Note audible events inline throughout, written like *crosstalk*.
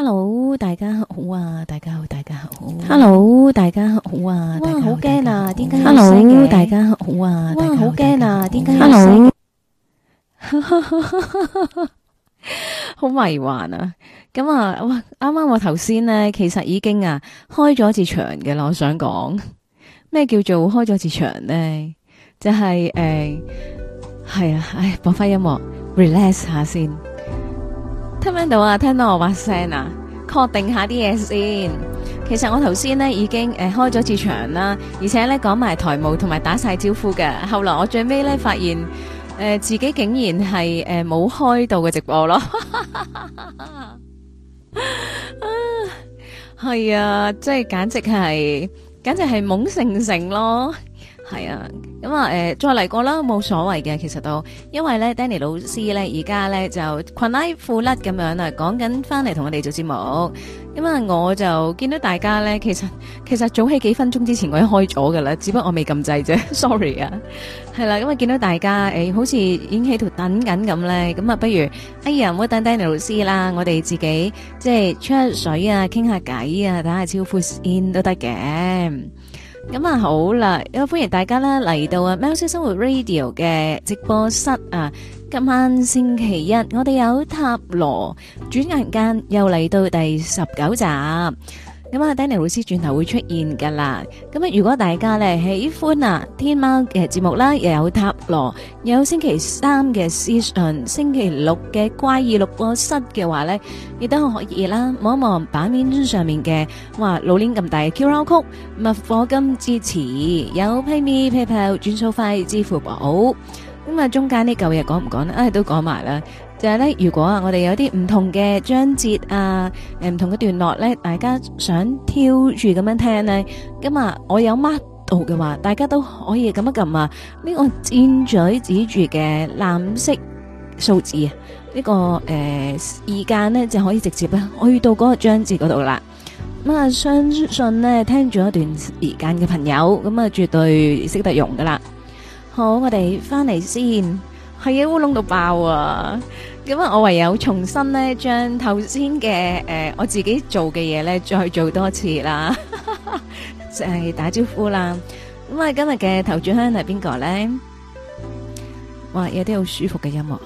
hello 大家好啊，大家好，大家好。hello 大家好啊，大家好驚啊，點解？hello 大家好啊，大家好驚 *laughs* *laughs* 啊，點解？hello，好迷幻啊。咁啊，哇，啱啱我頭先咧，其實已經啊開咗次場嘅啦，我想講咩叫做開咗次場咧，就係誒係啊，唉、哎，播翻音樂，relax 下先。聽唔聽到啊？聽到我把聲啊？確定下啲嘢先。其實我頭先咧已經誒開咗次場啦，而且咧講埋台務同埋打晒招呼嘅。後來我最尾咧發現誒自己竟然係誒冇開到嘅直播咯。啊，係啊，即係簡直係簡直係懵盛盛咯。係啊，咁啊，誒、呃，再嚟過啦，冇所謂嘅，其實都，因為咧，Danny 老師咧，而家咧就裙拉褲甩咁樣啊，講緊翻嚟同我哋做節目，咁啊，我就見到大家咧，其實其實早起幾分鐘之前我已經開咗噶啦，只不過我未撳掣啫，sorry 啊，係啦、啊，咁、嗯、啊見到大家誒、欸，好似已經喺度等緊咁咧，咁啊，不如哎呀，唔好等 Danny 老師啦，我哋自己即係出水啊，傾下偈啊，打下招呼先都得嘅。咁啊好啦，歡迎大家呢嚟到啊喵式生活 radio 嘅直播室啊！今晚星期一，我哋有塔羅，轉眼間又嚟到第十九集。咁啊 Danny 老師轉頭會出現噶啦。咁啊，如果大家咧喜歡啊天貓嘅節目啦，又有塔羅，有星期三嘅 season，星期六嘅怪異錄播室嘅話咧，亦都可以啦。望一望版面上面嘅話，老年咁大嘅 q r 曲，物火金支持，有 pay me paypal 轉數快支付寶。咁啊，中間呢，舊嘢講唔講咧？啊，都講埋啦。就係、是、咧，如果啊，我哋有啲唔同嘅章節啊，誒、呃，唔同嘅段落咧，大家想挑住咁樣聽咧，咁啊，我有 mark 到嘅話，大家都可以撳一撳啊，呢、這個箭嘴指住嘅藍色數字啊，呢、這個誒、呃、時間咧就可以直接啊去到嗰個章節嗰度啦。咁啊，相信咧聽住一段時間嘅朋友，咁啊絕對識得用噶啦。好，我哋翻嚟先。係、嗯、啊，烏龍到爆啊！咁我唯有重新咧，將頭先嘅誒，我自己做嘅嘢咧，再做多次啦， *laughs* 就係打招呼啦。咁啊，今日嘅頭轉香係邊個咧？哇，有啲好舒服嘅音樂啊！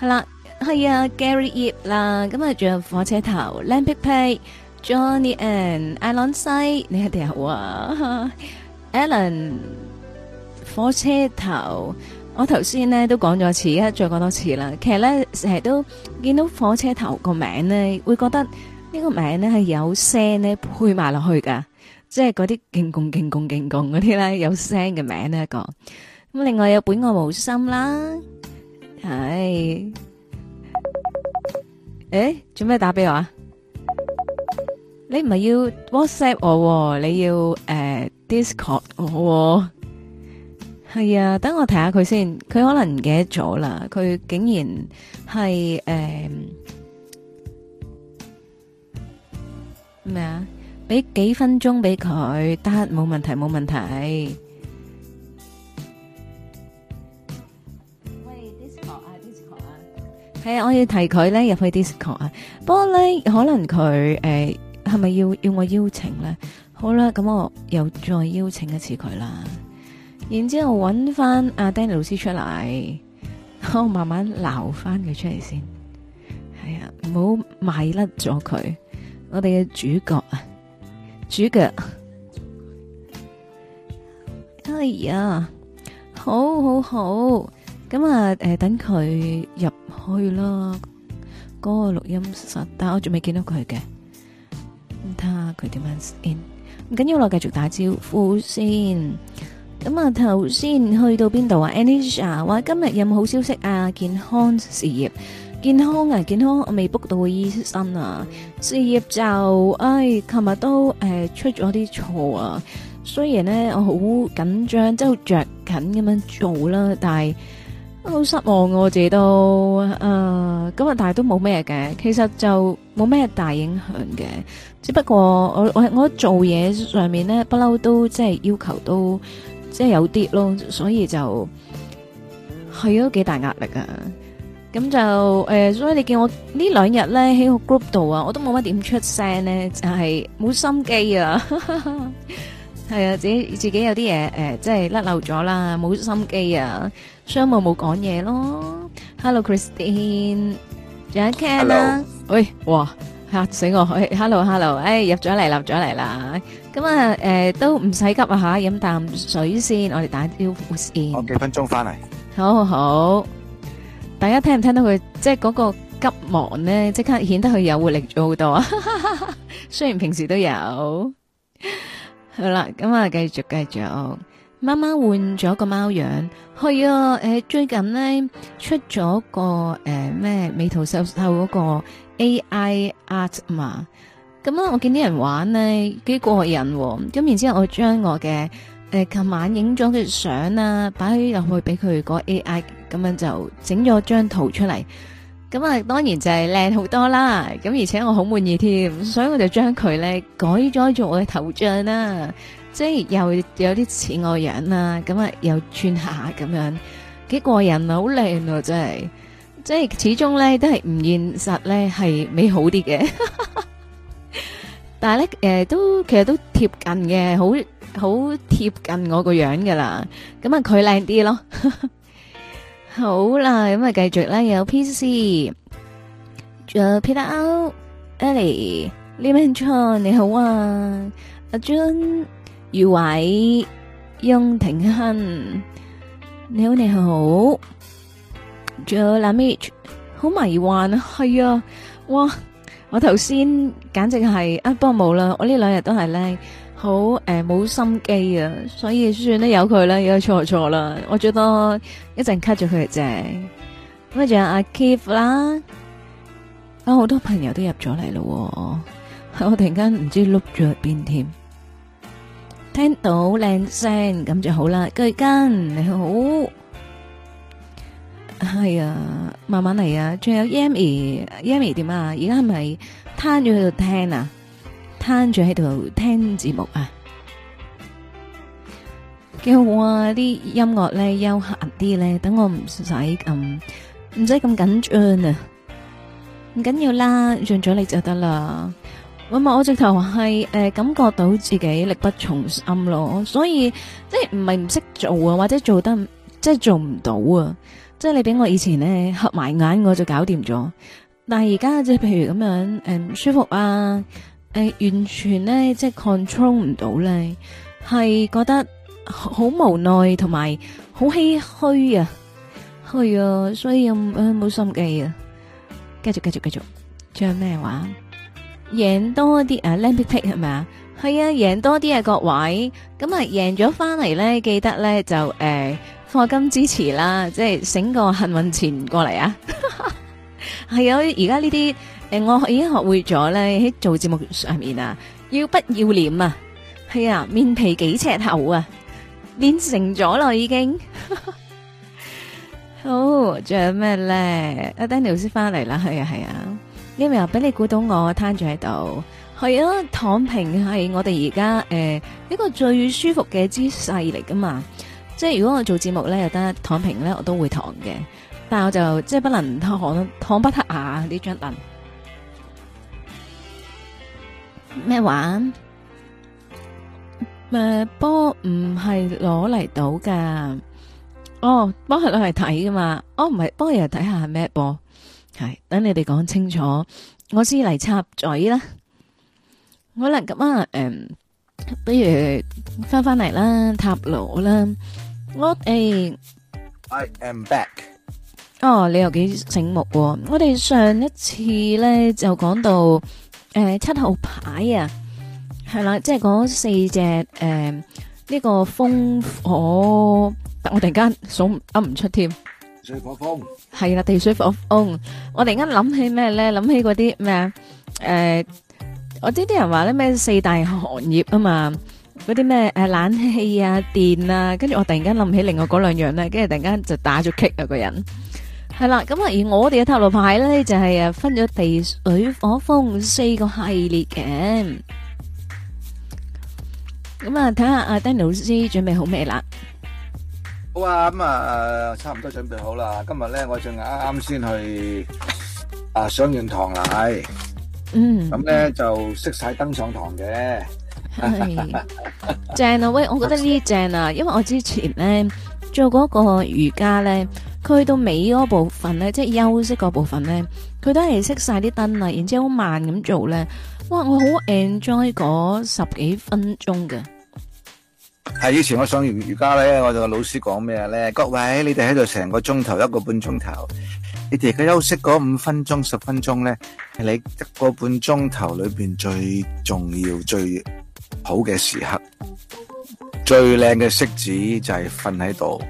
係啦，係阿、啊、Gary 葉啦。今日仲有火車頭、靚 p 皮、Johnny a N、a l 艾朗西，你一定好啊 a l *laughs* a n 火車頭。我頭先咧都講咗一次，一再講多次啦。其實咧成日都見到火車頭個名咧，會覺得呢個名咧係有聲咧配埋落去噶，即係嗰啲勁共勁共勁共嗰啲啦，有聲嘅名咧一個。咁另外有本我無心啦，係，誒，做咩打俾我啊？你唔係要 WhatsApp 我喎，你要誒 Discord 我喎。係啊，等我睇下佢先。佢可能唔記得咗啦。佢竟然係誒咩啊？俾、uh, 幾分鐘俾佢得，冇問題，冇問題。喂，Discord 啊，Discord 啊，係啊，啊，我要提佢咧入去 Discord 啊。不過咧，可能佢誒係咪要要我邀請咧？好啦，咁我又再邀請一次佢啦。然之後揾翻阿 Danny 老師出嚟，我慢慢撈翻佢出嚟先。係、哎、啊，唔好賣甩咗佢。我哋嘅主角啊，主角。哎呀，好好好，咁啊，誒、呃，等佢入去啦。嗰、嗰個錄音室，但我仲未見到佢嘅。睇下佢點樣 in，唔緊要啦，我繼續打招呼先。咁啊，頭先去到邊度啊？Anisha 話今日有冇好消息啊？健康事業、健康啊，健康我未 book 到個醫生啊。事業就唉，琴日都誒出咗啲錯啊。雖然咧我好緊張，即係好着緊咁樣做啦，但係好失望我自己都誒。今日但係都冇咩嘅，其實就冇咩大影響嘅。只不過我我我做嘢上面咧不嬲都即係要求都。即係有啲咯，所以就係啊幾大壓力啊！咁就誒，所以你見我呢兩日咧喺個 group 度啊，我都冇乜點出聲咧，就係冇心機啊，係啊，自己自己有啲嘢誒，即係甩漏咗啦，冇心機啊，所以咪冇講嘢咯。Hello Christine，仲有 can 啦，喂，哇！嚇死我！好，hello hello，誒入咗嚟，入咗嚟啦。咁啊，誒都唔使急啊吓，飲啖水先，我哋打招呼先。我幾分鐘翻嚟。好好，大家聽唔聽到佢？即係嗰個急忙咧，即刻顯得佢有活力咗好多。雖然平時都有。好啦，咁啊，繼續繼續。媽媽換咗個貓樣，去咯。誒，最近咧出咗個誒咩美圖秀秀嗰個。A.I. art 嘛，咁啊，我見啲人玩咧幾過癮，哦，咁然之後我將我嘅誒琴晚影咗嘅相啊，擺去入去俾佢個 A.I. 咁樣就整咗張圖出嚟，咁啊當然就係靚好多啦，咁而且我好滿意添，所以我就將佢咧改咗做我嘅頭像啦，即係又有啲似我樣啦，咁啊又轉下咁樣，幾過癮啊，好靚喎，真係。即係始終咧都係唔現實咧，係美好啲嘅。但係咧，誒都其實都貼近嘅，好好貼近我個樣噶啦。咁啊，佢靚啲咯。好啦，咁啊繼續啦，有 P C，仲有 Peter Owl，Ellie，Limin Chuan，你好啊，阿 John，余偉，楊庭亨，你好，你好。仲有 Lamich，好迷幻啊，係啊，哇！我頭先簡直係，啊不過冇啦，我呢兩日都係咧，好誒冇心機啊，所以算都由佢啦，而家錯錯啦，我最多一陣 cut 咗佢啫。咁咧仲有阿 Keep 啦，啊好多朋友都入咗嚟咯，我突然間唔知碌咗去邊添，聽到靚聲咁就好啦，居根你好。係啊，慢慢嚟啊。仲有 Yamy，Yamy 點啊？而家係咪攤住喺度聽啊？攤住喺度聽節目啊？幾好啊，啲音樂咧，休閒啲咧。等我唔使咁唔使咁緊張啊。唔緊要啦，盡咗力就得啦。咁啊，我直頭係誒感覺到自己力不從心咯，所以即係唔係唔識做啊，或者做得即係做唔到啊。即係你俾我以前咧合埋眼我就搞掂咗，但係而家即係譬如咁樣誒唔、呃、舒服啊，誒、呃、完全咧即係 control 唔到咧，係覺得好無奈同埋好唏噓啊，係啊，所以又冇、呃、心機啊，繼續繼續繼續，仲有咩話？贏多啲啊，lenpet 係咪啊？係 *music* 啊，贏多啲啊各位，咁啊贏咗翻嚟咧，記得咧就誒。呃課金支持啦，即係醒個幸運錢過嚟啊！係 *laughs* 啊，而家呢啲誒，我已經學會咗咧喺做節目上面啊，要不要臉啊？係啊，面皮幾尺厚啊？練成咗咯，已經。 *laughs* 好，仲有咩咧？阿 Danny 老師翻嚟啦，係啊，係啊，呢面又俾你估到我攤住喺度，係啊，躺平係我哋而家誒一個最舒服嘅姿勢嚟噶嘛。即係如果我做節目咧，又得躺平咧，我都會躺嘅。但係我就即係不能躺，躺不得下呢、啊、張凳。咩玩？誒、啊，波唔係攞嚟賭噶。哦，波係攞嚟睇噶嘛。哦，唔係，波又睇下咩波。係，等你哋講清楚。我先嚟插嘴啦。好啦，咁啊，誒、嗯，不如翻翻嚟啦，塔羅啦。我誒，I am back。哦，你又幾醒目喎！我哋上一次咧就講到誒七號牌啊，係啦，即係嗰四隻誒呢個風火，我突然間數唔出添。水火風係啦，地水火風。我突然間諗起咩咧？諗起嗰啲咩啊？誒，我知啲人話咧咩四大行業啊嘛。嗰啲咩誒冷氣啊、電啊，跟住我突然間諗唔起另外嗰兩樣咧，跟住突然間就打咗 kick 啊個人，係啦，咁啊而我哋嘅塔羅牌咧就係啊分咗地、水、火、風四個系列嘅，咁啊睇下 Danny 老師準備好未啦？好啊，咁啊差唔多準備好啦，今日咧我仲啱啱先去啊上完堂啦，嗯，咁咧就熄晒燈上堂嘅。係正啊！喂，我覺得呢啲正啊，因為我之前咧做嗰個瑜伽咧，佢去到尾嗰部分咧，即係休息嗰部分咧，佢都係熄晒啲燈啦。然之後好慢咁做咧，哇！我好 enjoy 嗰十幾分鐘嘅。係以前我上完瑜伽咧，我個老師講咩咧？各位你哋喺度成個鐘頭一個半鐘頭，你哋而家休息嗰五分鐘十分鐘咧，係你一個半鐘頭裏邊最重要最。好嘅時刻，最靚嘅色子就係瞓喺度，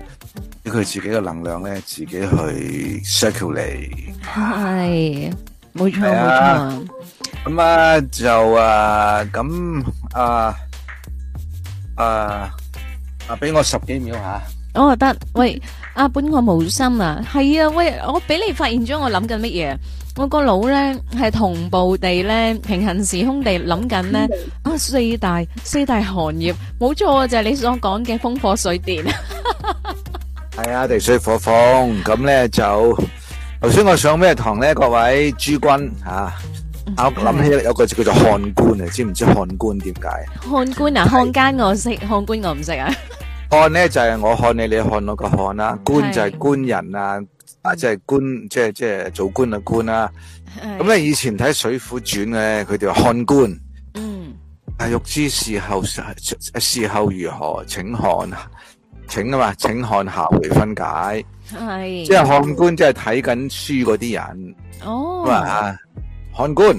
俾佢自己嘅能量咧，自己去 circulate。係，冇錯冇錯。咁啊、嗯嗯，就啊，咁啊，啊啊，俾我十幾秒吓、啊。我、哦、得，喂，阿、啊、本我無心啊，係啊，喂，我俾你發現咗我諗緊乜嘢。我個腦咧，係同步地咧，平行時空地諗緊咧，啊四大，四大行業冇錯啊，就係你所講嘅風火水電，係啊，地水火風。咁咧，就頭先我上咩堂咧，各位諸君吓，我諗起有個字叫做看官啊，知唔知看官點解？漢官啊，漢奸，我識漢官，我唔識啊。看咧就係我看你、你看我個看啊，官就係官人啊。啊！即係官，即係即係做官嘅官啦、啊。咁咧，以前睇《水滸傳》咧，佢哋話看官。嗯。啊，欲知事後事後如何，請看，請啊嘛，請看下回分解。係。即係看官，即係睇緊書嗰啲人。哦。咁啊，看官。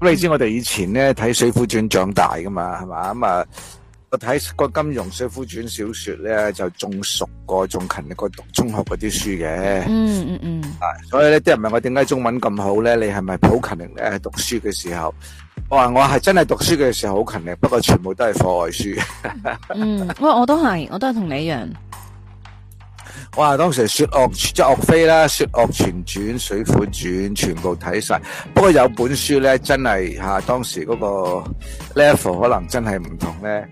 咁你知我哋以前咧睇《水滸傳》長大噶嘛，係嘛咁啊。嗯。我睇《個金庸水滸傳》小說咧，就仲熟過，仲勤力過讀中學嗰啲書嘅。嗯嗯嗯。啊，所以咧啲人問我點解中文咁好咧？你係咪好勤力咧？讀書嘅時候，我話我係真係讀書嘅時候好勤力，不過全部都係課外書。 *laughs* 嗯，喂，我都係，我都係同你一樣。哇！當時《說岳》即、就是、岳飛啦，《說岳全傳》《水滸傳》全部睇晒。不過有本書咧，真係吓、啊，當時嗰個 level 可能真係唔同咧。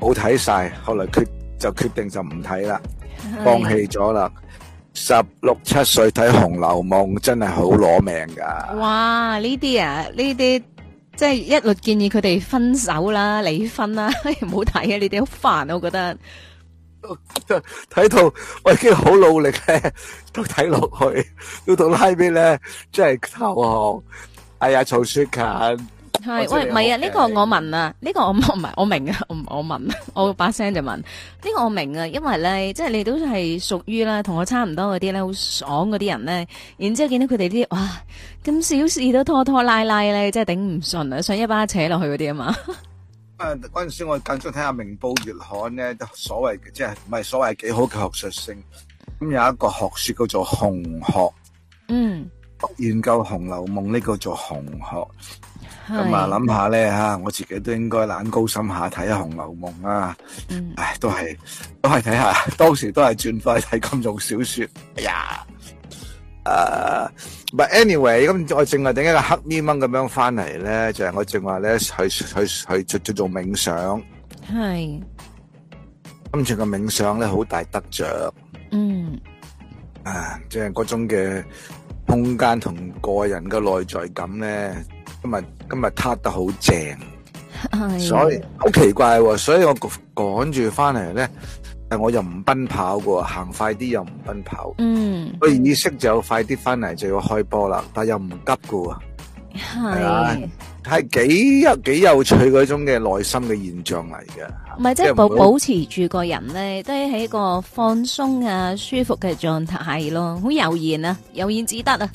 冇睇晒，後來決就決定就唔睇啦，放棄咗啦。十六七歲睇《紅樓夢》真係好攞命噶。哇！呢啲啊，呢啲即係一律建議佢哋分手啦、離婚啦，唔好睇啊！你哋好煩啊，我覺得。睇到我已經好努力咧，都睇落去，到到拉邊咧，真係投降。哎呀，曹雪芹。係喂，唔係啊？呢、這個我問啊，呢、這個我唔唔係，我明啊，我我問， *laughs* 我把聲就問，呢、這個我明啊，因為咧，即係你都係屬於啦，同我差唔多嗰啲咧，好爽嗰啲人咧，然之後見到佢哋啲哇，咁小事都拖拖拉拉咧，即係頂唔順啊，想一巴巴扯落去嗰啲啊嘛。嗰、啊、陣時我更想睇下明《明報月刊》咧，所謂嘅即係唔係所謂幾好嘅學術性，咁有一個學說叫做紅學，嗯。嗯。研究《紅樓夢》呢個做紅學，咁啊諗下咧吓，我自己都應該懶高深下睇下《紅樓夢》啊，唉，都係都係睇下，當時都係轉翻睇金庸小說。哎呀，誒，唔係，anyway，咁我正話頂一個黑咪蚊咁樣翻嚟咧，就係我正話咧去去去做做做冥想，係，今次個冥想咧好大得着，嗯，啊，即係嗰種嘅。空間同個人嘅內在感咧，今日今日撻得好正，所以好奇怪喎，所以我趕住翻嚟咧，但我又唔奔跑嘅，行快啲又唔奔跑，嗯，所以意識就快啲翻嚟就要開波啦，但又唔急嘅，係。係幾有幾有趣嗰種嘅內心嘅現象嚟嘅，唔係即係保保持住個人咧，都係喺個放鬆啊、舒服嘅狀態咯，好悠然啊，悠然自得啊，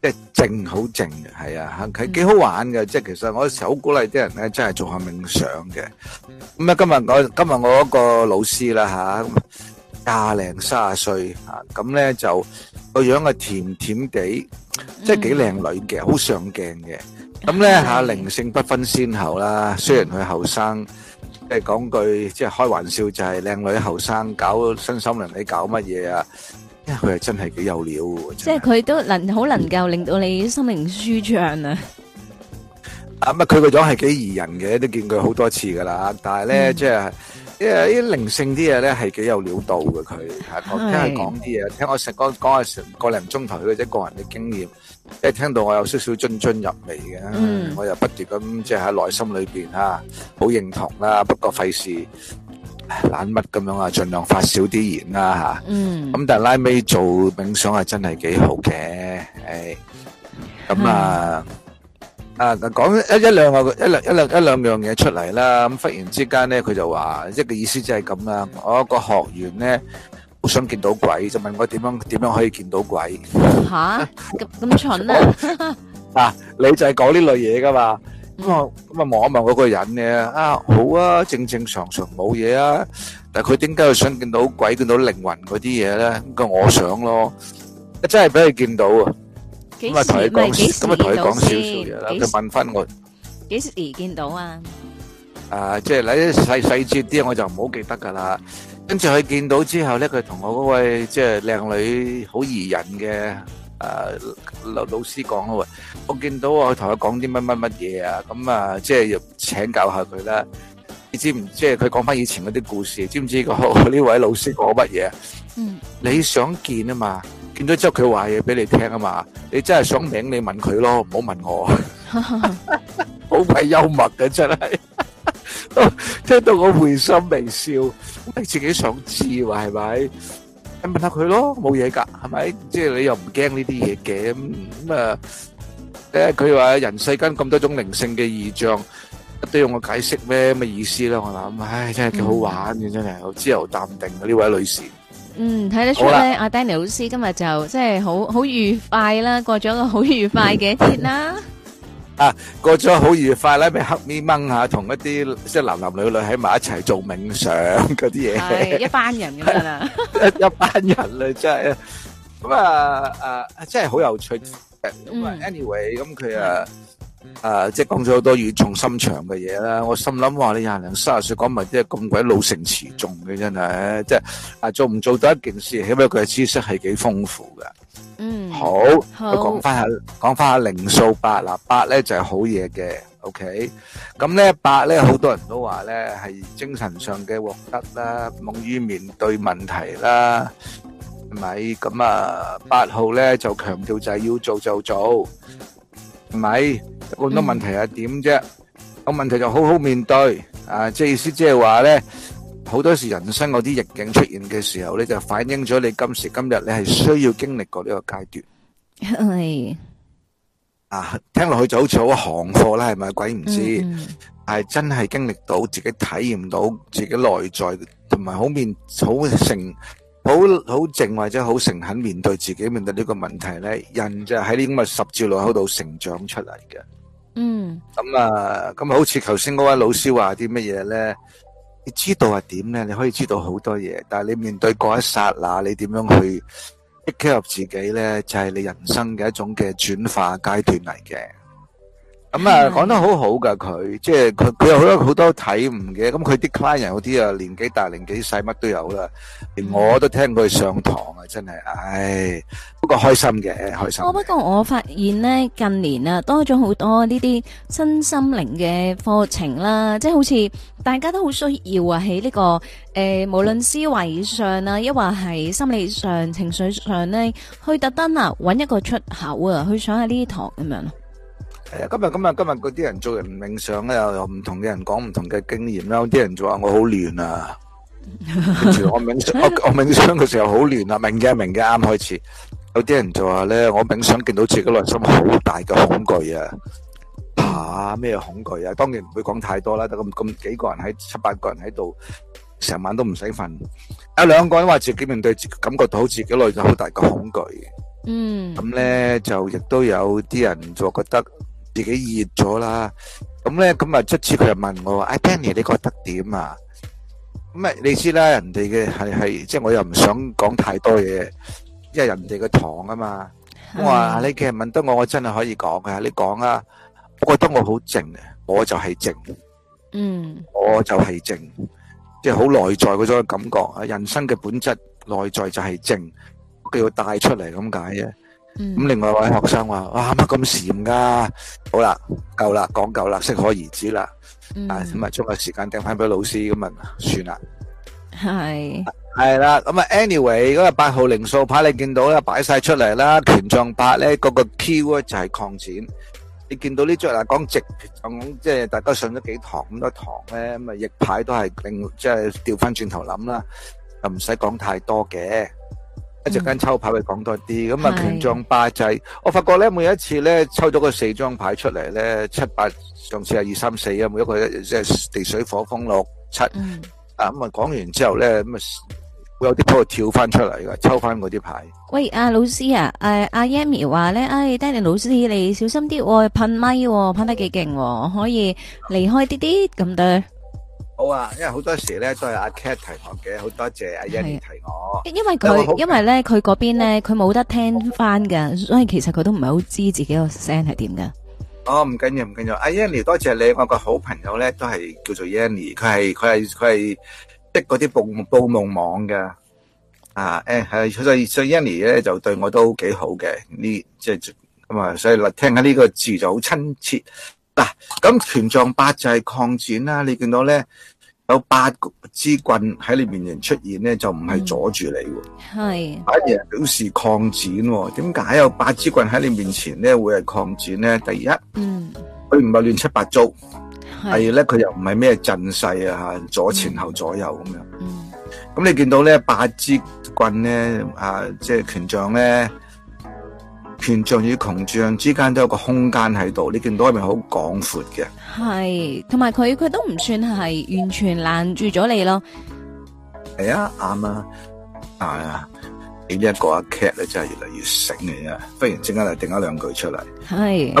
即係靜好靜嘅，係啊，佢幾好玩嘅，即係其實我有時好鼓勵啲人咧，真係做下冥想嘅。咁啊，今日我今日我一個老師啦吓，廿零卅歲吓，咁咧就個樣啊，甜甜地，即係幾靚女嘅，好上鏡嘅。咁呢，靈性不分先後啦，雖然佢後生，即係講句，即係開玩笑，就係靚女後生，搞身心靈，你搞乜嘢呀？因為佢真係幾有料。即係佢都能，好能夠令到你心靈舒暢呀？佢個樣係幾怡人嘅，都見佢好多次㗎啦，但係呢，即係，即係聽到我有少少津津入味嘅，我又不斷咁即係喺內心裏邊吓，好認同啦。不過費事懶乜咁樣啊，盡量發少啲言啦吓。咁但係拉尾做冥想係真係幾好嘅，誒，咁啊啊講一兩樣一兩一兩一兩樣嘢出嚟啦。咁忽然之間咧，佢就話一個意思就係咁啦。我一個學員咧。我想見到鬼，就問我點樣點樣可以見到鬼？吓咁咁蠢啊！嗱，你就係講呢類嘢噶嘛？咁啊咁啊，望一望嗰個人咧啊，好啊，正正常常冇嘢啊。但係佢點解又想見到鬼，見到靈魂嗰啲嘢咧？咁我想咯，真係俾佢見到啊！咁啊，同佢講咁啊，同佢講少少嘢啦，佢問翻我幾時見到啊？啊，即係你啲細細節啲，我就唔好記得噶啦。跟住佢見到之後咧，佢同我嗰位即係靚女好怡人嘅誒老老師講啊，喂，我見到我同佢講啲乜乜乜嘢啊，咁啊即係要請教下佢啦。你知唔？即係佢講翻以前嗰啲故事，知唔知個呢位老師講乜嘢？嗯，你想見啊嘛，見咗之後佢話嘢俾你聽啊嘛，你真係想名你問佢咯，唔好問我。好鬼幽默嘅真係。聽到我回心微笑，你自己想知話係咪？你問下佢咯，冇嘢噶，係咪？即係你又唔驚呢啲嘢嘅咁咁啊？誒，佢話人世間咁多種靈性嘅異象，都要我解釋咩咁嘅意思啦？我諗，唉，真係幾好玩嘅，真係好自由、淡定嘅呢位女士。嗯，睇得出咧，阿 Danny 老師今日就即係好好愉快啦，過咗個好愉快嘅一天啦。啊，過咗好愉快啦，咪黑咪掹下，同一啲即係男男女女喺埋一齊做冥想嗰啲嘢，係一班人咁樣啦，一班人啊真係，咁啊啊，真係好有趣，咁啊 Anyway，咁佢啊。誒、啊，即係講咗好多語重心長嘅嘢啦，我心諗話你廿零三十歲講埋啲咁鬼老成持重嘅、嗯、真係，即係阿、啊、做唔做到一件事，起碼佢嘅知識係幾豐富㗎。嗯，好，我講翻下，講翻下零數八嗱，八咧就係、是、好嘢嘅。OK，咁咧八咧好多人都話咧係精神上嘅獲得啦，勇於面對問題啦，係、嗯、咪？咁啊八號咧就強調就係要做就做。嗯唔係，咁多問題係點啫？個問題就好好面對，啊，即係意思即係話咧，好多時人生嗰啲逆境出現嘅時候咧，就反映咗你今時今日你係需要經歷過呢個階段。係啊，聽落去就好似好行貨啦，係咪？鬼唔知，係真係經歷到自己體驗到自己內在同埋好面好成。好好靜或者好誠懇面對自己，面對呢個問題呢，人就喺呢咁嘅十字路口度成長出嚟嘅。嗯，咁、嗯、啊，咁、嗯、好似頭先嗰位老師話啲乜嘢呢？你知道係點呢？你可以知道好多嘢，但係你面對嗰一剎那，你點樣去 accept 自己呢？就係、是、你人生嘅一種嘅轉化階段嚟嘅。咁、嗯、啊，講、嗯、得好好噶，佢即係佢佢有好多好多體悟嘅。咁佢啲 client 嗰啲啊，年紀大，年紀細，乜都有啦。連我都聽佢上堂啊、嗯，真係，唉，不過開心嘅，開心我。不過我發現咧，近年啊，多咗好多呢啲身心靈嘅課程啦，即、就、係、是、好似大家都好需要啊、這個，喺呢個誒，無論思維上啦，抑或係心理上、情緒上咧，去特登啊，揾一個出口啊，去上下呢啲堂咁樣。係啊！今日今日今日嗰啲人做完冥想咧，又有唔同嘅人講唔同嘅經驗啦。有啲人就話我好亂啊，我冥想我我冥想嘅時候好亂啊，明嘅明嘅啱開始。有啲人就話咧，我冥想見到自己內心好大嘅恐懼啊，怕咩恐懼啊？當然唔會講太多啦。得咁咁幾個人喺七八個人喺度，成晚都唔使瞓。有兩個人話自己面對自己，感覺到好自己內心好大嘅恐懼。嗯，咁咧就亦都有啲人就覺得。自己熱咗啦，咁咧咁啊即次佢又問我話，阿、哎、Danny，你覺得點啊？咁啊，你知啦，人哋嘅係係，即係、就是、我又唔想講太多嘢，因為人哋嘅堂啊嘛。我話你其實問得我，我真係可以講嘅，你講啊。我覺得我好靜啊，我就係靜。嗯，我就係靜，即係好內在嗰種感覺。人生嘅本質，內在就係靜，佢要帶出嚟咁解嘅。咁、嗯、另外一位學生話：，哇乜咁閒㗎？好啦，夠啦，講夠啦，適可而止啦、嗯。啊，咁啊將個時間掟翻俾老師咁、嗯、啊，算啦。係、嗯。係啦，咁啊，anyway 嗰個八號零數牌你見到啦，擺晒出嚟啦，權杖八咧，個個 Q 咧就係擴展。你見到呢張啊，講直講，即係、就是、大家上咗幾堂咁多堂咧，咁啊逆牌都係令，即係調翻轉頭諗啦，就唔使講太多嘅。一陣間抽牌會講多啲，咁啊強壯霸制、就是，我發覺咧每一次咧抽咗個四張牌出嚟咧，七八上次係二三四啊，每一個即係地水火風六七，啊咁啊講完之後咧，咁啊會有啲鋪跳翻出嚟噶，抽翻嗰啲牌。喂，阿、啊、老師啊，誒、啊，阿 Yami 話咧，誒、哎、Danny 老師你小心啲噴咪，噴、哦、得幾勁、哦，可以離開啲啲咁對。好啊，因為好多時咧都係阿 Cat 提我嘅，好多謝阿 Yenny 提我。因為佢，因為咧佢嗰邊咧，佢冇得聽翻嘅，所以其實佢都唔係好知自己個聲係點嘅。哦，唔緊要，唔緊要。阿、啊、Yenny，多謝你我個好朋友咧，都係叫做 Yenny，佢係佢係佢係織嗰啲捕捕夢網嘅。啊，誒，係所以所以 Yenny 咧就對我都幾好嘅，呢即係咁啊，所以，所以，、就係、所以聽下呢個字就好親切。嗱、啊，咁權杖八就係擴展啦，你見到咧有八支棍喺你面前出現咧，就唔係阻住你，係、嗯、反而表示擴展、啊。點解有八支棍喺你面前咧會係擴展咧？第一，嗯，佢唔係亂七八糟，第二咧佢又唔係咩陣勢啊吓，左前後左右咁樣。嗯，咁你見到咧八支棍咧，啊，即係權杖咧。權杖與窮杖之間都有個空間喺度，你見到係咪好廣闊嘅？係，同埋佢佢都唔算係完全攔住咗你咯。係、哎、啊，啱、哎、啊，係啊，你呢一個阿 cat 咧真係越嚟越醒嚟嘅，忽然之間就定咗兩句出嚟。係，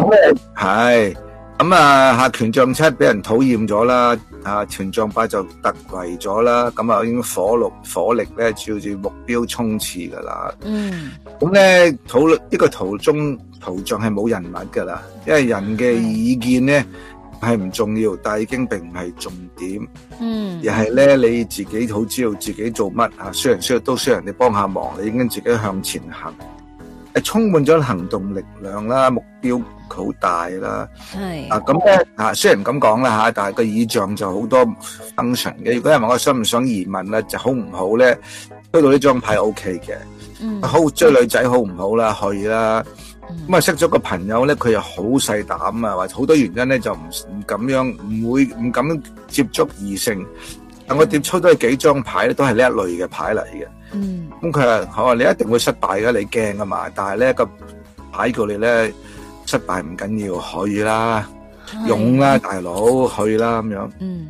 係。 *laughs* 咁、嗯、啊，啊，權杖七俾人討厭咗啦，啊，權杖八就突圍咗啦，咁啊，已經火力火力咧，照住目標衝刺噶啦。嗯。咁、嗯、咧，討論呢個圖中圖像係冇人物噶啦，因為人嘅意見咧係唔重要，但係已經並唔係重點。嗯。而係咧，你自己好知道自己做乜啊，雖然需要都需要人哋幫下忙，你已經自己向前行。充滿咗行動力量啦，目標好大啦。係啊，咁咧啊，雖然咁講啦吓，但係個意象就好多 function 嘅。如果問我想唔想移民咧，就好唔好咧？推到呢張牌 OK 嘅，好追女仔好唔好可以啦？去、嗯、啦，咁啊識咗個朋友咧，佢又好細膽啊，或者好多原因咧就唔唔咁樣，唔會唔敢接觸異性。但我疊出都係幾張牌咧，都係呢一類嘅牌嚟嘅。嗯，咁佢話你一定會失敗噶，你驚噶嘛？但係咧、這個牌過你咧失敗唔緊要，可以啦，勇、啊、啦，大佬去啦咁樣。嗯，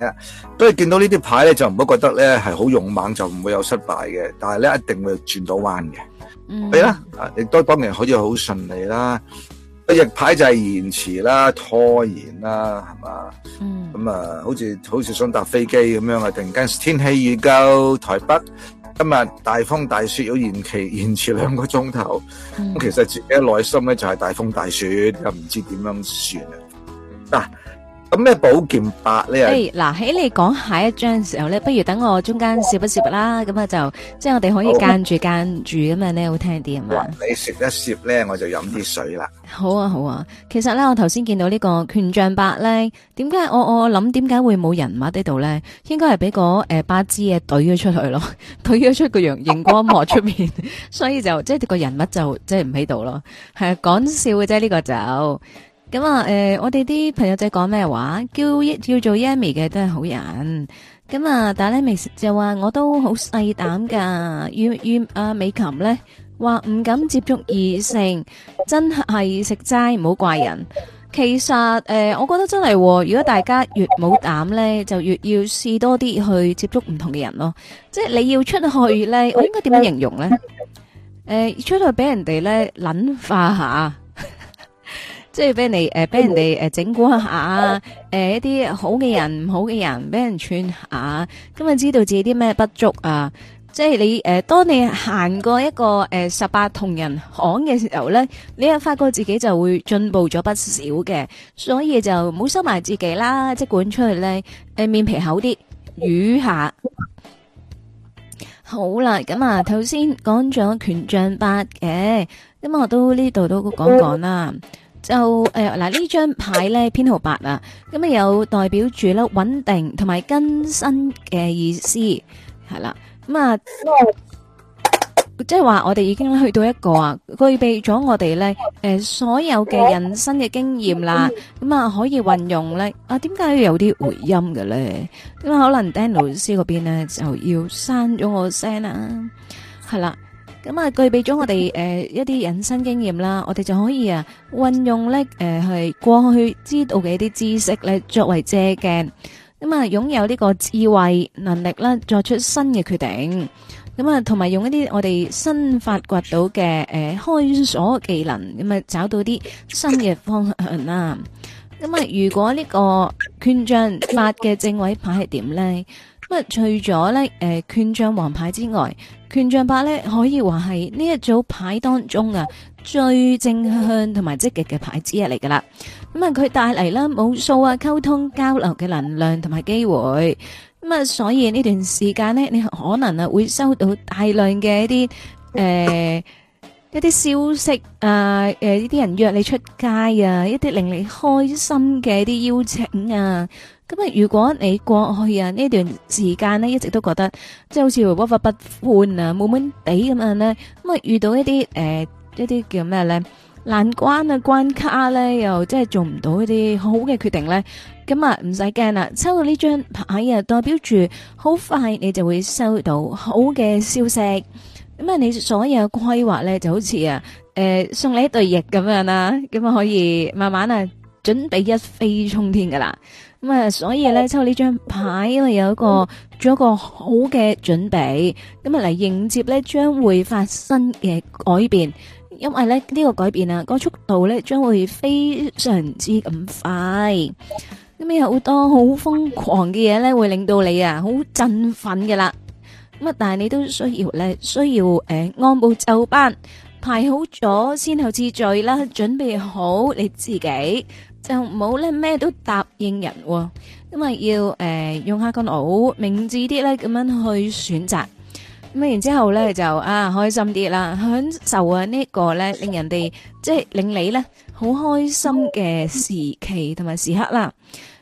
啊，都係見到呢啲牌咧，就唔好覺得咧係好勇猛就唔會有失敗嘅，但係咧一定會轉到彎嘅。嗯，係啦，啊，亦都幫人可以好順利啦。逆牌就係延遲啦、拖延啦，係嘛？咁、嗯、啊、嗯，好似好似想搭飛機咁樣啊，突然間天氣預告台北今日大風大雪，要延期延遲兩個鐘頭。咁、嗯、其實自己嘅內心咧就係大風大雪，又唔知點樣算啦。咁咩寶劍八咧？誒、欸，嗱，喺你講下一張嘅時候咧，不如等我中間攝一攝啦，咁啊就即係我哋可以間住間住咁樣咧，好，好聽啲啊。你食一攝咧，我就飲啲水啦。好啊，好啊，其實咧，我頭先見到個拳呢個權杖八咧，點解我我諗點解會冇人物呢度咧？應該係俾個誒八支嘢懟咗出去咯，懟咗出個陽熒光幕出面。 *laughs* 所以就即係個人物就即係唔喺度咯。係講笑嘅啫，呢、這個就。咁啊，誒、呃，我哋啲朋友仔講咩話？叫叫做 y m i 嘅都係好人。咁啊，但係咧，食就話我都好細膽噶。與與阿美琴咧話唔敢接觸異性，真係食齋，唔好怪人。其實誒、呃，我覺得真係、哦，如果大家越冇膽咧，就越要試多啲去接觸唔同嘅人咯。即係你要出去咧，我應該點樣形容咧？誒、呃，出去俾人哋咧諗化下。即係俾、呃、人哋誒，俾人哋誒整蠱下，誒一啲好嘅人，唔好嘅人，俾人串一下，咁啊知道自己啲咩不足啊！即係你誒、呃，當你行過一個誒十八銅人巷嘅時候咧，你又發覺自己就會進步咗不少嘅，所以就唔好收埋自己啦。即管出去咧，誒、呃、面皮厚啲，雨下。好啦，咁啊頭先講咗權杖八嘅，咁我都呢度都講講啦。就誒，嗱呢張牌咧編號八啊，咁啊有代表住咧穩定同埋更新嘅意思，係啦，咁啊，即係話我哋已經去到一個啊，具備咗我哋咧誒所有嘅人生嘅經驗啦，咁啊可以運用咧啊，點解要有啲回音嘅咧？咁啊可能 Danny 老師嗰邊咧就要刪咗我聲啦，係啦。咁啊，具備咗我哋誒、呃、一啲人生經驗啦，我哋就可以啊運用呢誒係、呃、過去知道嘅一啲知識咧，作為借鏡。咁、嗯、啊，擁有呢個智慧能力啦，作出新嘅決定。咁、嗯、啊，同埋用一啲我哋新發掘到嘅誒、呃、開鎖技能，咁、嗯、啊找到啲新嘅方向啦。咁、嗯、啊、嗯，如果呢個權杖8嘅正位牌係點咧？咁啊，除咗咧誒權杖黃牌之外。權杖八咧，可以話係呢一組牌當中啊最正向同埋積極嘅牌之一嚟㗎喇。咁、嗯、啊，佢帶嚟啦無數啊溝通交流嘅能量同埋機會。咁、嗯、啊，所以呢段時間呢，你可能啊會收到大量嘅一啲誒、呃、一啲消息啊，誒呢啲人約你出街啊，一啲令你開心嘅一啲邀請啊。咁啊！如果你過去啊呢段時間咧，一直都覺得即係好似鬱鬱不歡啊，悶悶地咁樣咧，咁啊遇到一啲誒、呃、一啲叫咩咧難關啊關卡咧，又即係做唔到一啲好嘅決定咧，咁啊唔使驚啦，抽到呢張牌啊，代表住好快你就會收到好嘅消息，咁啊你所有規劃咧就好似啊誒、呃、送你一對翼咁樣啦、啊，咁啊可以慢慢啊準備一飛沖天噶啦。咁、嗯、啊，所以咧抽呢張牌，咁啊有一個做一個好嘅準備，咁啊嚟迎接咧將會發生嘅改變。因為咧呢、這個改變啊，個速度咧將會非常之咁快，咁、嗯、有好多好瘋狂嘅嘢咧會令到你啊好振奮㗎啦。咁、嗯、啊，但係你都需要咧需要誒、呃、按部就班，排好咗先後次序啦，準備好你自己。就唔好咧，咩都答應人，因為要誒用下個腦，明智啲咧咁樣去選擇。咁然之後咧就啊開心啲啦，享受啊呢個咧令人哋即係令你咧好開心嘅時期同埋時刻啦。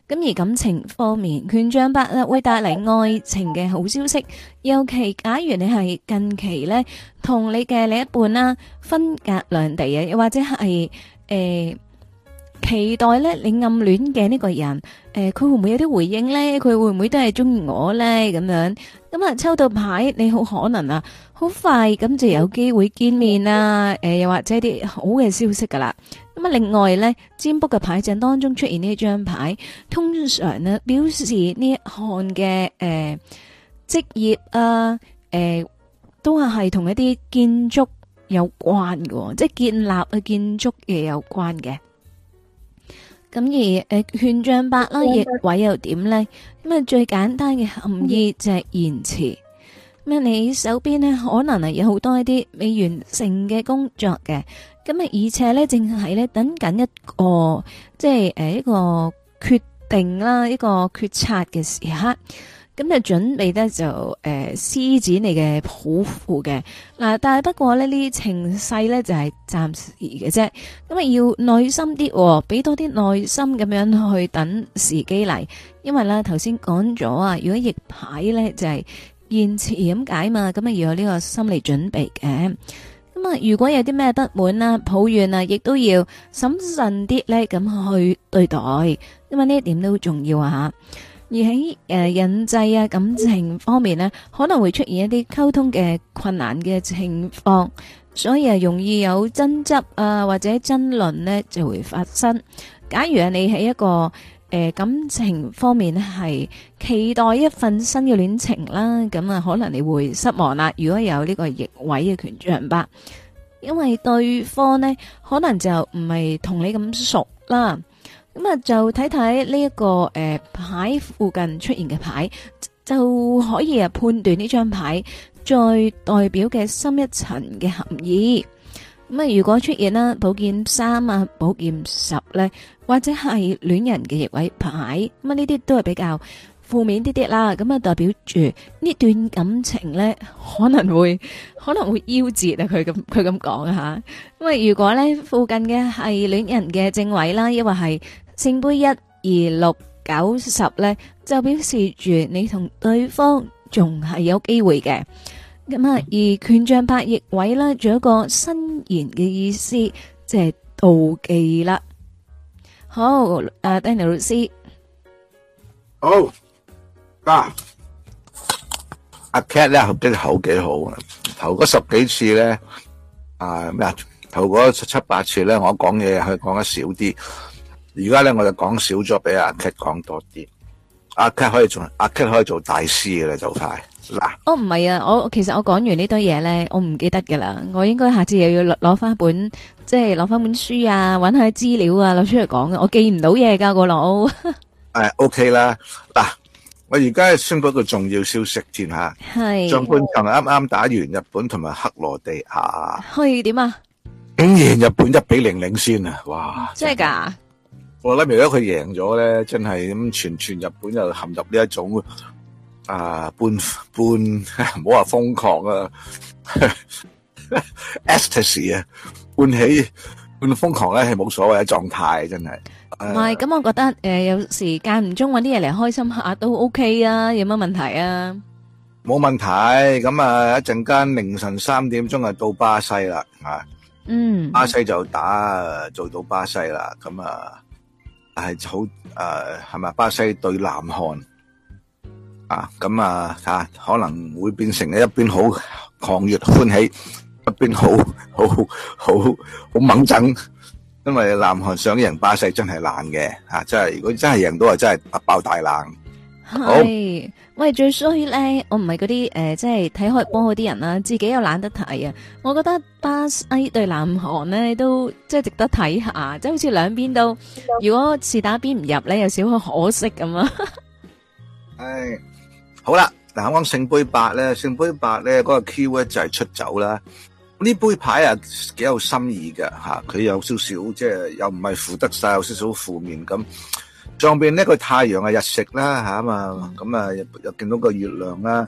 咁而感情方面，權杖八啊會帶嚟愛情嘅好消息，尤其假如你係近期咧同你嘅另一半啦分隔兩地啊，又或者係誒。期待咧，你暗戀嘅呢個人，誒、呃，佢會唔會有啲回應咧？佢會唔會都係中意我咧？咁樣咁啊、嗯，抽到牌，你好可能啊，好快咁就有機會見面啦、啊。誒、呃，又或者一啲好嘅消息噶啦。咁、嗯、啊，另外咧，占卜嘅牌陣當中出現呢一張牌，通常呢表示呢一項嘅誒、呃、職業啊，誒、呃，都係係同一啲建築有關嘅，哦，即係建立嘅建築嘢有關嘅。咁而誒權杖八啦，逆位又點咧？咁啊，最簡單嘅含義就係延遲。咁你手邊咧可能係有好多一啲未完成嘅工作嘅，咁啊，而且咧正係咧等緊一個即係誒一個決定啦，一個決策嘅時刻。咁就準備咧就誒施展你嘅抱負嘅嗱，但係不過呢情勢呢情勢咧就係、是、暫時嘅啫，咁啊要耐心啲、哦，俾多啲耐心咁樣去等時機嚟，因為咧頭先講咗啊，如果逆牌咧就係延遲咁解嘛，咁啊要有呢個心理準備嘅，咁啊如果有啲咩不滿啦、抱怨啊，亦都要審慎啲咧咁去對待，因為呢一點都好重要啊吓。而喺誒人際啊感情方面呢，可能會出現一啲溝通嘅困難嘅情況，所以啊容易有爭執啊或者爭論呢就會發生。假如啊你喺一個誒、呃、感情方面咧係期待一份新嘅戀情啦，咁啊可能你會失望啦。如果有呢個逆位嘅權杖八，因為對方呢可能就唔係同你咁熟啦。咁啊、這個，就睇睇呢一個誒牌附近出現嘅牌，就可以啊判斷呢張牌再代表嘅深一層嘅含義。咁啊，如果出現啦寶劍三啊、寶劍十咧，或者係戀人嘅逆位牌，咁啊呢啲都係比較，負面啲啲啦，咁啊代表住呢段感情咧，可能會可能會夭折啊！佢咁佢咁講吓，因為如果咧附近嘅係戀人嘅正位啦，亦或係聖杯一二六九十咧，就表示住你同對方仲係有機會嘅。咁啊，而權杖八逆位仲有一個新言嘅意思，即係妒忌啦。好，阿、uh, Danny 老師，好、oh。嗱，阿 cat 咧，學識口幾好啊！投、啊、嗰十幾次咧，啊咩啊，投嗰七八次咧，我講嘢佢講得少啲。而家咧，我就講少咗，俾阿 cat 講多啲。阿、啊、cat 可以做，阿、啊、cat 可以做大師嘅啦，就快嗱。我唔係啊，我其實我講完堆呢堆嘢咧，我唔記得噶啦。我應該下次又要攞攞翻本，即係攞翻本書啊，搵下資料啊，攞出嚟講啊。我記唔到嘢噶，個老。誒 *laughs* 啊、，OK 啦，嗱、啊。我而家宣布一個重要消息先吓，上半場啱啱打完日本同埋克羅地亞，可以點啊？竟然日本一比零領先啊！哇！真係噶！我諗如果佢贏咗咧，真係咁全全日本就陷入呢一種啊半半唔好話瘋狂啊，ecstasy 啊，半起半瘋狂咧係冇所謂嘅狀態，真係。唔係，咁我覺得誒，有時間唔中揾啲嘢嚟開心下都 OK 啊，有乜問題啊？冇問題，咁啊，一陣間凌晨三點鐘就到巴西啦，啊，嗯，巴西就打做到巴西啦，咁啊係好誒，係咪巴西對南韓啊？咁啊啊，可能會變成咧一邊好狂熱歡喜，一邊好好好好好猛憎。因為南韓想贏巴西真係難嘅，吓、啊，真係如果真係贏到，係真係爆大冷。喂，最衰咧，我唔係嗰啲誒，即係睇開波嗰啲人啦，自己又懶得睇啊。我覺得巴西對南韓咧都即係值得睇下，即係好似兩邊都、嗯、如果似打邊唔入咧，有少少可惜咁啊。係， *laughs* 好啦，嗱，講聖杯八咧，聖杯八咧嗰個 Q 就係出走啦。呢杯牌啊，幾有心意嘅吓，佢有少少即係又唔係負得晒，有少少負面咁。上邊呢個太陽啊，日食啦吓，咁啊又見到個月亮啦。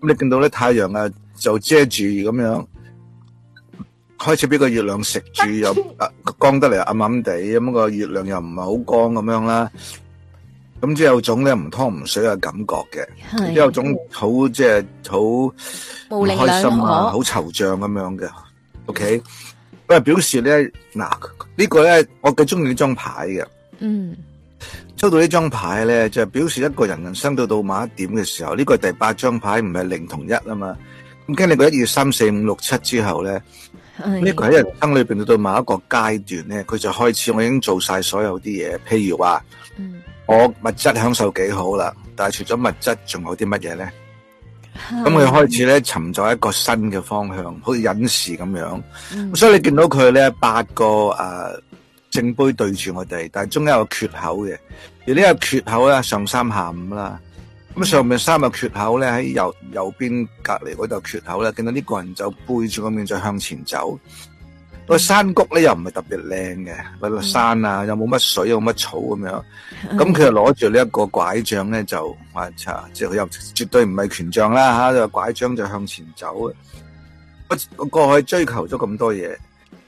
咁你見到咧太陽啊就遮住咁樣，開始俾個月亮食住，又啊光得嚟暗暗地，咁個月亮又唔係好光咁樣啦。咁即係有種咧唔湯唔水嘅感覺嘅，即係有種好即係好開心、啊、靈好惆悵咁樣嘅。O K，喂，表示咧，嗱、這個、呢個咧，我最中意呢張牌嘅。嗯，抽到張呢張牌咧，就表示一個人人生到到某一點嘅時候，呢、這個係第八張牌唔係零同一啊嘛。咁經歷過一、二、三、四、五、六、七之後咧，呢、嗯這個喺人生裏邊到到某一個階段咧，佢就開始我已經做晒所有啲嘢，譬如話，嗯。我物質享受幾好啦，但係除咗物質，仲有啲乜嘢咧？咁佢開始咧尋找一個新嘅方向，好似隱士咁樣。咁、嗯、所以你見到佢咧，八個誒、呃、聖杯對住我哋，但係中間有個缺口嘅。而呢個缺口咧，上三下五啦。咁上面三個缺口咧喺右右邊隔籬嗰度缺口咧，見到呢個人就背住個面再向前走。個山谷咧又唔係特別靚嘅，嗰山啊，又冇乜水，又冇乜草咁樣，咁佢就攞住呢一個拐杖，咧，就我話錯，即係佢又絕對唔係權杖啦吓，就拐杖就向前走啊！我我過去追求咗咁多嘢，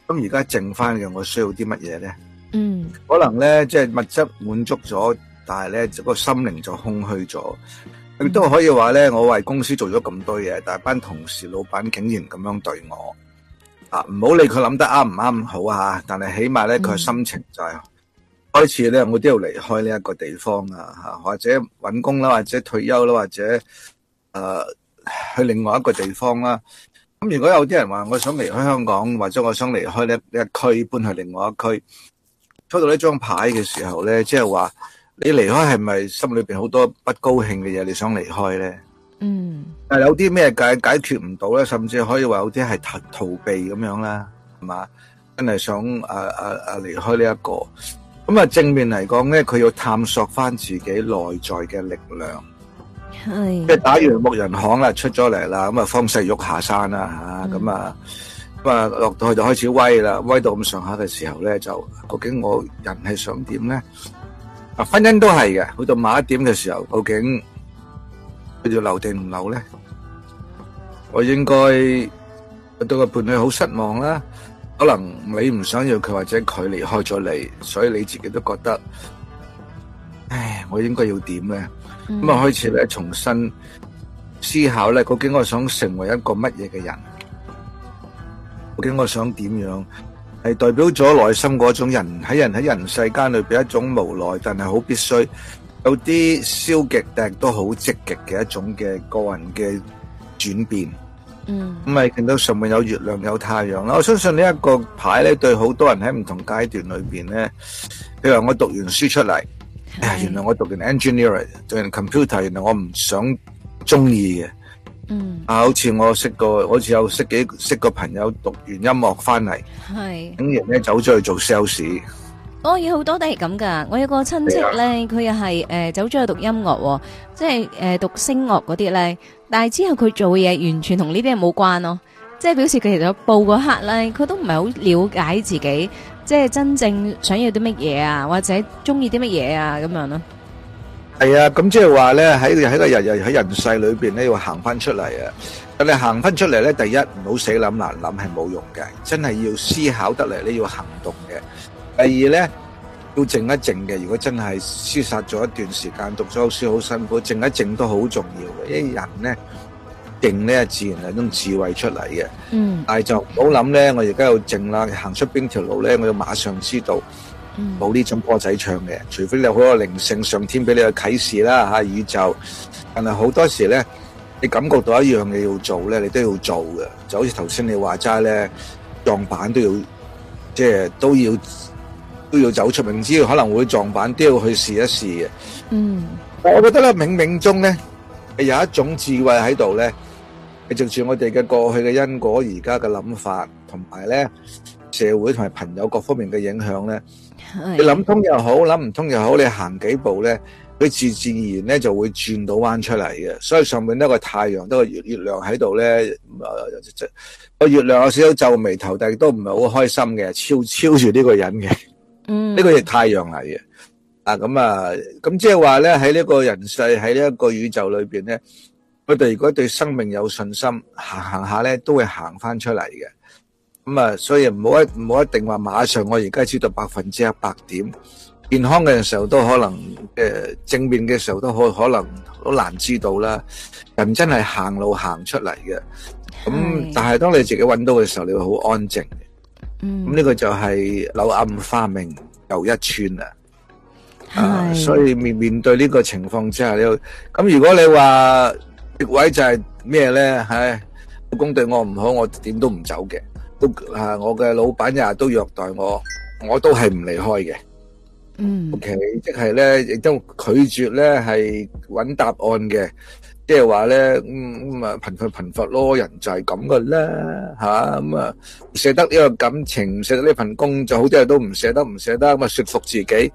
咁而家剩翻嘅我需要啲乜嘢咧？嗯，可能咧即係物質滿足咗，但係咧個心靈就空虛咗。亦、嗯、都可以話咧，我為公司做咗咁多嘢，但係班同事、老闆竟然咁樣對我。啊，唔好理佢諗得啱唔啱好啊，但係起碼咧，佢心情就係開始咧，我都要離開呢一個地方啊，吓、啊、或者搵工啦、啊，或者退休啦、啊，或者誒、啊、去另外一個地方啦、啊。咁、啊、如果有啲人話，我想離開香港，或者我想離開呢一區，搬去另外一區，出到呢張牌嘅時候咧，即係話你離開係咪心裏邊好多不高興嘅嘢，你想離開咧？嗯，但係有啲咩解解決唔到咧，甚至可以話有啲係逃逃避咁樣啦，係嘛，真係想啊啊啊離開呢一個。咁啊正面嚟講咧，佢要探索翻自己內在嘅力量。係，即係打完木人巷啦，出咗嚟啦，咁啊方世玉下山啦吓，咁啊咁啊落到去就開始威啦，威到咁上下嘅時候咧，就究竟我人係想點咧？啊婚姻都係嘅，去到某一點嘅時候，究竟？佢要留定唔留咧？我應該對個伴侶好失望啦。可能你唔想要佢，或者佢離開咗你，所以你自己都覺得唉，我應該要點咧？咁啊，開始咧重新思考咧，究竟我想成為一個乜嘢嘅人？究竟我想點樣？係代表咗內心嗰種人喺人喺人世間裏邊一種無奈，但係好必須。有啲消極，但係都好積極嘅一種嘅個人嘅轉變。嗯，咁咪見到上面有月亮，有太陽啦。我相信呢一個牌咧，對好多人喺唔同階段裏邊咧，譬如我讀完書出嚟，原來我讀完 engineering，讀完 computer，原來我唔想中意嘅。嗯，啊，好似我識個，好似有識幾識個朋友讀完音樂翻嚟，係，咁亦咧走咗去做 sales。我、哦、有好多都係咁噶，我有個親戚咧，佢又係誒走咗去讀音樂、哦，即係誒、呃、讀聲樂嗰啲咧。但係之後佢做嘢完全同呢啲係冇關咯，即係表示佢其實報嗰刻咧，佢都唔係好了解自己，即係真正想要啲乜嘢啊，或者中意啲乜嘢啊咁樣咯。係啊，咁即係話咧，喺喺個日日喺人世裏邊咧，要行翻出嚟啊！但你行翻出嚟咧，第一唔好死諗難諗係冇用嘅，真係要思考得嚟，你要行動嘅。第二咧，要靜一靜嘅。如果真係廝殺咗一段時間，讀咗書好辛苦，靜一靜都好重要嘅。因為人咧，勁咧，自然係一種智慧出嚟嘅。嗯，但係就唔好諗咧，我而家要靜啦，行出邊條路咧，我要馬上知道。冇呢種歌仔唱嘅，除非你有好多靈性，上天俾你嘅啟示啦嚇宇宙。但係好多時咧，你感覺到一樣嘢要做咧，你都要做嘅。就好似頭先你話齋咧，撞板都要，即係都要。都要走出明知，佢可能會撞板，都要去試一試嘅。嗯，我覺得咧，冥冥中咧，係有一種智慧喺度咧。你就住我哋嘅過去嘅因果，而家嘅諗法，同埋咧社會同埋朋友各方面嘅影響咧，你諗通又好，諗唔通又好，你行幾步咧，佢自自然然咧就會轉到彎出嚟嘅。所以上面呢個太陽，呢個月月亮喺度咧，誒，個月亮有少少皺眉頭，但亦都唔係好開心嘅，超超住呢個人嘅。嗯這個、是係是呢個係太陽嚟嘅，啊咁啊，咁即係話咧喺呢個人世喺呢一個宇宙裏邊咧，我哋如果對生命有信心，行行下咧都會行翻出嚟嘅。咁啊，所以唔好一唔好一定話馬上我而家知道百分之一百點健康嘅時候都可能誒、呃、正面嘅時候都可可能好難知道啦。人真係行路行出嚟嘅，咁但係當你自己揾到嘅時候，你會好安靜。咁、嗯、呢、這個就係柳暗花明又一村啦，啊，所以面面對呢個情況之下，呢咁、啊、如果你話位就係咩咧，唉、哎，老公對我唔好，我點都唔走嘅，都啊，我嘅老闆日日都虐待我，我都係唔離開嘅。嗯，OK，即係咧亦都拒絕咧，係揾答案嘅。即係話咧，咁咁啊，貧富貧富咯，人就係咁嘅啦，吓咁啊，捨、嗯、得呢個感情，唔捨得呢份工作，好多人都唔捨得，唔捨得咁啊，說服自己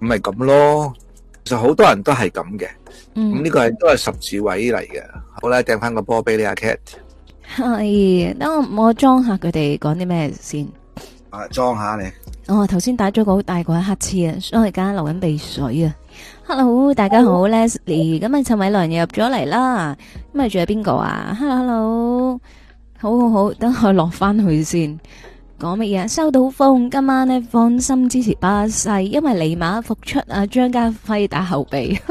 唔係咁咯。其實好多人都係咁嘅，咁呢個係都係十字位嚟嘅。好啦，掟翻個波俾你阿 Cat。係、哎，等我我裝下佢哋講啲咩先。啊，裝下你。哦、下我頭先打咗個好大個哈欠啊，所以我而家流緊鼻水啊。hello，大家好、oh.，Leslie，今日陳偉良又入咗嚟啦，咁啊仲有邊個啊？hello，好好好，等我落翻去先，講乜嘢？收到風，今晚呢放心支持巴西，因為尼馬復出啊，張家輝打後備。 *laughs*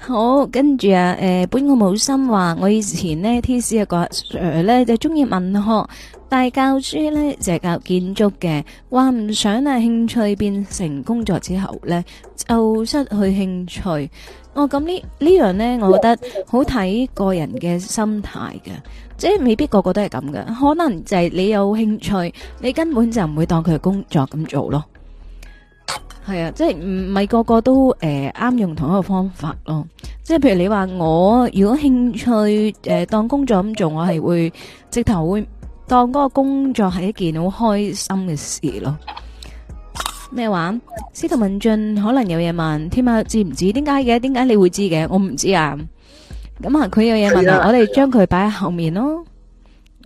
好，跟住啊，誒、呃，本我冇心話，我以前呢 T C 啊個 Sir 咧就中意文學。大教書呢就係教建築嘅，話唔想啊興趣變成工作之後呢就失去興趣。哦咁呢呢樣呢，我覺得好睇個人嘅心態嘅，即係未必個個都係咁嘅，可能就係你有興趣，你根本就唔會當佢係工作咁做咯。係啊，即係唔係個個都誒啱用同一個方法咯。即係譬如你話我如果興趣誒當工作咁做，我係會直頭會。當嗰個工作係一件好開心嘅事咯。咩話？司徒文進可能有嘢問添啊？知唔知？點解嘅？點解你會知嘅？我唔知啊。咁啊，佢有嘢問啊，我哋將佢擺喺後面咯。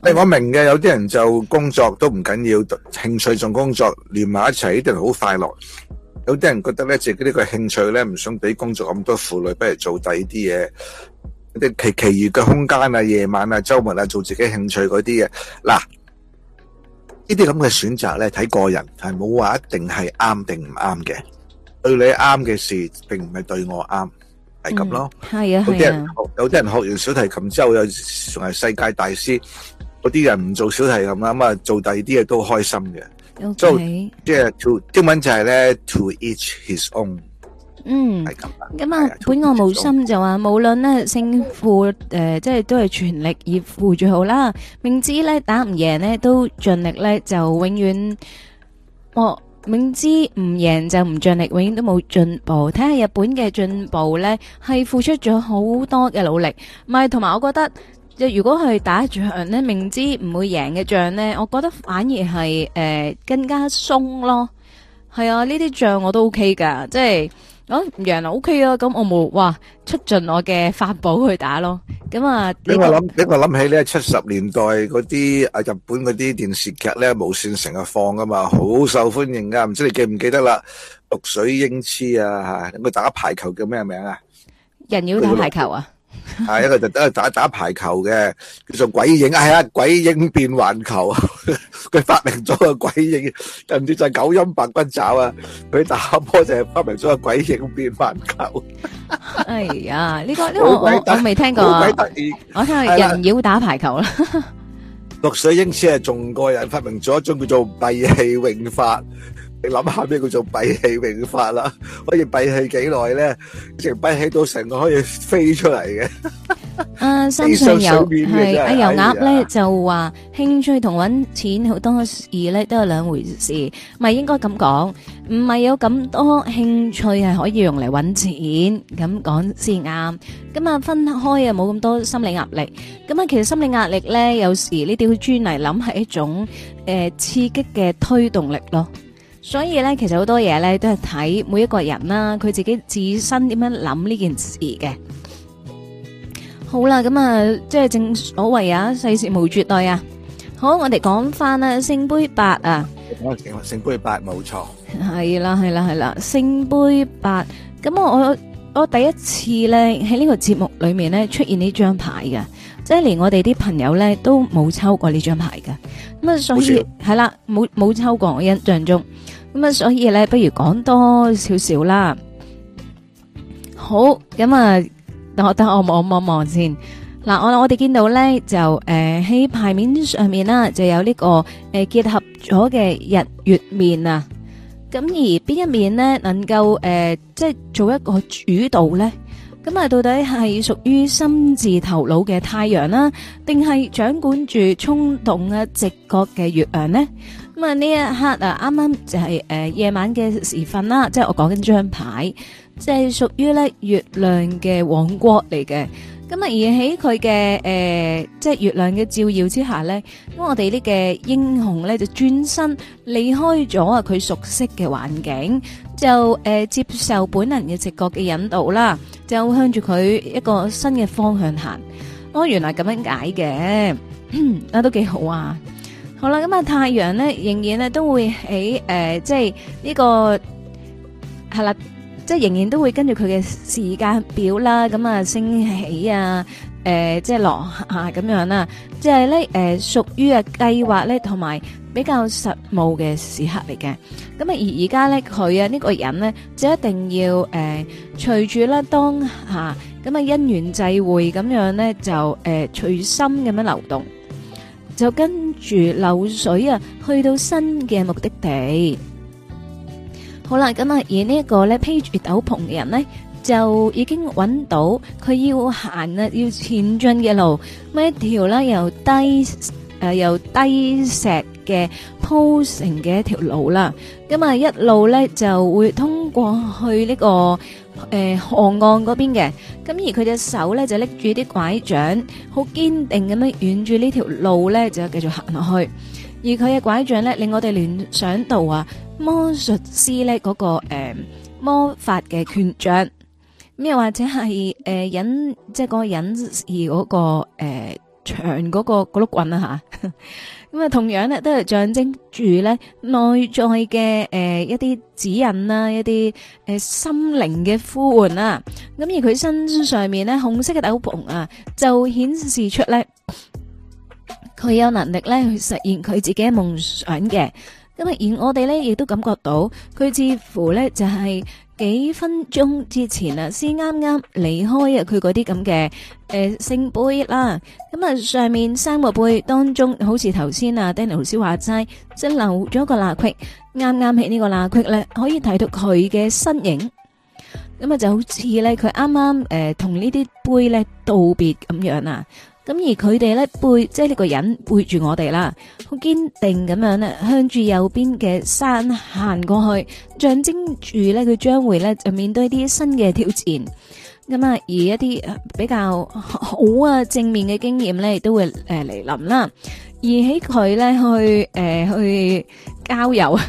誒，我明嘅，有啲人就工作都唔緊要，興趣仲工作連埋一齊，一定好快樂。有啲人覺得咧，自己呢個興趣咧，唔想俾工作咁多負累，不如做第啲嘢。其其餘嘅空間啊、夜晚啊、周末啊，做自己興趣嗰啲嘢，嗱，呢啲咁嘅選擇咧，睇個人係冇話一定係啱定唔啱嘅。對你啱嘅事，並唔係對我啱，係咁咯。係啊係啊。有啲人學，有啲人學完小提琴之後，又仲係世界大師。嗰啲人唔做小提琴啊，咁啊做第二啲嘢都好開心嘅。OK。即係英文就係咧，to each his own。嗯，咁啊，本我無心就話，無論呢勝負誒，即、呃、係都係全力以赴最好啦。明知呢打唔贏呢都盡力呢，就永遠我、哦、明知唔贏就唔盡力，永遠都冇進步。睇下日本嘅進步呢，係付出咗好多嘅努力，唔係同埋我覺得，如果去打仗呢，明知唔會贏嘅仗呢，我覺得反而係誒、呃、更加鬆咯。係啊，呢啲仗我都 OK 㗎，即係。哦，楊啊，OK 咯，咁我冇哇，出盡我嘅法寶去打咯，咁啊，俾我諗，俾我諗起咧七十年代嗰啲誒日本嗰啲電視劇咧無綫成日放噶嘛，好受歡迎噶，唔知你記唔記得啦？綠水英雌啊，吓，咁佢打排球叫咩名啊？人妖打排球啊？係一個就打打排球嘅，叫做鬼影，係、哎、啊鬼影變環球，佢發明咗個鬼影，唔知就真九陰白骨爪啊，佢打波就係發明咗個鬼影變環球呵呵。哎呀，呢、這個呢、這個我未聽過啊，我聽人妖打排球啦、啊。綠水英姿係仲個人發明咗一種叫做閉氣泳法。你諗下咩叫做閉氣永發啦？可以閉氣幾耐咧？直閉氣到成個可以飛出嚟嘅。嗯，心上有係阿油鴨咧就話興趣同搵錢好多事咧都有兩回事，咪應該咁講？唔係有咁多興趣係可以用嚟搵錢咁講先啱咁啊？分開啊，冇咁多心理壓力。咁啊，其實心理壓力咧有時呢啲會專嚟諗係一種誒刺激嘅推動力咯。所以咧，其實好多嘢咧都係睇每一個人啦，佢自己自身點樣諗呢件事嘅。好啦，咁啊，即係正所謂啊，世事無絕對啊。好，我哋講翻啊，聖杯八啊，聖聖杯八冇錯係啦，係啦，係啦，聖杯八。咁我我第一次咧喺呢個節目裏面咧出現呢張牌嘅。即係連我哋啲朋友咧都冇抽過呢張牌㗎。咁啊，所以係啦，冇冇抽過我印象中，咁啊，所以咧不如講多少少啦。好，咁啊，我等我望望望先。嗱，我我哋見到咧就誒喺、呃、牌面上面啦，就有呢、呢個誒、呃、結合咗嘅日月面啊。咁而邊一面咧能夠誒、呃、即係做一個主導咧？咁啊，到底係屬於心智頭腦嘅太陽啦，定係掌管住衝動啊直覺嘅月亮呢？咁啊，呢一刻啊，啱啱就係呃夜晚嘅時分啦。即係我講緊張牌，即係屬於咧月亮嘅王國嚟嘅。咁啊，而喺佢嘅即係月亮嘅照耀之下呢，咁我哋呢嘅英雄咧就轉身離開咗啊佢熟悉嘅環境，就呃接受本能嘅直覺嘅引導啦。就向住佢一個新嘅方向行，哦，原來咁樣解嘅，啊，都幾好啊！好啦，咁啊，太陽咧仍然咧都會喺誒、呃，即係呢、呢個係啦，即係仍然都會跟住佢嘅時間表啦，咁啊升起啊，誒、呃，即係落下咁樣啦，啊，即係咧誒，屬於嘅計劃咧，同埋，比較實務嘅時刻嚟嘅，咁啊而而家咧佢啊呢個人咧就一定要誒隨住啦。呃、隨當下咁啊因緣際會咁樣咧就誒隨、呃、心咁樣流動，就跟住流水啊去到新嘅目的地。好啦，咁啊而這呢一個咧披住斗篷嘅人咧就已經揾到佢要行啊要前進嘅路，咁一條啦由低。誒，由低石嘅鋪成嘅一條路啦，咁啊一路咧就會通過去呢個誒河岸嗰邊嘅，咁而佢隻手咧就拎住啲拐杖，好堅定咁樣沿住呢條路咧就繼續行落去，而佢嘅拐杖咧令我哋聯想到啊魔術師咧嗰個誒魔法嘅權杖，咁又或者係誒隱即係個隱士嗰個誒。長嗰、那個嗰碌棍啦吓，咁、那、啊、個、同樣咧都係象徵住咧內在嘅誒、呃、一啲指引啦、啊，一啲誒、呃、心靈嘅呼喚啦、啊。咁而佢身上面咧紅色嘅斗篷啊，就顯示出咧佢有能力咧去實現佢自己嘅夢想嘅。咁啊而我哋咧亦都感覺到佢似乎咧就係、是。幾分鐘之前啊，先啱啱離開啊，佢嗰啲咁嘅誒聖杯啦，咁啊上面三個杯當中，好似頭先啊 Danny 老師話齋，即留咗個罅隙，啱啱喺呢個罅隙咧，可以睇到佢嘅身影，咁啊就好似咧佢啱啱誒同呢啲杯咧道別咁樣啊。咁而佢哋咧背，即係呢個人背住我哋啦，好堅定咁樣咧向住右邊嘅山行過去，象徵住咧佢將會咧就面對一啲新嘅挑戰。咁啊，而一啲比較好啊正面嘅經驗咧都會誒嚟臨啦。而喺佢咧去誒、呃、去郊遊，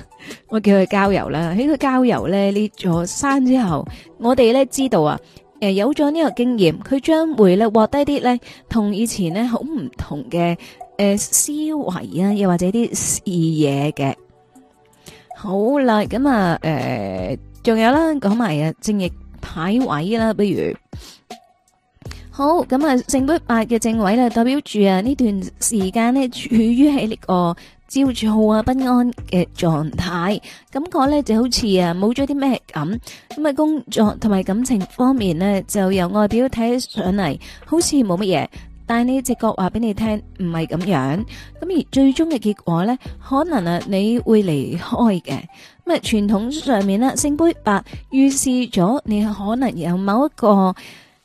我叫佢郊遊啦。喺佢郊遊咧呢座山之後，我哋咧知道啊。誒、呃，有咗呢個經驗，佢將會咧獲得啲咧，同以前咧好唔同嘅誒、呃、思維啊，又或者啲視野嘅。好啦，咁啊，誒、呃，仲有啦，講埋啊正逆牌位啦，不如好咁啊，聖杯八嘅正位咧，代表住啊呢段時間咧處於喺呢、這個，焦躁啊不安嘅狀態，感覺咧就好似啊冇咗啲咩咁。咁啊工作同埋感情方面呢，就由外表睇上嚟好似冇乜嘢，但係你直覺話俾你聽唔係咁樣。咁而最終嘅結果呢，可能啊你會離開嘅。咁啊傳統上面咧，聖杯八預示咗你可能有某一個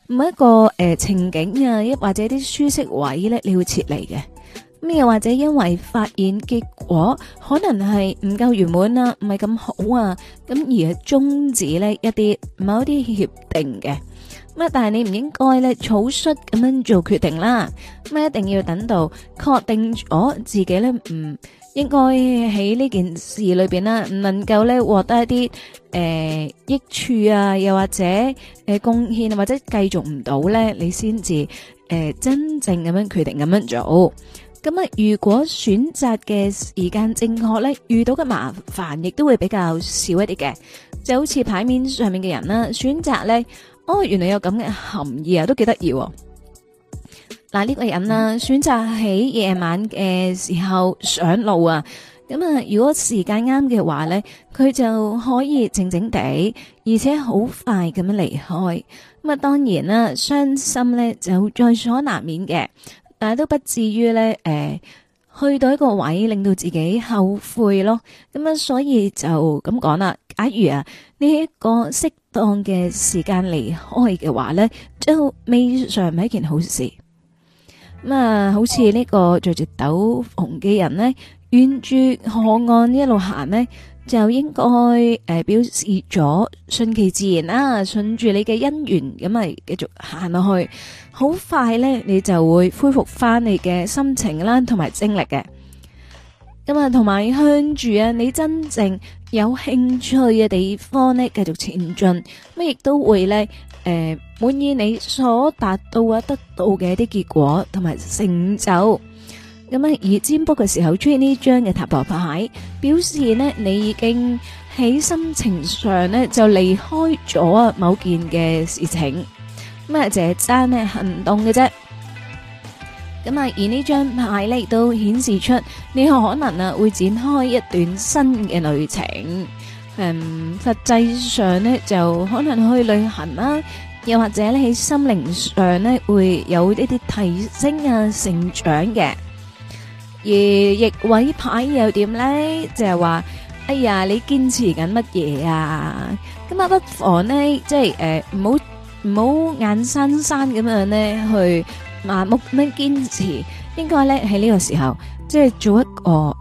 某一個誒、呃、情景啊，一或者啲舒適位呢，你會撤離嘅。咩？或者因為發現結果可能係唔夠圓滿啊，唔係咁好啊，咁而係終止呢一啲某啲協定嘅咁啊。但係你唔應該咧草率咁樣做決定啦，咁一定要等到確定咗自己咧唔應該喺呢件事裏邊啦，唔能夠咧獲得一啲誒、呃、益處啊，又或者誒、呃、貢獻，或者繼續唔到咧，你先至誒真正咁樣決定咁樣做。咁啊！如果選擇嘅時間正確咧，遇到嘅麻煩亦都會比較少一啲嘅，就好似牌面上面嘅人啦，選擇咧，哦，原來有咁嘅含義啊，都幾得意。嗱，呢個人啦，選擇喺夜晚嘅時候上路啊，咁啊，如果時間啱嘅話咧，佢就可以靜靜地，而且好快咁樣離開。咁啊，當然啦，傷心咧就在所難免嘅。但係都不至於咧，誒、呃，去到一個位令到自己後悔咯，咁、嗯、樣，所以就咁講啦。假如啊，呢、這、一個適當嘅時間離開嘅話咧，都未嘗係一件好事。咁、嗯、啊，好似呢個着住斗篷嘅人呢，沿住海岸呢一路行呢就應該誒、呃、表示咗順其自然啦、啊，順住你嘅因緣咁咪繼續行落去，好快呢，你就會恢復翻你嘅心情啦，同埋精力嘅。咁啊，同埋向住啊你真正有興趣嘅地方呢，繼續前進，乜亦都會呢，誒、呃、滿意你所達到啊得到嘅一啲結果同埋成就。咁啊！而占卜嘅時候出現呢張嘅塔羅牌，表示咧你已經喺心情上咧就離開咗某件嘅事情。咁啊，就爭咧行動嘅啫。咁啊，而呢張牌咧亦都顯示出你可能啊會展開一段新嘅旅程。嗯，實際上咧就可能去旅行啦，又或者咧喺心靈上咧會有一啲提升啊，成長嘅。而逆位牌又點咧？就係話哎呀，你堅持緊乜嘢啊？咁啊，不妨咧，即係誒，唔好唔好眼睜睜咁樣咧去盲目咁樣堅持。應該咧喺呢個時候，即係做一個誒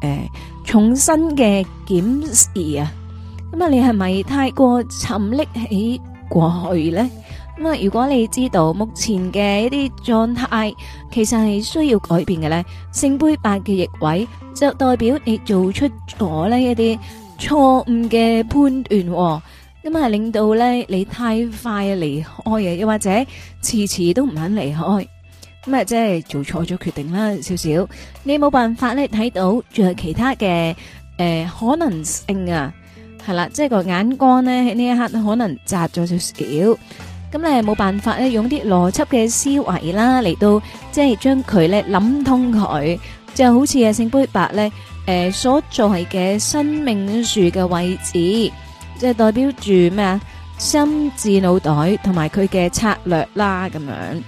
重新嘅檢視啊。咁啊，你係咪太過沉溺喺過去咧？咁啊！如果你知道目前嘅一啲狀態，其實係需要改變嘅咧。聖杯八嘅逆位就代表你做出咗呢一啲錯誤嘅判斷，咁啊，令到咧你太快離開啊，又或者次次都唔肯離開，咁啊，即係做錯咗決定啦，少少你冇辦法咧睇到，仲有其他嘅誒、呃、可能性啊，係啦，即係個眼光咧喺呢一刻可能窄咗少少。咁咧冇辦法咧，用啲邏輯嘅思維啦嚟到，即係將佢咧諗通佢，就好似啊聖杯八咧，誒所在嘅生命樹嘅位置，即係代表住咩啊？心智腦袋同埋佢嘅策略啦，咁樣。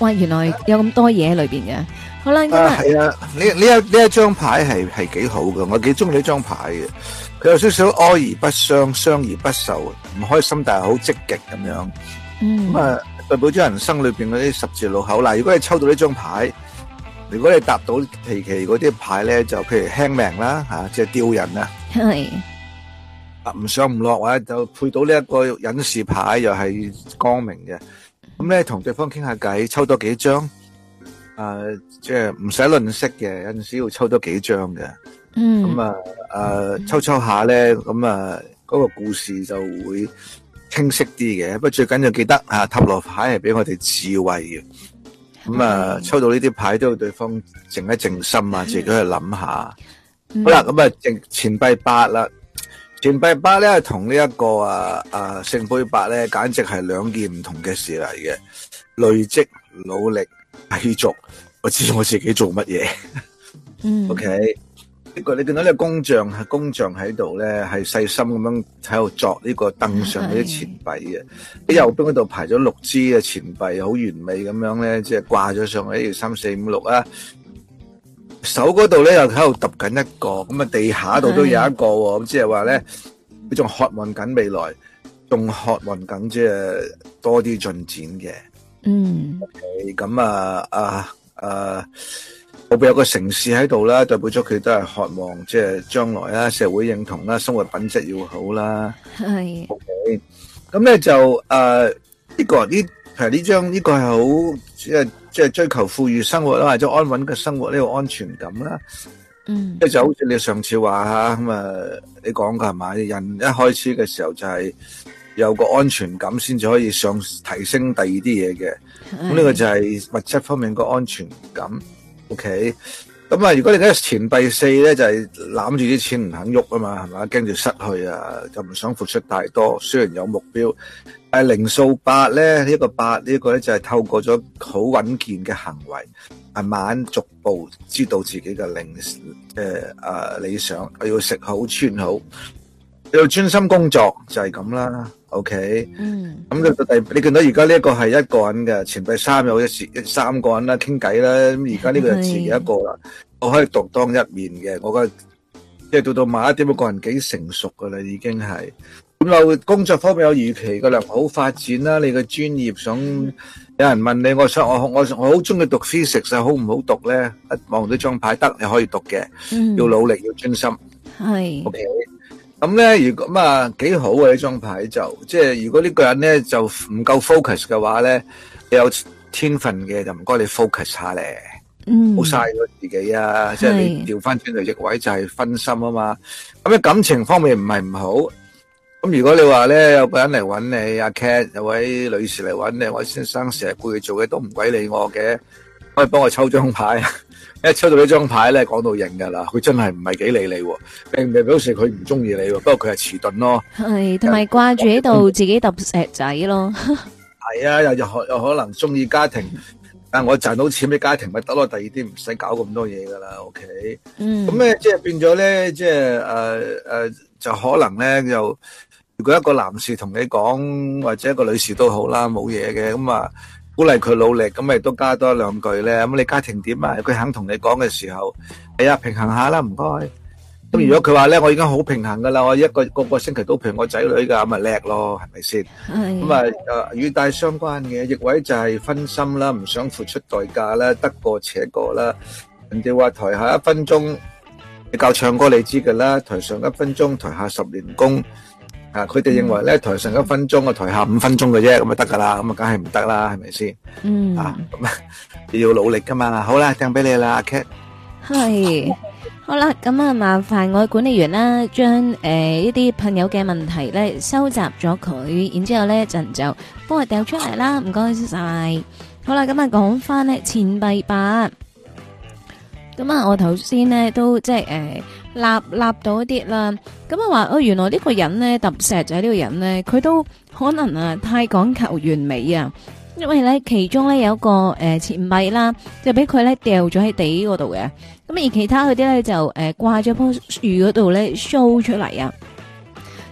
哇，原來有咁多嘢喺裏邊嘅，啊。好啦，今日係啊，呢呢一呢一張牌係係幾好嘅，我幾中意呢張牌嘅。佢有少少哀而不傷，傷而不愁，唔開心但係好積極咁樣。咁、嗯、啊，代表咗人生裏面嗰啲十字路口啦。如果你抽到呢張牌，如果你揼到期期嗰啲牌咧，就譬如輕命啦，啊、即係吊人啦。係啊，唔上唔落或者就配到呢一個隱士牌，又係光明嘅。咁咧，同對方傾下偈，抽多幾張，啊，即係唔使吝嗇嘅，有陣時要抽多幾張嘅。嗯，咁、嗯嗯、啊，誒，抽抽下咧，咁啊，嗰、那個故事就會清晰啲嘅。不過最緊要記得啊，塔羅牌係俾我哋智慧嘅。咁啊、嗯，抽到呢啲牌都要對方靜一靜心啊、嗯，自己去諗下。嗯、好啦，咁啊，前錢幣八啦，錢幣八咧，同呢一個啊啊聖杯八咧，簡直係兩件唔同嘅事嚟嘅。累積努力繼續，我知我自己做乜嘢。嗯。O K。呢個你見到呢個工匠係工匠喺度咧，係細心咁樣喺度作呢個凳上嗰啲錢幣嘅。喺右邊嗰度排咗六支嘅錢幣，好完美咁樣咧，即係掛咗上去，一二三四五六啊。手嗰度咧又喺度揼緊一個，咁啊，地下度都有一個，咁即係話咧，你仲渴望緊未來，仲渴望緊即係多啲進展嘅。嗯，OK，咁啊，啊，誒。後邊有個城市喺度啦，代表咗佢都係渴望，即係將來呀，社會認同啦，生活品質要好啦。係。咁咧就誒呢、呃這個呢其實呢張呢個係好即係即係追求富裕生活啦，或者安穩嘅生活呢、這個安全感啦。嗯。即係就好似你上次話吓咁啊，你講嘅係咪？人一開始嘅時候就係有個安全感先至可以上提升第二啲嘢嘅。咁呢個就係物質方面個安全感。OK，咁啊，如果你咧錢幣四咧就係攬住啲錢唔肯喐啊嘛，係嘛，驚住失去啊，就唔想付出太多。雖然有目標，但係零數八咧呢、呢個八呢個咧就係透過咗好穩健嘅行為，慢慢逐步知道自己嘅零誒啊理想，我要食好穿好，要專心工作，就係咁啦。O K，咁到到第，你見到而家呢一個係一個人嘅，前輩三有三個人啦，傾偈啦。咁而家呢個就自己一個啦，我可以獨當一面嘅。我覺得即係到到晚一點，我個人幾成熟嘅啦，已經係。有工作方面有預期嘅良好發展啦。你嘅專業想有人問你，我想我我我好中意讀書，食實好唔好讀咧？一望到張牌得，你可以讀嘅，要努力要專心。係 O K。咁、嗯、咧，如果咁啊，幾好嘅呢張牌就，即係如果呢個人咧就唔夠 focus 嘅話咧，你有天份嘅就唔該你 focus 下咧，唔好嘥咗自己啊！即係你調翻轉頭，逆位就係分心啊嘛。咁、嗯、咧，感情方面唔係唔好。咁、嗯、如果你話咧有個人嚟揾你，阿、啊、cat 有位女士嚟揾你，我、嗯、先生成日攰做嘅都唔鬼理我嘅，可以幫我抽張牌。一抽到呢張牌咧，講到型噶啦，佢真係唔係幾理你，並唔表示佢唔中意你，不過佢係遲鈍咯。係同埋掛住喺度自己揼石仔咯。係啊，又又可有可能中意家庭，但係我賺到錢俾家庭咪得咯，第二啲唔使搞咁多嘢噶啦。OK，嗯，咁咧即係變咗咧，即係誒誒，就可能咧又，如果一個男士同你講，或者一個女士都好啦，冇嘢嘅咁啊。鼓勵佢努力，咁咪都加多兩句咧。咁你家庭點啊？佢肯同你講嘅時候，哎呀，平衡下啦，唔該。咁如果佢話咧，我已經好平衡噶啦，我一個個個星期都陪我仔女噶，咁咪叻咯，係咪先？咁啊，與大相關嘅逆位就係分心啦，唔想付出代價啦，得過且過啦。人哋話台下一分鐘，你教唱歌你知噶啦，台上一分鐘，台下十年功。啊！佢哋認為咧，台上一分鐘，個台下五分鐘嘅啫，咁咪得噶啦。咁啊，梗係唔得啦，係咪先？嗯，啊，咁啊，你要努力噶嘛。好啦，聽俾你啦，阿 K，係，好啦。咁啊，麻煩我管理員啦，將誒一啲朋友嘅問題咧，收集咗佢，然之後咧一陣就幫我掉出嚟啦，唔該晒。好啦，咁啊，講翻咧錢幣八。咁啊，我頭先咧都即係誒。立立到一啲啦，咁啊話哦，原來呢個人咧揼石仔呢個人咧，佢都可能啊太講求完美啊，因為咧其中咧有一個誒錢幣啦，就俾佢咧掉咗喺地嗰度嘅，咁而其他嗰啲咧就誒掛咗棵樹嗰度咧 show 出嚟啊，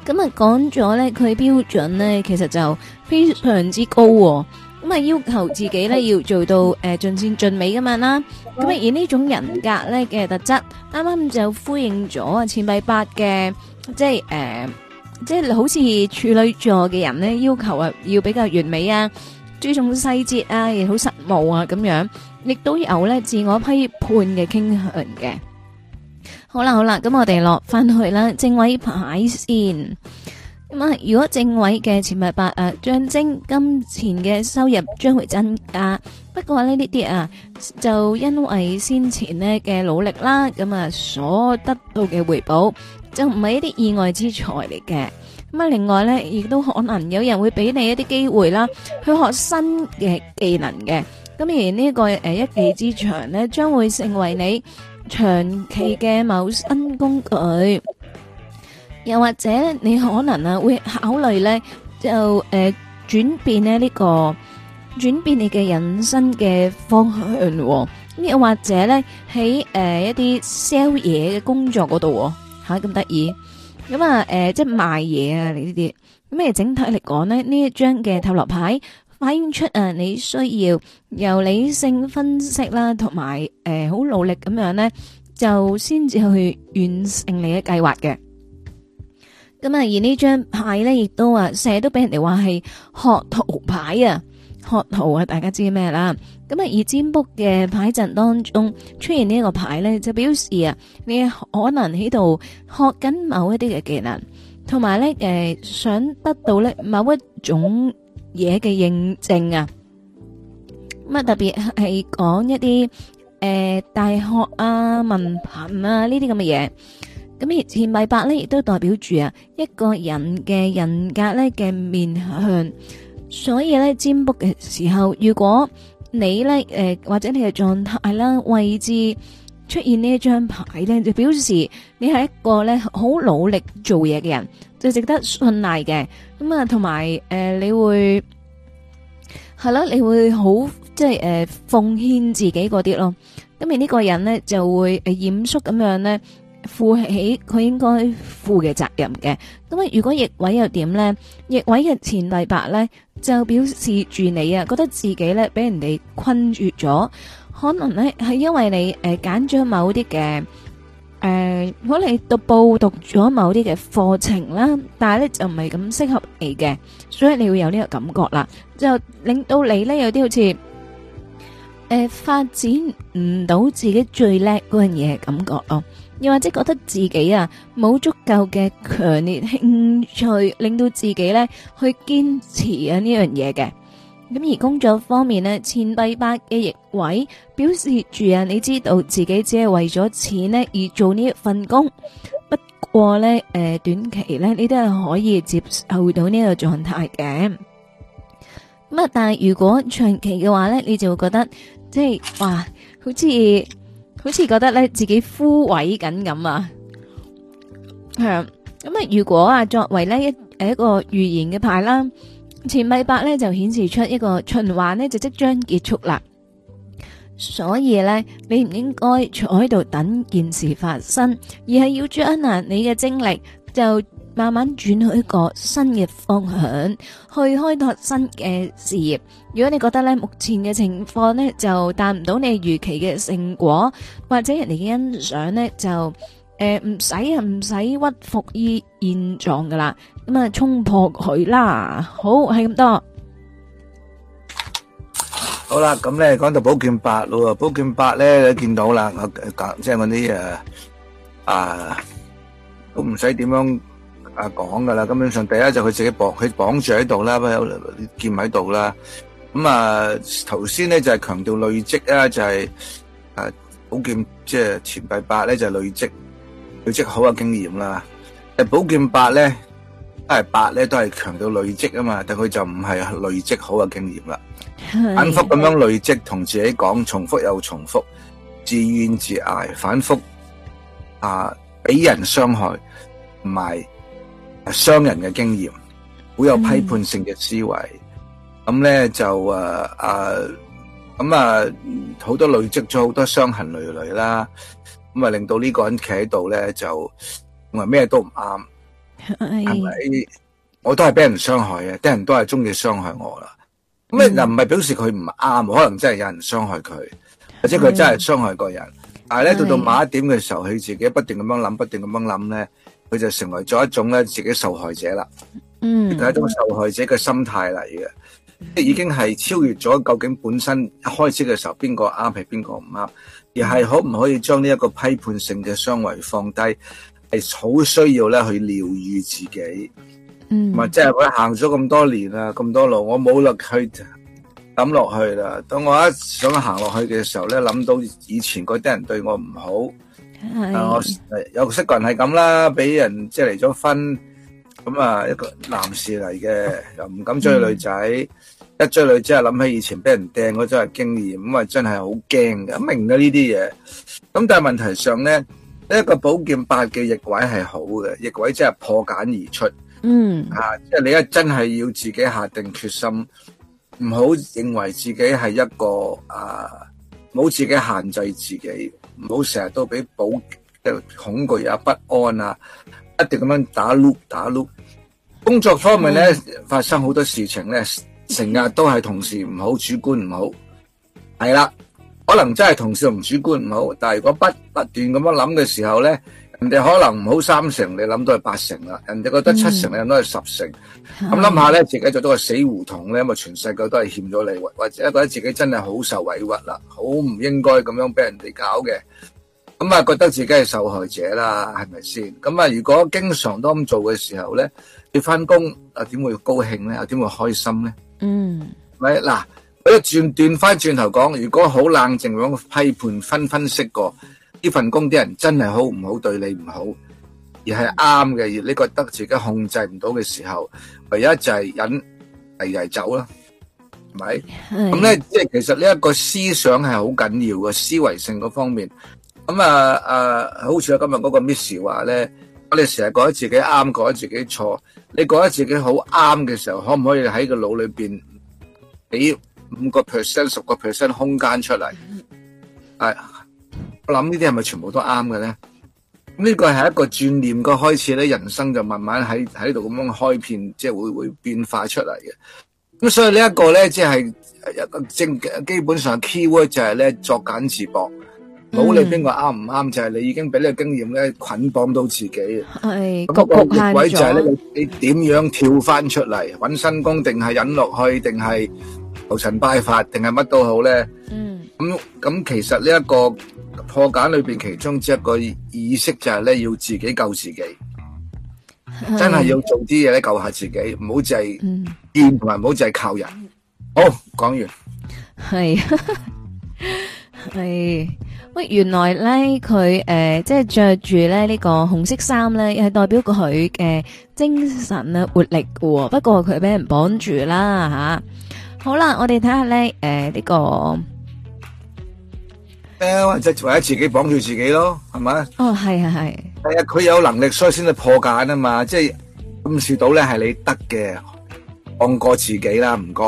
咁啊講咗咧佢標準咧其實就非常之高，咁啊要求自己咧要做到誒盡善盡美噶嘛啦。咁而呢種人格咧嘅特質，啱啱就呼應咗啊，錢幣八嘅，即係誒、呃，即係好似處女座嘅人咧，要求啊要比較完美啊，注重細節啊，好實務啊咁樣，亦都有咧自我批判嘅傾向嘅。好啦好啦，咁我哋落翻去啦，正位牌先。咁啊，如果正位嘅錢幣八啊，象徵金錢嘅收入將會增加。不過話呢呢啲啊，就因為先前咧嘅努力啦，咁啊所得到嘅回報就唔係一啲意外之財嚟嘅。咁啊，另外咧亦都可能有人會俾你一啲機會啦，去學新嘅技能嘅。咁而呢個誒一技之長咧，將會成為你長期嘅某新工具。又或者你可能啊會考慮咧，就誒轉變咧，呢個轉變你嘅人生嘅方向。咁又或者咧喺誒一啲 sell 嘢嘅工作嗰度吓，咁得意咁啊？誒，即係賣嘢啊！你呢啲咩？整體嚟講咧，呢一張嘅塔羅牌反映出啊，你需要由理性分析啦，同埋誒好努力咁樣咧，就先至去完成你嘅計劃嘅。咁啊，而呢張牌咧，亦都啊，成日都俾人哋話係學徒牌啊，學徒啊，大家知咩啦？咁啊，而占卜嘅牌陣當中出現呢一個牌咧，就表示啊，你可能喺度學緊某一啲嘅技能，同埋咧，誒、呃，想得到咧某一種嘢嘅認證啊，乜特別係講一啲誒、呃、大學啊、文憑啊呢啲咁嘅嘢。這咁而錢幣八咧，亦都代表住啊，一個人嘅人格咧嘅面向。所以咧，占卜嘅時候，如果你咧誒或者你嘅狀態啦位置，出現呢一張牌咧，就表示你係一個咧好努力做嘢嘅人，就值得信賴嘅咁啊。同埋誒，你會係咯，你會好即係誒奉獻自己嗰啲咯。咁而呢個人咧就會誒嚴肅咁樣咧。負起佢應該負嘅責任嘅。咁啊，如果逆位又點咧？逆位嘅前例白咧，就表示住你啊，覺得自己咧俾人哋困住咗，可能咧係因為你誒揀咗某啲嘅誒，可能你都報讀咗某啲嘅課程啦，但係咧就唔係咁適合你嘅，所以你會有呢個感覺啦，就令到你咧有啲好似誒發展唔到自己最叻嗰樣嘢嘅感覺哦。又或者覺得自己啊冇足夠嘅強烈興趣，令到自己呢去堅持啊呢樣嘢嘅。咁而工作方面呢，錢幣八嘅逆位表示住啊，你知道自己只係為咗錢呢而做呢一份工。不過呢，誒、呃、短期呢，你都係可以接受到呢個狀態嘅。咁啊，但係如果長期嘅話呢，你就會覺得即係哇，好似。好似覺得咧，自己枯萎緊咁啊，係咁啊！如果啊，作為咧一誒一個預言嘅牌啦，錢幣八咧就顯示出一個循環呢就即將結束啦，所以咧你唔應該坐喺度等件事發生，而係要專注啊你嘅精力就。慢慢轉去一個新嘅方向，去開拓新嘅事業。如果你覺得咧目前嘅情況咧就達唔到你預期嘅成果，或者人哋嘅欣賞咧就誒唔使啊唔使屈服於現狀噶啦，咁啊衝破佢啦。好係咁多。好啦，咁咧講到寶劍八咯，寶劍八咧你見到啦，即係我啲誒啊都唔使點樣。啊，講噶啦，根本上第一就佢自己綁佢綁住喺度啦，又有劍喺度啦。咁啊，頭先咧就係、是、強調累積啊，就係、是、啊寶劍，即、就、係、是、錢幣八咧就係、是、累積累積好嘅經驗啦。誒寶劍八咧，都係八咧都係強調累積啊嘛，但佢就唔係累積好嘅經驗啦。反覆咁樣累積，同自己講重複又重複，自怨自艾，反覆啊俾人傷害，唔係。傷人嘅經驗，好有批判性嘅思維，咁咧、嗯、就誒誒，咁啊好、嗯嗯、多累積咗好多傷痕累累啦，咁、嗯、啊令到呢個人企喺度咧就，我咩都唔啱，係咪？我都係俾人傷害嘅，啲人都係中意傷害我啦。咁啊又唔係表示佢唔啱，可能真係有人傷害佢，或者佢真係傷害個人。是的但係咧到到某一點嘅時候，佢自己不斷咁樣諗，不斷咁樣諗咧。佢就成為咗一種咧自己受害者啦，係、mm-hmm. 一種受害者嘅心態嚟嘅，即、mm-hmm. 已經係超越咗究竟本身一開始嘅時候邊個啱係邊個唔啱，mm-hmm. 而係可唔可以將呢一個批判性嘅雙維放低，係好需要咧去療癒自己。嗯，唔即係佢行咗咁多年啦，啊，咁多路，我冇力去諗落去啦。當我一想行落去嘅時候咧，諗到以前嗰啲人對我唔好。我有識個人係咁啦，俾人即係離咗婚咁啊，一個男士嚟嘅又唔敢追女仔，一追女仔又諗起以前俾人掟嗰種經驗，咁啊真係好驚嘅，明咗呢啲嘢。咁但係問題上咧，一個寶劍八嘅逆位係好嘅，逆位即係破繭而出，嗯啊，即係你一真係要自己下定決心，唔好認為自己係一個啊，冇自己限制自己。唔好成日都俾保，恐懼啊、不安啊，一定咁樣打碌打碌。工作方面咧，發生好多事情咧，成日都係同事唔好、主管唔好，係啦，可能真係同事唔、主管唔好，但係如果不不斷咁樣諗嘅時候咧。人哋可能唔好三成，你諗到係八成啦。人哋覺得七成，你諗到係十成。咁諗下咧，自己做到個死胡同咧，咁啊，全世界都係欠咗你，或者覺得自己真係好受委屈啦，好唔應該咁樣俾人哋搞嘅。咁啊，覺得自己係受害者啦，係咪先？咁啊，如果經常都咁做嘅時候咧，你翻工啊，點會高興咧？又點會開心咧？嗯，咪嗱，我轉轉翻轉頭講，如果好冷靜咁批判分分析過。呢份工啲人真係好唔好對你唔好，而係啱嘅。而你覺得自己控制唔到嘅時候，唯一就係忍，第二就係走啦，係咪？咁咧，即係其實呢一個思想係好緊要嘅，思維性嗰方面。咁啊啊，好似我今日嗰個 Miss 話咧，我哋成日覺得自己啱，覺得自己錯。你覺得自己好啱嘅時候，可唔可以喺個腦裏邊俾五個 percent、十個 percent 空間出嚟？係。我諗呢啲係咪全部都啱嘅咧？呢個係一個轉念個開始咧，人生就慢慢喺喺度咁樣開片，即係會會變化出嚟嘅。咁所以呢一個咧，即係一個正基本上 key word 就係咧，作繭自縛，冇理邊個啱唔啱，就係你已經俾呢個經驗咧捆綁到自己。係、哎，咁個逆位就係呢：你點樣跳翻出嚟搵新工？定係引落去？定係求神拜佛？定係乜都好咧？嗯。咁咁，其實呢一個。破繭裏邊，其中一個意識就係咧，要自己救自己，的真係要做啲嘢，咧救下自己，唔好就係同埋唔好就係靠人。好，講完係係喂，原來咧佢誒，即係着住咧呢個紅色衫咧，係代表佢誒精神啊活力噶不過佢俾人綁住啦吓。好啦，我哋睇下咧誒呢、呃這個。誒，或者自己綁住自己咯，係咪？哦，係啊，係。係啊，佢有能力，所以先至破繭啊嘛。即係暗示到咧，係你得嘅，放過自己啦，唔該，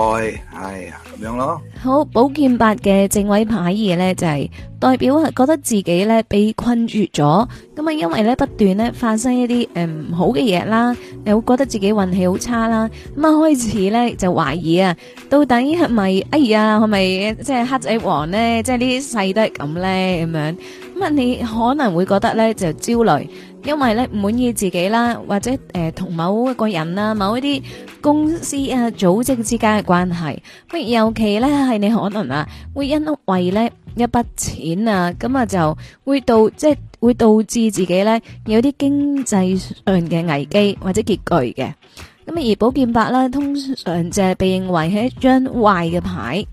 哎呀。樣咯，好，寶劍八嘅正位牌意咧就係、是、代表係覺得自己咧被困住咗，咁啊因為咧不斷咧發生一啲誒唔好嘅嘢啦，你又會覺得自己運氣好差啦，咁啊開始咧就懷疑啊，到底係咪哎呀，係咪即係黑仔王咧，即、就、係、是、呢啲世都係咁咧咁樣，咁啊你可能會覺得咧就焦慮。因為咧唔滿意自己啦，或者誒同某一個人啊，某一啲公司啊、組織之間嘅關係，不如尤其咧係你可能啊會因為咧一筆錢啊，咁啊就會導即係會導致自己咧有啲經濟上嘅危機或者結局嘅。咁啊而寶劍八咧通常就係被認為係一張壞嘅牌。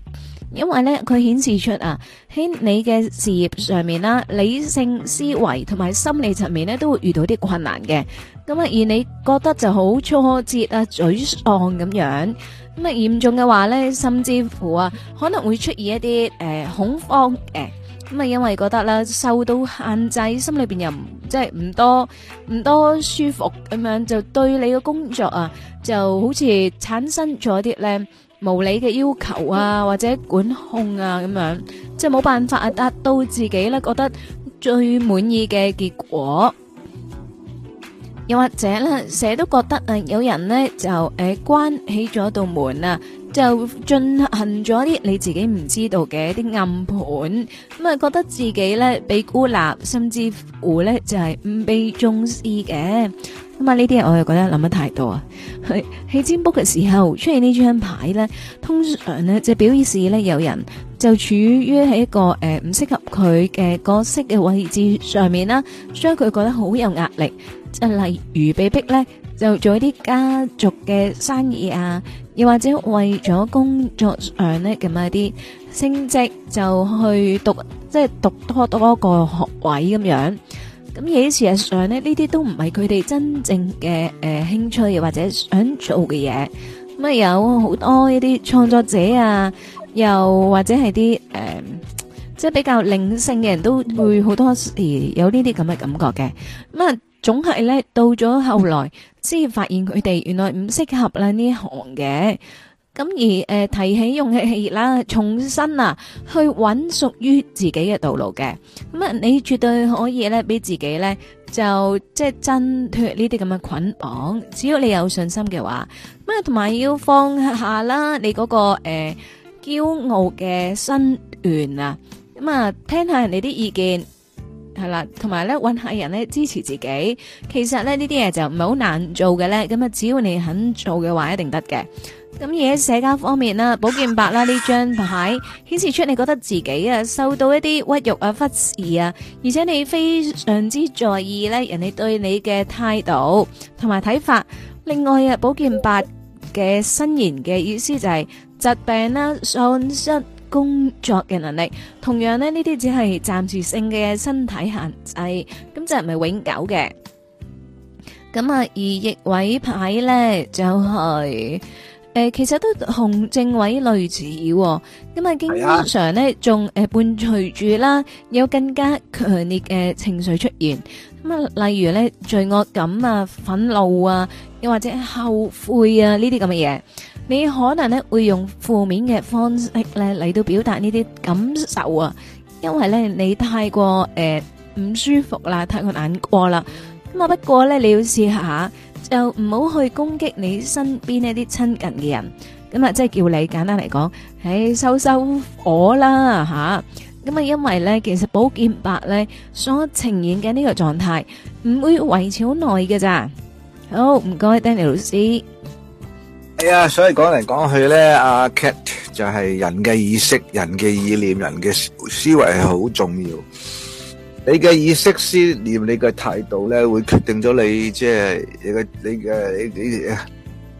因為咧，佢顯示出啊，喺你嘅事業上面啦，理性思維同埋心理層面咧，都會遇到啲困難嘅。咁啊，而你覺得就好挫折啊、沮喪咁樣。咁啊，嚴重嘅話咧，甚至乎啊，可能會出現一啲誒、呃、恐慌誒。咁啊，因為覺得啦，受到限制，心裏邊又唔即係唔多唔多舒服咁樣，就對你嘅工作啊，就好似產生咗啲咧。無理嘅要求啊，或者管控啊，咁樣即係冇辦法啊，達到自己咧覺得最滿意嘅結果。又或者咧，成日都覺得啊，有人咧就誒關起咗一道門啊，就進行咗啲你自己唔知道嘅一啲暗盤咁啊，覺得自己咧被孤立，甚至乎咧就係唔被重視嘅咁啊。呢啲嘢我又覺得諗得太多啊。喺占卜嘅時候出現呢張牌咧，通常咧就表示咧有人就處於喺一個誒唔適合佢嘅角色嘅位置上面啦，所以佢覺得好有壓力。即係例如被逼咧，就做一啲家族嘅生意啊，又或者為咗工作上咧咁嘅一啲升職，就去讀即係讀多多一個學位咁樣。咁而事實上咧，呢啲都唔係佢哋真正嘅誒興趣，又或者想做嘅嘢。咁啊有好多一啲創作者啊，又或者係啲誒即係比較靈性嘅人都會好多時，有呢啲咁嘅感覺嘅咁啊。總係咧到咗後來，先發現佢哋原來唔適合啦呢行嘅。咁而誒提起勇氣啦，重新啊去揾屬於自己嘅道路嘅。咁啊，你絕對可以咧，俾自己咧就即係掙脫呢啲咁嘅捆綁。只要你有信心嘅話，咁啊同埋要放下啦，你嗰個誒驕傲嘅身段啊。咁啊，聽下人哋啲意見。係啦，同埋咧揾客人咧支持自己，其實咧呢啲嘢就唔係好難做嘅咧。咁啊，只要你肯做嘅話，一定得嘅。咁而喺社交方面啦，寶劍八啦呢張牌顯示出你覺得自己啊受到一啲屈辱啊忽視啊，而且你非常之在意咧人哋對你嘅態度同埋睇法。另外啊，寶劍八嘅新言嘅意思就係、是、疾病啦、喪失、工作嘅能力，同樣呢呢啲只係暫時性嘅身體限制，咁就唔係永久嘅。你可能咧會用負面嘅方式咧嚟到表達呢啲感受啊，因為咧你太過誒唔舒服啦，太過難過啦。咁啊，不過咧你要試下，就唔好去攻擊你身邊一啲親近嘅人。咁啊，即係叫你簡單嚟講，誒，收收火啦吓。咁啊，因為咧，其實寶劍八咧所呈現嘅呢個狀態，唔會維持好耐嘅咋。好，唔該，Danny 老師。係啊，所以講嚟講去呢，阿 yeah, Cat 就係人嘅意識、人嘅意念、人嘅思維係好重要。你嘅意識、思念、你嘅態度呢，會決定咗你即係、就是、你嘅你嘅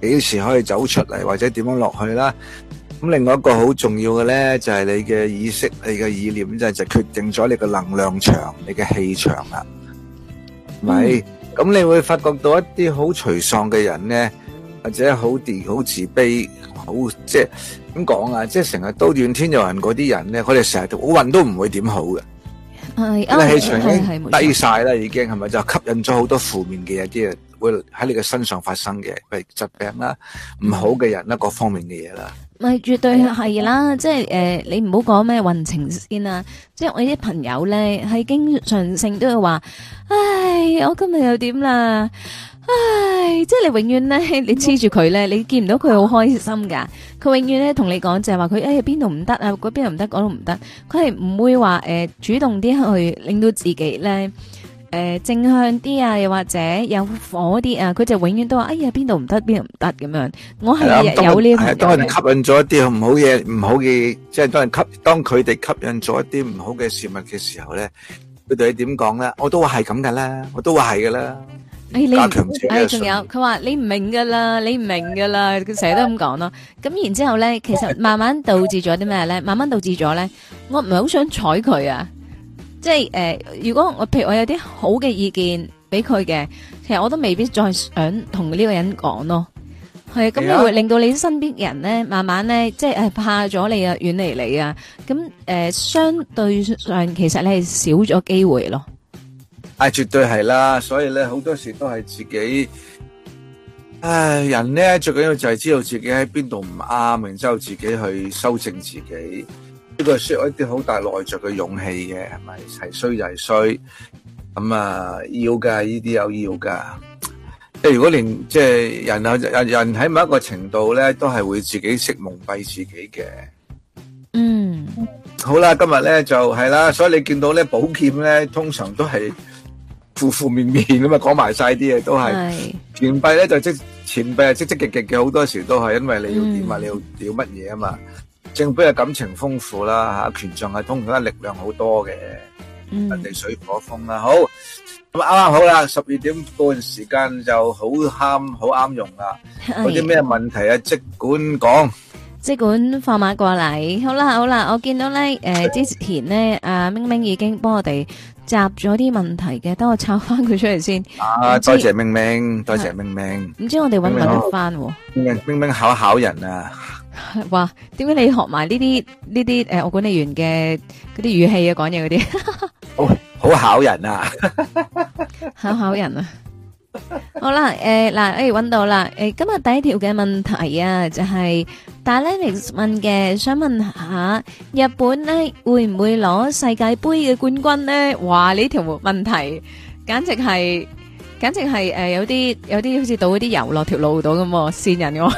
你幾時可以走出嚟，或者點樣落去啦。咁另外一個好重要嘅呢，就係、是、你嘅意識、你嘅意念，就就決定咗你嘅能量場、你嘅氣場啦。咪、嗯、咁你會發覺到一啲好沮喪嘅人呢或者好自好自卑，好即係點講啊？即係成日都怨天尤人嗰啲人咧，佢哋成日都好，運都唔會點好嘅，你氣場已經低晒啦，已經係咪就吸引咗好多負面嘅嘢，啲係會喺你嘅身上發生嘅，譬如疾病啦，唔好嘅人啦，各方面嘅嘢啦。咪絕對係啦，即係誒，你唔好講咩運程先啦，即係我啲朋友咧係經常性都會話，唉，我今日又點啦。唉，即係你永遠咧，你黐住佢咧，你見唔到佢好開心噶。佢永遠咧同你講就係話佢哎呀邊度唔得啊，嗰邊又唔得，嗰度唔得。佢係唔會話誒主動啲去令到自己咧誒正向啲啊，又或者有火啲啊。佢就永遠都話哎呀邊度唔得，邊度唔得咁樣。我係有呢樣嘢。當人吸引咗一啲唔好嘢，唔好嘅，即係當人吸當佢哋吸引咗一啲唔好嘅事物嘅時候咧，佢對你點講咧？我都話係咁噶啦，我都話係噶啦。誒、哎、你，誒、哎、仲有，佢話你唔明噶啦，你唔明噶啦，佢成日都咁講咯。咁然之後咧，其實慢慢導致咗啲咩咧？慢慢導致咗咧，我唔係好想睬佢啊。即係誒、呃，如果我譬如我有啲好嘅意見俾佢嘅，其實我都未必再想同呢個人講咯。係，咁你會令到你身邊人咧，慢慢咧，即係誒怕咗你啊，遠離你啊。咁、嗯、誒、呃，相對上其實你係少咗機會咯。啊、哎，絕對係啦，所以咧好多時都係自己，唉，人咧最緊要就係知道自己喺邊度唔啱，然之後自己去修正自己，呢、這個需要一啲好大內在嘅勇氣嘅，係咪？係衰就係衰，咁、嗯、啊要㗎，呢啲又要㗎，即係如果連即係、就是、人啊人人喺某一個程度咧，都係會自己識蒙蔽自己嘅。嗯，好啦，今日咧就係、是、啦，所以你見到咧寶劍咧，通常都係。方方面面，講埋晒啲嘢都係，錢幣咧就積，錢幣係積積極極嘅，好多時都係因為你要點啊，你要屌乜嘢啊嘛。聖杯嘅感情豐富啦，吓權象權杖係通常力量好多嘅，地水火風啦。好，咁啱啱好啦，十二點半時間就好啱，好啱用啦。有啲咩問題啊？即管講，即管放馬過嚟。好啦好啦，我見到咧，誒之前咧，阿明明已經幫我哋。集咗啲問題嘅，等我抄翻佢出嚟先。啊，多謝明明，多謝明明。唔知我哋揾唔揾得翻？明明好，明明好考人啊！哇，點解你學埋呢啲呢啲？誒，我、呃、管理員嘅嗰啲語氣啊，講嘢嗰啲，好，好考人啊，考 *laughs* 考人啊！好啦，誒嗱，誒搵到啦，誒，今日第一條嘅問題啊，就係大 Linux 問嘅，想問下日本咧會唔會攞世界杯嘅冠軍咧？哇，呢條問題簡直係，簡直係誒有啲有啲好似倒嗰啲油落條路度咁，善人我，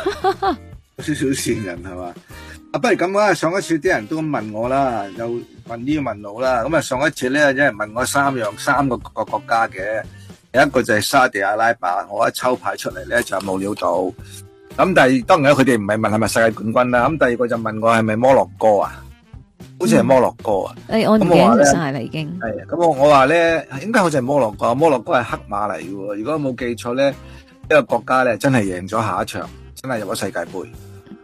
少少善人係嘛？啊，不如咁啊，上一次啲人都咁問我啦，又問呢個問路啦，咁啊上一次咧有人問我三樣三個國國家嘅。第一個就係沙地阿拉伯，我一抽牌出嚟咧就冇料到。咁第二，當然佢哋唔係問係咪世界冠軍啦。咁第二個就問我係咪摩洛哥啊？嗯、好似係摩洛哥啊？誒、嗯，我認錯晒啦已經。係咁我我話咧，應該好似係摩洛哥。摩洛哥係黑馬嚟嘅，如果冇記錯咧，一、這個國家咧真係贏咗下一場，真係入咗世界杯。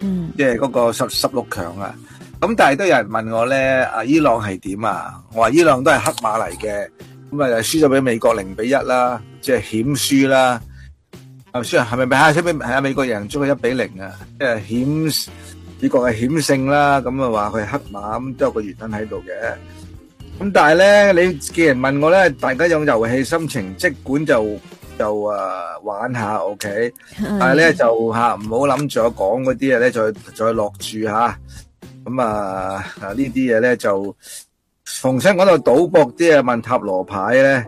嗯。即係嗰個十十六強啊。咁但係都有人問我咧，阿伊朗係點啊？我話伊朗都係黑馬嚟嘅。咁啊，輸咗俾美國零比一啦，即係險輸啦。頭先係咪咪嚇？使咪係啊？美國贏咗個一比零啊，即係險美國係險勝啦。咁啊話佢係黑馬，咁都有個原因喺度嘅。咁但係咧，你既然問我咧，大家用遊戲心情，即管就就啊玩下 OK。但係咧就嚇唔好諗住我講嗰啲嘢咧，再再落注嚇。咁啊啊呢啲嘢咧就～逢親講到賭博啲、嗯、啊，問塔羅牌咧，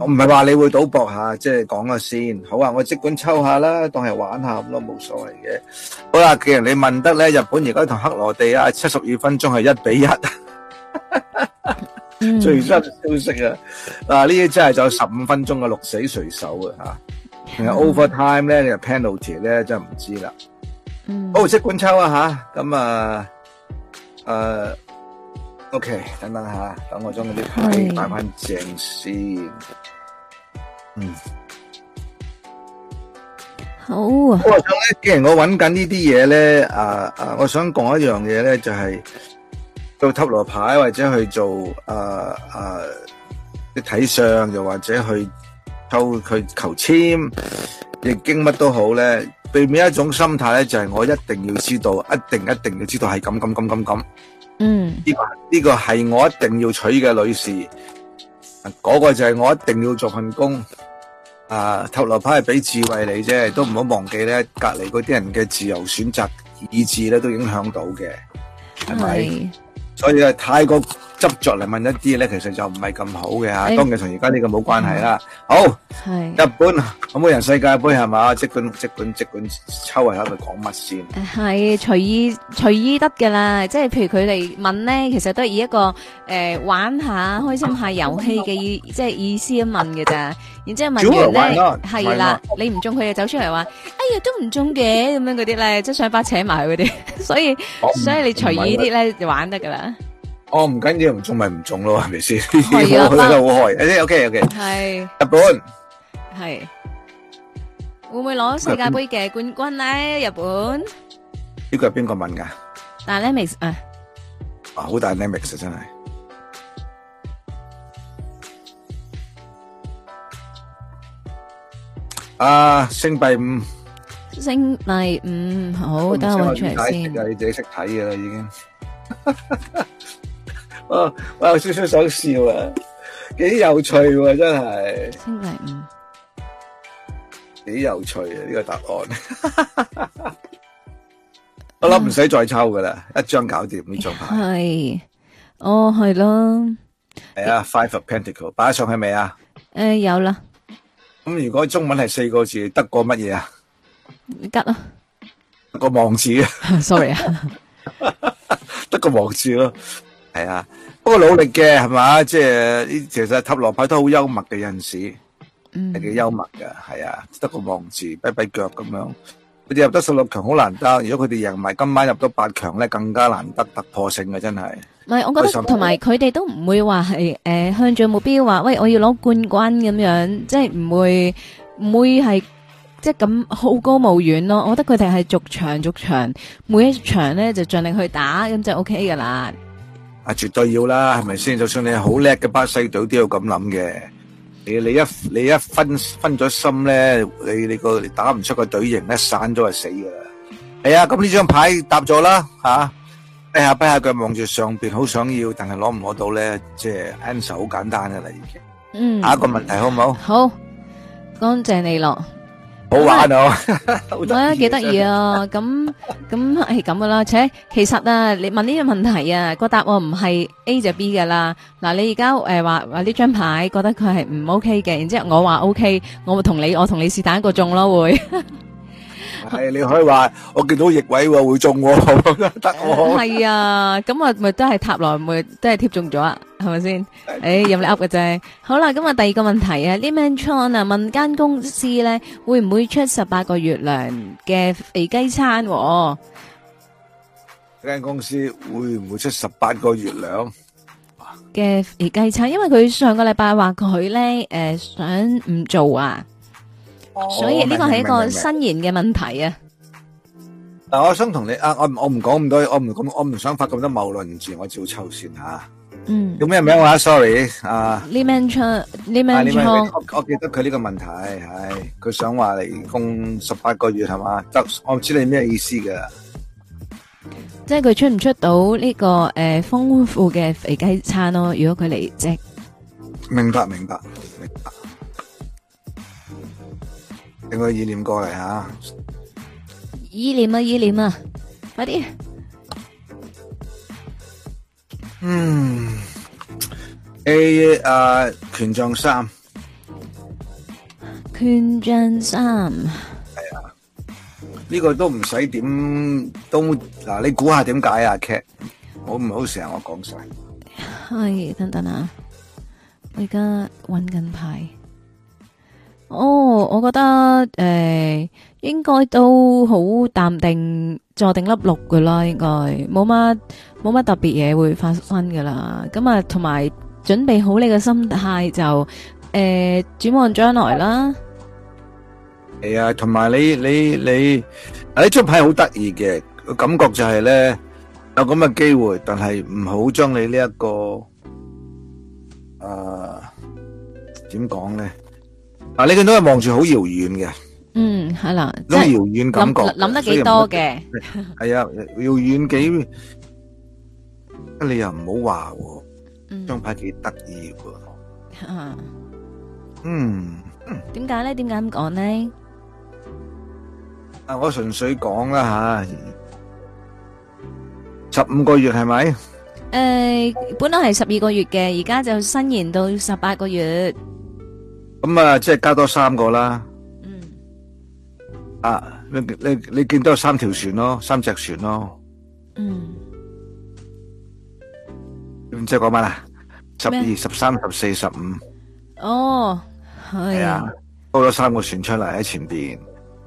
我唔係話你會賭博吓，即係講下先。好啊，我即管抽下啦，當係玩下咁咯，冇所謂嘅。好啦、啊，既然你問得咧，日本而家同克羅地亞，七十二分鐘係一比一、 *laughs* 嗯，最新消息啊，嗱呢啲真係就有十五分鐘嘅鹿死誰手啊吓，同、嗯、over time 咧，就、嗯、penalty 咧，真係唔知啦。好，即管抽啊吓，咁啊，誒、啊。啊 O K，等等吓，等我將嗰啲牌擺翻正先。嗯，好啊。我想咧，既然我揾緊呢啲嘢咧，啊啊，我想講一樣嘢咧，就係做塔羅牌或者去做啊啊，啲睇相又或者去抽佢求籤，易經乜都好咧，避免一種心態咧，就係我一定要知道，一定一定要知道係咁咁咁咁咁。嗯，呢、這個呢、這個係我一定要娶嘅女士，嗰、那個就係我一定要做份工。啊，塔羅牌係俾智慧你啫，都唔好忘記咧，隔籬嗰啲人嘅自由選擇意志咧，都影響到嘅，係咪？所以咧，泰國。執著嚟問一啲咧，其實就唔係咁好嘅嚇。當其時而家呢個冇關係啦。好，一般咁每人世界盃係嘛？即管即管即管抽下佢講乜先？係隨意隨意得嘅啦。即係譬如佢哋問咧，其實都係以一個誒玩下、開心下遊戲嘅意，即係意思問嘅咋。然之後問完咧，係啦，你唔中佢就走出嚟話：哎呀，都唔中嘅咁樣嗰啲咧，即想把扯埋佢嗰啲。所以所以你隨意啲咧就玩得噶啦。哦，唔緊要，唔中咪唔中咯，係咪先？好開，OK OK OK。係日本，係會唔會攞世界杯嘅冠軍咧？日本呢個係邊個問㗎？Namex 啊，啊好大 Namex 真係。啊，星幣五，星幣五，好，等搵出嚟先。你自己識睇嘅啦，已經。哦、我有少少想笑啊，幾有趣喎，真係。星期五，幾有趣啊？呢、啊這個答案， *laughs* *laughs* 我諗唔使再抽噶啦、啊，一張搞掂呢張牌。係，哦，係咯。係啊，Five of Pentacle，擺上去未啊？誒、呃，有啦。咁如果中文係四個字，得個乜嘢啊？得啊，得個王字啊。 *laughs* Sorry 啊， *laughs* 得個王字咯。係啊，不過努力嘅係嘛，即係其實塔羅牌都好幽默嘅，有陣時。係、嗯、幾幽默嘅，係啊，得個望字跛跛腳咁樣。佢哋入得十六強好難得，如果佢哋贏埋今晚入到八強咧，更加難得，突破性嘅，真係。唔係，我覺得同埋佢哋都唔會話係誒，向住目標話，喂，我要攞冠軍咁樣，即係唔會唔會係即咁好高騖遠咯。我覺得佢哋係逐場逐場，每一場咧就盡力去打，咁就 O K 噶啦。啊，絕對要啦，係咪先？就算你好叻嘅巴西隊，都要咁諗嘅。你你一你一分分咗心咧，你你個打唔出個隊形咧，散咗就死噶啦。係啊，咁呢張牌搭咗啦，吓跛下跛下腳望住上邊，好想要，但係攞唔攞到咧，即係 answer 好簡單噶啦。嗯，下一個問題好唔好？好，多謝你咯。好玩啊！我覺得幾得意啊！咁咁係咁噶啦。且其實啊，你問呢個問題啊，個答案唔係 A 就 B 噶啦。嗱，你而家誒話話呢張牌覺得佢係唔 OK 嘅，然之後我話 OK，我同你我同你是但一個鐘咯會。.係，你可以話我見到逆位喎，會中喎，得喎，係啊，咁啊，咪都係塔來，咪都係貼中咗啊，係咪先？誒，有你噏嘅啫。好啦，今日第二個問題啊，呢 man chun 啊，問間公司咧會唔會出十八個月糧嘅肥雞餐？呢間公司會唔會出十八個月糧嘅肥雞餐？因為佢上個禮拜話佢咧，誒，想唔做啊。哦、所以呢個係一個伸延嘅問題啊！嗱，我想同你啊，我我唔講咁多，我唔我唔想發咁多謬論字，我照抽算吓。嗯，叫咩名話？Sorry 啊，李敏昌，李敏昌，我我記得佢呢個問題，唉，佢想話嚟供十八個月係嘛？得，我唔知你咩意思噶。即係佢出唔出到呢個誒豐富嘅肥雞餐咯？如果佢嚟，即明白，明白，明白。應該意念過嚟吓，意念啊意念啊，快啲！嗯，A 啊，權杖三，權杖三，係啊，呢個都唔使點都嗱，你估下點解啊？Kate，我唔好成日我講晒，係等等啊，我而家搵緊牌。哦，我覺得誒，應該都好淡定坐定粒六噶啦，應該冇乜冇乜特別嘢會發生噶啦。咁啊，同埋準備好你嘅心態就誒，展望將來啦。係啊，同埋你你你，啊，呢張牌好得意嘅，個感覺就係咧有咁嘅機會，但係唔好將你呢一個誒點講咧。嗱，你見到係望住好遙遠嘅，嗯係啦，都係遙遠感覺，諗得幾多嘅，係啊，遙遠幾，啊你又唔好話喎，張牌幾得意喎，嗯，點解咧？點解咁講呢？啊，我純粹講啦吓，十五個月係咪？誒，本來係十二個月嘅，而家就伸延到十八個月。咁啊，即係加多三個啦。嗯。啊，你你你見到有三條船咯，三隻船咯。嗯。咁即係講乜啊？十二、十三、十四、十五。哦，係啊，多咗三個船出嚟喺前邊。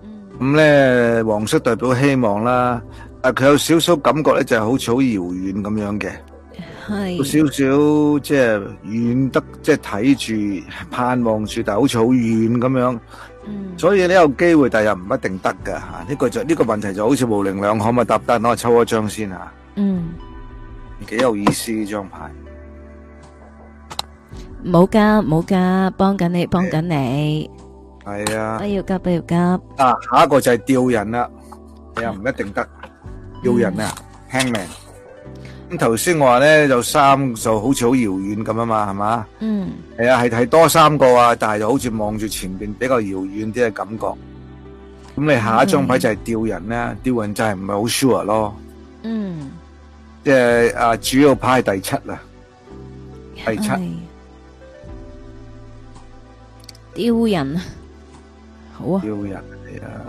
嗯。咁咧，黃色代表希望啦。啊，佢有少少感覺咧，就係好似好遙遠咁樣嘅。少少即係遠得，即係睇住盼望住，但係好似好遠咁樣、嗯。所以你有機會，但又唔一定得噶吓。呢、啊，這個就呢、這個問題就好似模棱兩可咪答得，我抽一張先吓、啊。嗯，幾有意思呢張牌。冇㗎冇㗎，幫緊你幫緊你。係啊，不要急不要急。啊，下一個就係吊人啦、嗯，你又唔一定得。吊人啊，聽、嗯、命。Hanged Man, 咁頭先我話咧就三個就好似好遙遠咁啊嘛，係嘛？嗯，係啊，係睇多三個啊，但係就好似望住前邊比較遙遠啲嘅感覺。咁你下一張牌就係吊人啦，吊人真係唔係好 sure 咯。嗯，即係、嗯、啊，主要牌第七啦，第七，吊、哎、人，好啊，吊人係啊，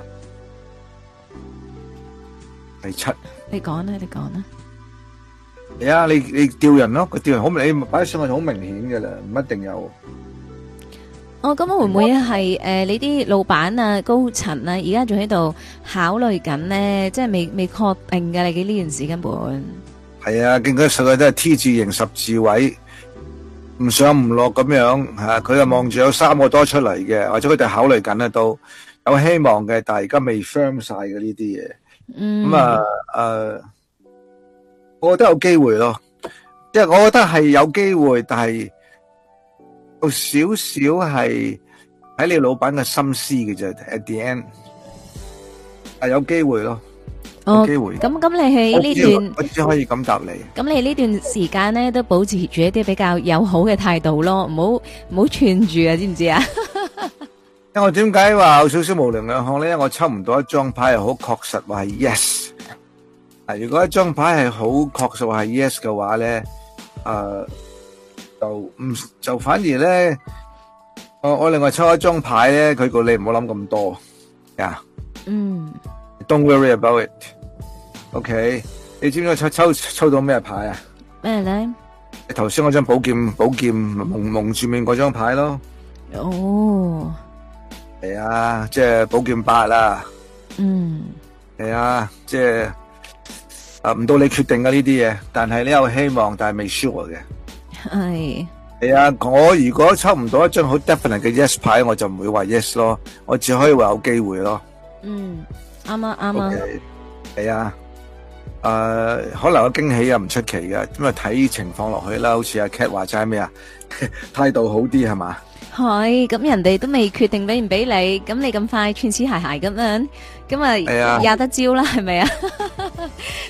第七，你講啦，你講啦。啊、yeah，你吊人吊人你人咯，佢調人好明，擺上去好明顯嘅啦，唔一定有。哦，咁會唔會係誒、呃？你啲老闆啊、高層啊，而家仲喺度考慮緊呢？即係未未確定嘅？你呢件事根本係啊，見佢上去都係 T 字型十字位，唔上唔落咁樣吓，佢又望住有三個多出嚟嘅，或者佢哋考慮緊咧都有希望嘅，但係而家未 firm 曬嘅呢啲嘢。嗯，咁、嗯、啊，誒、啊。我覺得有機會咯，即係我覺得係有機會，但係有少少係喺你老闆嘅心思嘅啫。at the end，係有機會咯，哦、機會。咁咁你喺呢段，我只可以咁答你。咁你呢段時間咧都保持住一啲比較友好嘅態度咯，唔好唔好串住啊，知唔知啊？ *laughs* 因為我為點解話有少少無良兩項咧？我抽唔到一張牌，好確實話係 yes。嗱，如果一張牌係好確實係 yes 嘅話咧，誒，就唔就反而咧，我我另外抽一張牌咧，佢個你唔好諗咁多，啊，嗯，don't worry about it，OK，你知唔知我抽抽抽到咩牌啊？咩咧？頭先嗰張寶劍，寶劍蒙蒙住面嗰張牌咯。哦，係啊，即係寶劍八啦。嗯，係啊，即係。啊，唔到你決定嘅呢啲嘢，但係你有希望，但係未 sure 嘅。係係啊，yeah, 我如果抽唔到一張好 definite 嘅 yes 牌，我就唔會話 yes 咯，我只可以話有機會咯。嗯，啱啊，啱啊。係啊，誒，可能有驚喜又唔出奇嘅，咁啊睇情況落去啦。好似阿 Cat 話齋咩啊，態 *laughs* 度好啲係嘛？係，咁人哋都未決定俾唔俾你，咁你咁快串屎鞋鞋咁樣？咁啊，廿得招啦，係咪啊？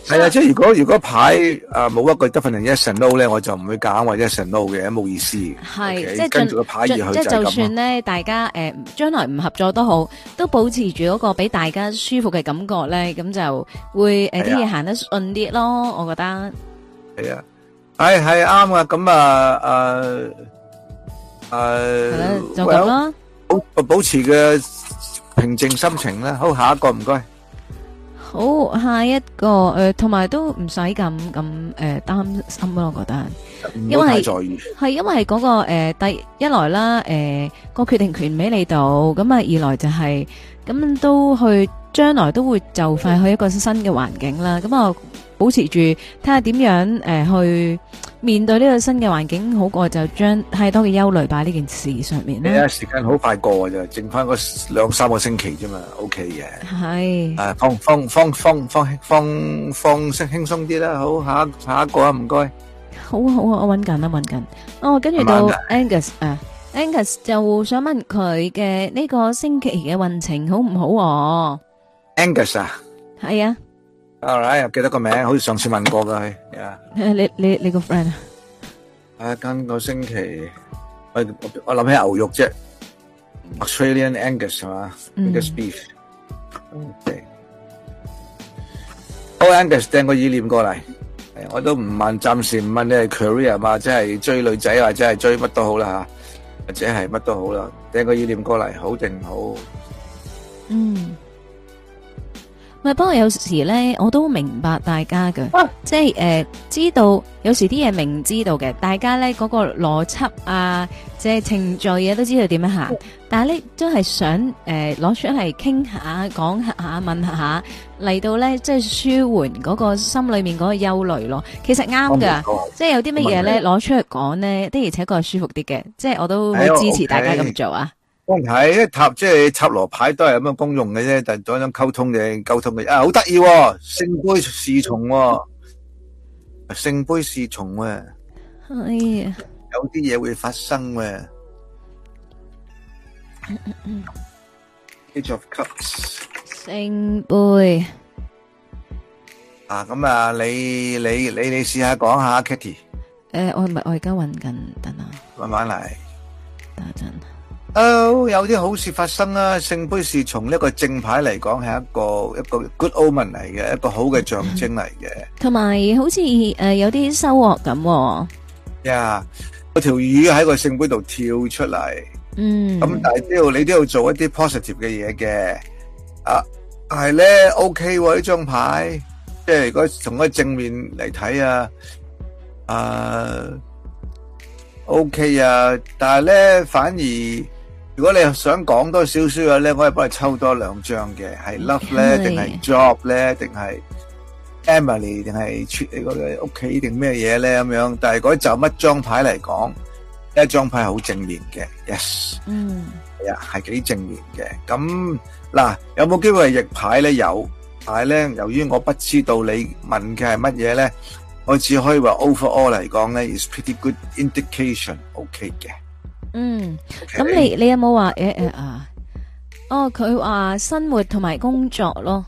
係 *laughs* 啊，即係如果如果牌誒冇，呃、一個 definite 一成 no 咧，我就唔會揀或者一成 no 嘅，冇意思。係，okay? 即係跟住個牌即係，就係，就算咧，大家誒，呃、將來唔合作都好，都保持住嗰個俾大家舒服嘅感覺咧，咁就會誒啲嘢行得順啲咯。我覺得係啊，係係啱啊。咁啊誒誒，就咁啦。保保持嘅。平靜心情啦，好下一個唔該。好下一個，誒，同埋都唔使咁咁誒擔心咯，我覺得，因為係因為嗰個誒第一來啦，誒個決定權俾你度，咁啊二來就係。咁都去，將來都會就快去一個新嘅環境啦。咁啊，保持住，睇下點樣誒去面對呢個新嘅環境，好過就將太多嘅憂慮擺呢件事上面咧。係啊，時間好快過嘅啫，剩翻個兩三個星期啫嘛，OK 嘅。係。啊，放放放放放放放放輕鬆啲啦，好下下一個啊，唔該。好啊好啊，我揾緊啦，揾緊。哦，跟住到 Angus 啊。Angus 就想問佢嘅呢個星期嘅運程好唔好？Angus 啊，係啊，All right，記得個名，好似上次問過噶，係啊，誒，你你你個 friend 啊，喺今個星期，我我我諗起牛肉啫，Australian Angus 係嘛，Angus beef，嗯，對，All Angus 掟個意念過來，我都唔問，暫時唔問你 career 嘛，即係追女仔或者係追乜都好啦吓。或者係乜都好啦，掟個意念過嚟，好定唔好？嗯。不過有時咧，我都明白大家嘅、啊，即係誒、呃，知道有時啲嘢明知道嘅，大家咧嗰、那個邏輯啊，即係程序嘢都知道點樣行。啊、但係咧都係想誒，攞、呃、出嚟傾下，講下，問下，嚟到咧即係舒緩嗰個心裏面嗰個憂慮咯。其實啱噶，即係有啲乜嘢咧攞出去講咧，的而且確係舒服啲嘅。即係我都好支持大家咁做啊。哎都係，一塔即係塔羅牌都係咁樣公用嘅啫，但係當一種溝通嘅溝通嘅，啊好得意，聖杯侍從，聖杯侍從，係啊，有啲嘢會發生嘅。Eight of Cups，聖杯。啊，咁啊，你你你你試下講下，Kitty。誒，我係咪，我而家揾緊，等等，慢慢嚟，等下陣。哦，有啲好事發生啊！聖杯是從呢個正牌嚟講，係一個一個 good omen 嚟嘅，一個好嘅象徵嚟嘅。同埋好似誒，有啲收穫咁。呀，有條魚喺個聖杯度跳出嚟。嗯。咁但係都要你都要做一啲 positive 嘅嘢嘅。啊，係咧，OK 呢張牌，即係如果從個正面嚟睇啊，啊，OK 啊，但係咧反而。如果你想講多少少嘅咧，我可以幫你抽多兩張嘅，係 love 咧，定係 job 咧，定係 Emily，定係出你個屋企定咩嘢咧咁樣。但係如果就乜張牌嚟講，一張牌係好正面嘅，yes，嗯，係啊，係幾正面嘅。咁嗱，有冇機會係逆牌咧？有，但係咧，由於我不知道你問嘅係乜嘢咧，我只可以話 overall 嚟講咧，is pretty good indication，ok 嘅。嗯，咁、okay, 你你有冇話誒誒啊？Uh, uh, 哦，佢話生活同埋工作咯。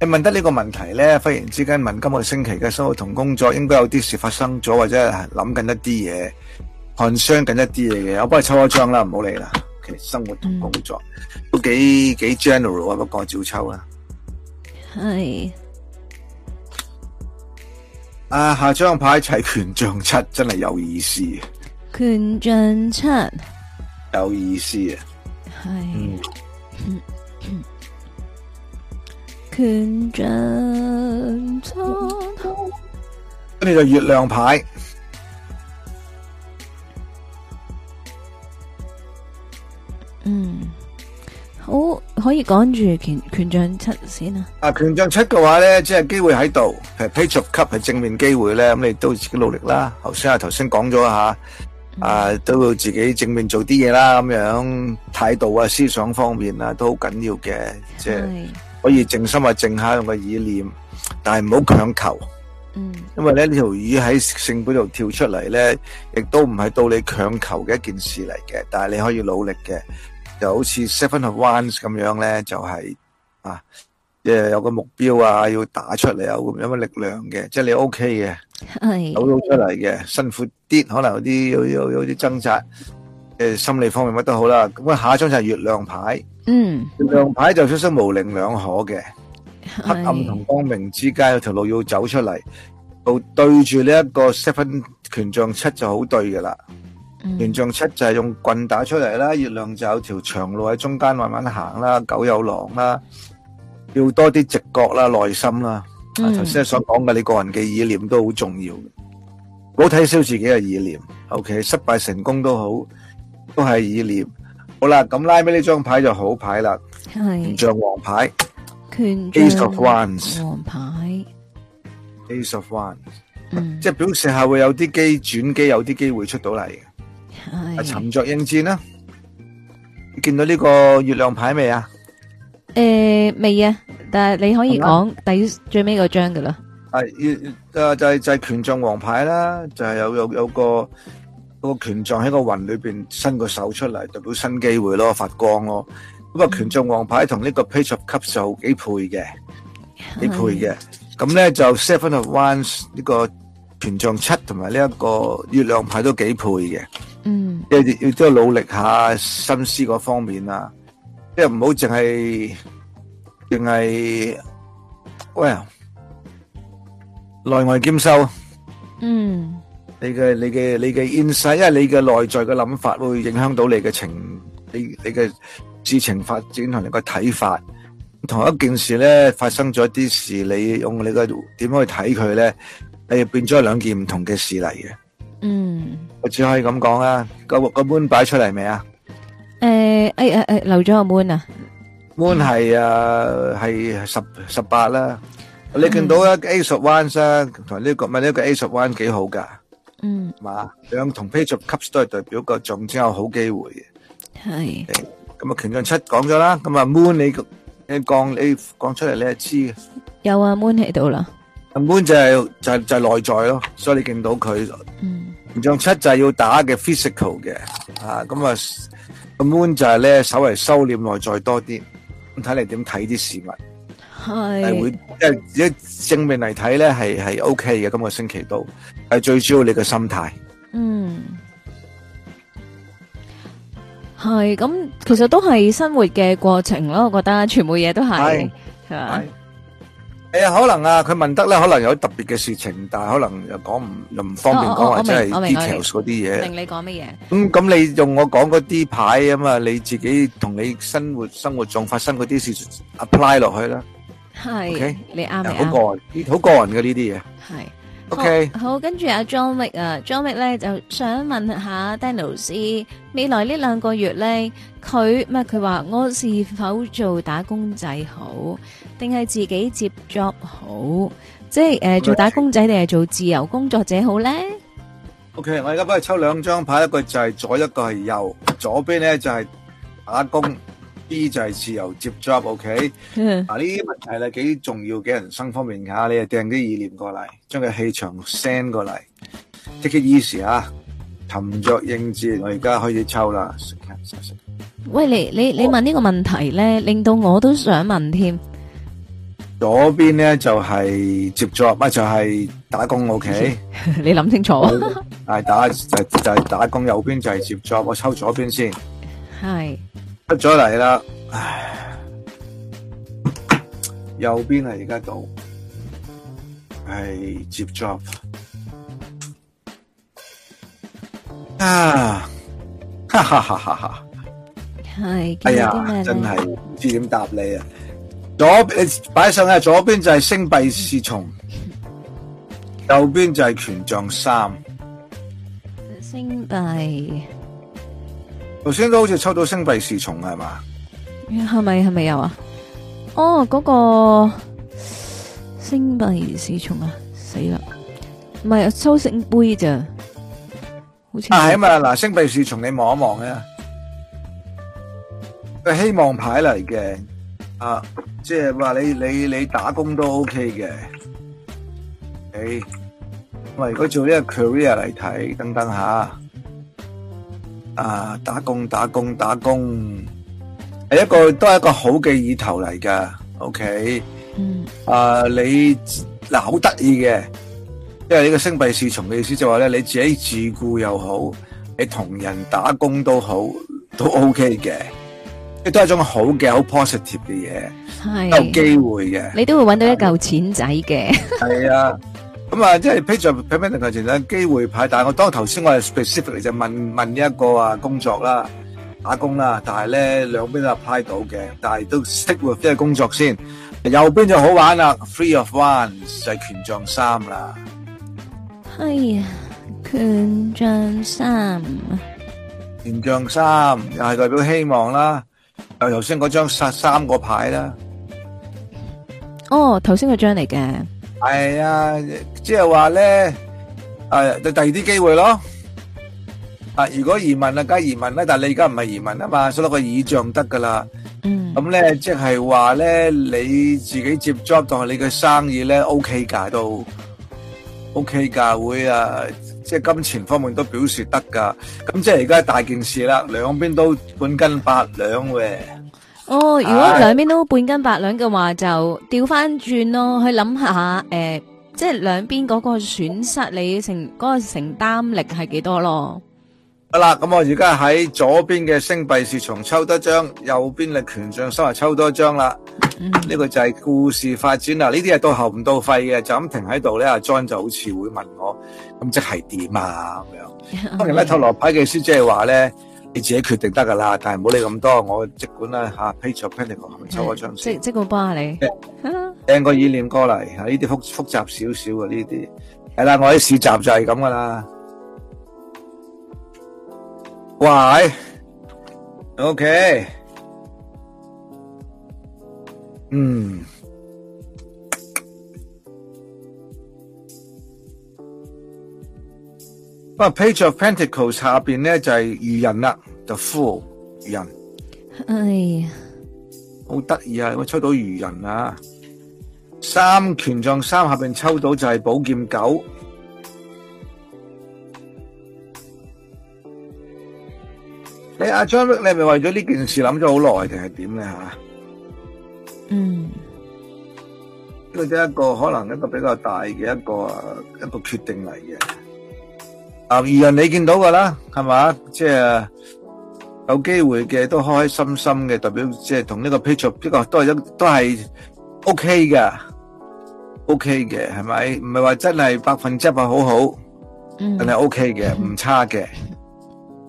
你問得呢個問題咧，忽然之間問今個星期嘅生活同工作，應該有啲事發生咗，或者係諗緊一啲嘢，看相緊一啲嘢嘅。我幫你抽一張啦，唔好理啦。其、okay, k 生活同工作、嗯、都幾幾 general 啊，不過照抽啦。係、hey。啊！下張牌齊權杖七，真係有意思啊！權杖七，有意思啊！係，權杖七，跟、嗯、住就月亮牌，嗯。好，可以講住權權杖七先啊！啊，權杖七嘅話咧，即係機會喺度，係 Page of Cup 係正面機會咧，咁、嗯、你都自己努力啦。頭先啊，頭先講咗下，啊，都要自己正面做啲嘢啦，咁樣態度啊、思想方面啊，都好緊要嘅，即係可以靜心啊、靜下用個意念，但係唔好強求。嗯，因為咧呢、嗯、條魚喺聖杯度跳出嚟咧，亦都唔係到你強求嘅一件事嚟嘅，但係你可以努力嘅。就好似 Seven of Wands 咁樣咧，就係啊，誒有個目標啊，要打出嚟，有咁樣力量嘅，即係你 OK 嘅，走咗出嚟嘅，辛苦啲，可能有啲有有有啲掙扎，誒心理方面乜都好啦。咁啊，下一張就係月亮牌，嗯，月亮牌就出生模棱兩可嘅，黑暗同光明之間有條路要走出嚟，對住呢一個 Seven 權杖七就好對噶啦。形象七就係用棍打出嚟啦，月亮就有條長路喺中間慢慢行啦，狗有狼啦，要多啲直覺啦，內心啦，頭先所講嘅你個人嘅意念都好重要，唔好睇小自己嘅意念。O.K. 失敗成功都好，都係意念。好啦，咁拉尾呢張牌就好牌啦，形象王牌，Ace of Wands，王牌，Ace of Wands，嗯，即係表示下會有啲機轉機，有啲機會出到嚟嘅。係沉着應戰啦！見到呢個月亮牌未啊？誒，未啊！但係你可以講第最尾嗰張噶啦。係，誒，就係就係權杖王牌啦，就係有有有個個權杖喺個雲裏邊伸個手出嚟，代表新機會咯，發光咯。不過，權杖王牌同呢個 page of cups 就幾配嘅，幾配嘅。咁咧就 seven of wands 呢個。權杖七同埋呢一個月亮牌都幾配嘅，嗯，要要都係努力下心思嗰方面啊，即係唔好淨係淨係，喂，內外兼修，嗯，你嘅你嘅你嘅現世，因為你嘅內在嘅諗法會影響到你嘅情，你你嘅事情發展同你嘅睇法，同一件事咧發生咗啲事，你用你嘅點去睇佢咧？係變咗兩件唔同嘅事嚟嘅。嗯，我只可以咁講啦。個個 moon 擺出嚟未啊？誒誒誒誒，留咗 moon 啊？moon 係啊，係十十八啦。你見到一個，Ace of Wands 同呢個咪呢個 Ace of Wands 幾好噶？嗯，嘛兩同 Page of Cups 都係代表個仲之後好機會嘅。係。咁啊，權杖七講咗啦。咁啊，moon 你你講你講出嚟，你係知嘅。有啊，moon 喺度啦。Moon, 就,就,就,內在咯,所以你見到佢,嗯,就係,誒，可能啊，佢問得咧，可能有啲特別嘅事情，但係可能又講唔又唔方便講話，即係 details 嗰啲嘢。令你講乜嘢？咁咁，你用我講嗰啲牌吖嘛，你自己同你生活生活中發生嗰啲事 apply 落去啦。係，OK，你啱唔啱？好個人呢，好個人嘅呢啲嘢。係。好，跟住阿 Johny 啊，Johny 咧，就想問下 Danny 老師，未來呢兩個月咧，佢乜佢話，我是否做打工仔好，定係自己接 job 好？即係誒，做打工仔定係做自由工作者好咧？OK，我而家幫佢抽兩張牌，一個就係左，一個係右，左邊咧就係打工。B 就係自由接 job，OK？嗱呢啲問題咧幾重要嘅人生方面啊，你又掟啲意念過嚟，將個氣場 send 過嚟，take it easy 啊，沉着應戰。我而家開始抽啦，喂你你你問呢個問題咧，令到我都想問添。左邊咧就係接 job，唔係就係打工，OK？你諗清楚，係打就就係打工，右邊就係接 job。我抽左邊先，係。出咗嚟啦，唉，右邊係而家到，係接住啊，哈哈哈！哈，係，哎呀，真係唔知點答你啊。左擺上去左邊就係星幣侍從，右邊就係權杖三。星幣。頭先都好似抽到星幣侍從係嘛？係咪係咪有啊？哦、oh, 那個，嗰個星幣侍從啊，死啦！唔係抽星杯咋？好似係啊嘛嗱，星幣侍從你望一望啊！佢希望牌嚟嘅啊，即係話你你你打工都 OK 嘅。誒，喂，如果做呢個 career 嚟睇，等等下。啊！打工打工打工，係一個都係一個好嘅意頭嚟㗎。OK，嗯，啊，你嗱好得意嘅，因為呢個星幣侍從嘅意思就話、是、咧，你自己自雇又好，你同人打工都好，都 OK 嘅，都係一種好嘅好 positive 嘅嘢，都有機會嘅，你都會揾到一嚿錢仔嘅，係、嗯、 *laughs* 啊。咁啊，即係 page 上 permanent 嘅情況，機會牌，但係我當頭先，我係 specific 嚟就問問呢一個啊工作啦，打工啦，但係咧兩邊都 apply 到嘅，但係都 stick 住呢個工作先。右邊就好玩啦，three of one 就係權杖三啦。係啊，權杖三，權杖三又係代表希望啦。又頭先嗰張三三個牌啦。哦，頭先嗰張嚟嘅。係、哎就是、啊，即係話咧，誒，第第二啲機會咯。啊，如果移民啊，梗係移民啦。但係你而家唔係移民啊嘛，所以攞個倚仗得噶啦。嗯。咁、嗯、咧，即係話咧，你自己接觸 o 當係你嘅生意咧，OK 噶都，OK 噶會啊，即、就、係、是、金錢方面都表示得噶。咁即係而家大件事啦，兩邊都半斤八兩嘅。哦，如果兩邊都半斤八兩嘅話，哎、就調翻轉咯，去諗下誒，即係兩邊嗰個損失，你承嗰個承擔力係幾多咯？好、嗯、啦，咁我而家喺左邊嘅星幣市場抽多張，右邊嘅權杖收入抽多張啦。呢、呢個就係故事發展啦。呢啲係到喉唔到肺嘅，就咁停喺度咧。阿、啊、John 就好似會問我，咁即係點啊？咁樣，當、嗯、然塔羅牌嘅書即係話咧。你自己決定得噶啦，但係唔好理咁多，我即管啦吓。Page of Pentacles 抽一張先，即即管幫下你。聽個意念過嚟，呢啲複複雜少少啊，呢啲係啦，我啲市集就係咁噶啦。喂，OK，嗯。不、well，Page of Pentacles 下邊咧就係、是、愚人啦，The Fool 愚人。哎呀，好得意啊！我抽到愚人啊。三權杖三下邊抽到就係寶劍九。你阿張，你係咪為咗呢件事諗咗好耐定係點咧吓？嗯，因、啊、為呢、嗯這個、就一個可能一個比較大嘅一個一個決定嚟嘅。第二日你見到噶啦，係嘛？即係有機會嘅都開開心心嘅，代表即係同呢個批出呢個都係都係 OK 嘅，OK 嘅係咪？唔係話真係百分之一百好好，但係 OK 嘅，唔差嘅。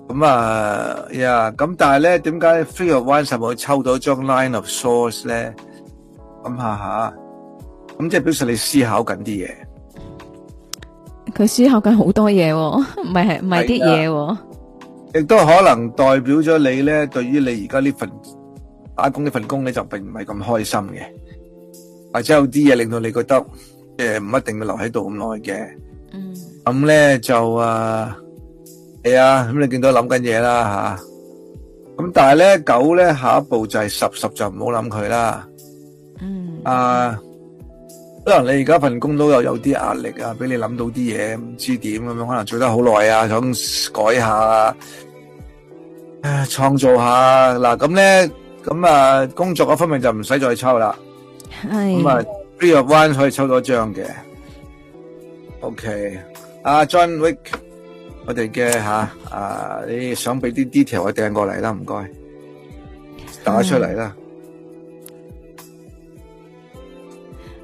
咁啊呀，咁但係咧，點解 Three of Wands 我抽到張 Line of Source 咧？諗下吓，咁即係表示你思考緊啲嘢。佢思考緊好多嘢，哦，唔係係唔係啲嘢，亦、哦啊、都可能代表咗你咧。對於你而家呢份打工呢份工咧，就並唔係咁開心嘅，或者有啲嘢令到你覺得，誒、呃、唔一定要留喺度咁耐嘅。嗯，咁、嗯、咧就啊，係啊，咁你見到諗緊嘢啦吓。咁、啊、但係咧，狗咧下一步就係十十就唔好諗佢啦。嗯啊。可能你而家份工都有有啲壓力啊，俾你諗到啲嘢唔知點咁樣，可能做得好耐啊，想改下啊，創造下。嗱，咁咧，咁啊，工作嗰方面就唔使再抽啦。係咁啊，飛入彎可以抽到一張嘅。OK，阿 John Wick，我哋嘅吓啊，你想俾啲 detail 我掟過嚟啦，唔該，打出嚟啦。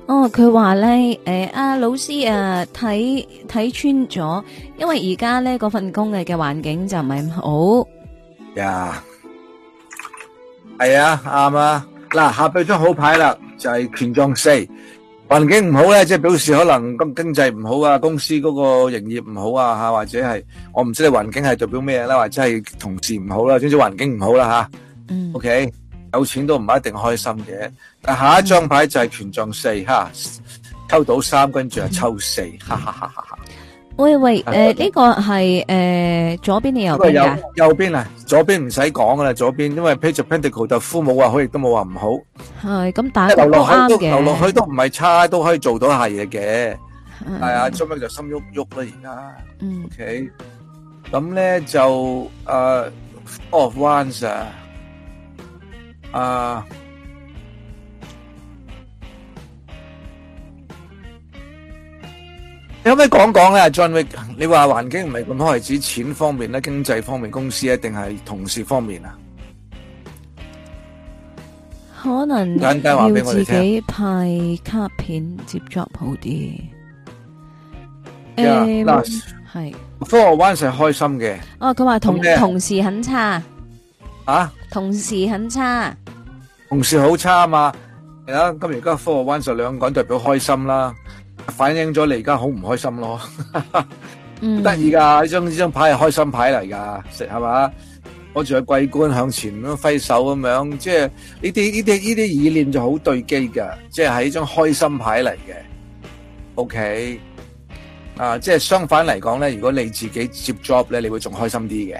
哦，佢話咧，誒，阿老師啊，睇睇穿咗，因為而家咧嗰份工嘅嘅環境就唔係咁好，呀，係啊，啱啊，嗱，下邊張好牌啦，就係權杖四，環境唔好咧，即係表示可能咁經濟唔好啊，公司嗰個營業唔好啊，吓或者係，我唔知你環境係代表咩啦，或者係同事唔好啦，總之環境唔好啦吓，嗯，O K。有錢都唔一定開心嘅。但下一張牌就係權杖四，嗯，吓、啊、抽到三，跟住又抽四，哈哈哈哈！喂喂，誒呢、呃這個係誒左邊定右邊，右邊啊，左邊唔使講噶啦，左邊因為 Page of Pentacles 就父母話好，亦都冇話唔好。係咁，但係流落去都流落去都唔係差，都可以做到下嘢嘅。係、嗯、啊，最屘就心喐喐啦，而、嗯、家。O.K. 咁咧就誒、呃、，4 of wands 啊。啊、uh,！可唔可以講講咧俊域，Wick, 你話環境唔係咁好，係指錢方面咧，經濟方面，公司一定係同事方面啊？可能要自己，我要自己派卡片接 job 好啲。誒、yeah, um,，係 Four One 是開心嘅。哦、啊，佢話同、okay. 同事很差。啊同時，同事很差，同事好差嘛？係啦，咁而家科學灣就兩個人代表開心啦，反映咗你而家好唔開心咯。 *laughs* 嗯，得意噶，呢張呢張牌係開心牌嚟噶，食係嘛？攞住個桂冠向前咁揮手咁樣，即係呢啲呢啲呢啲意念就好對機噶，即係係一張開心牌嚟嘅。OK，啊，即係相反嚟講咧，如果你自己接 job 咧，你會仲開心啲嘅。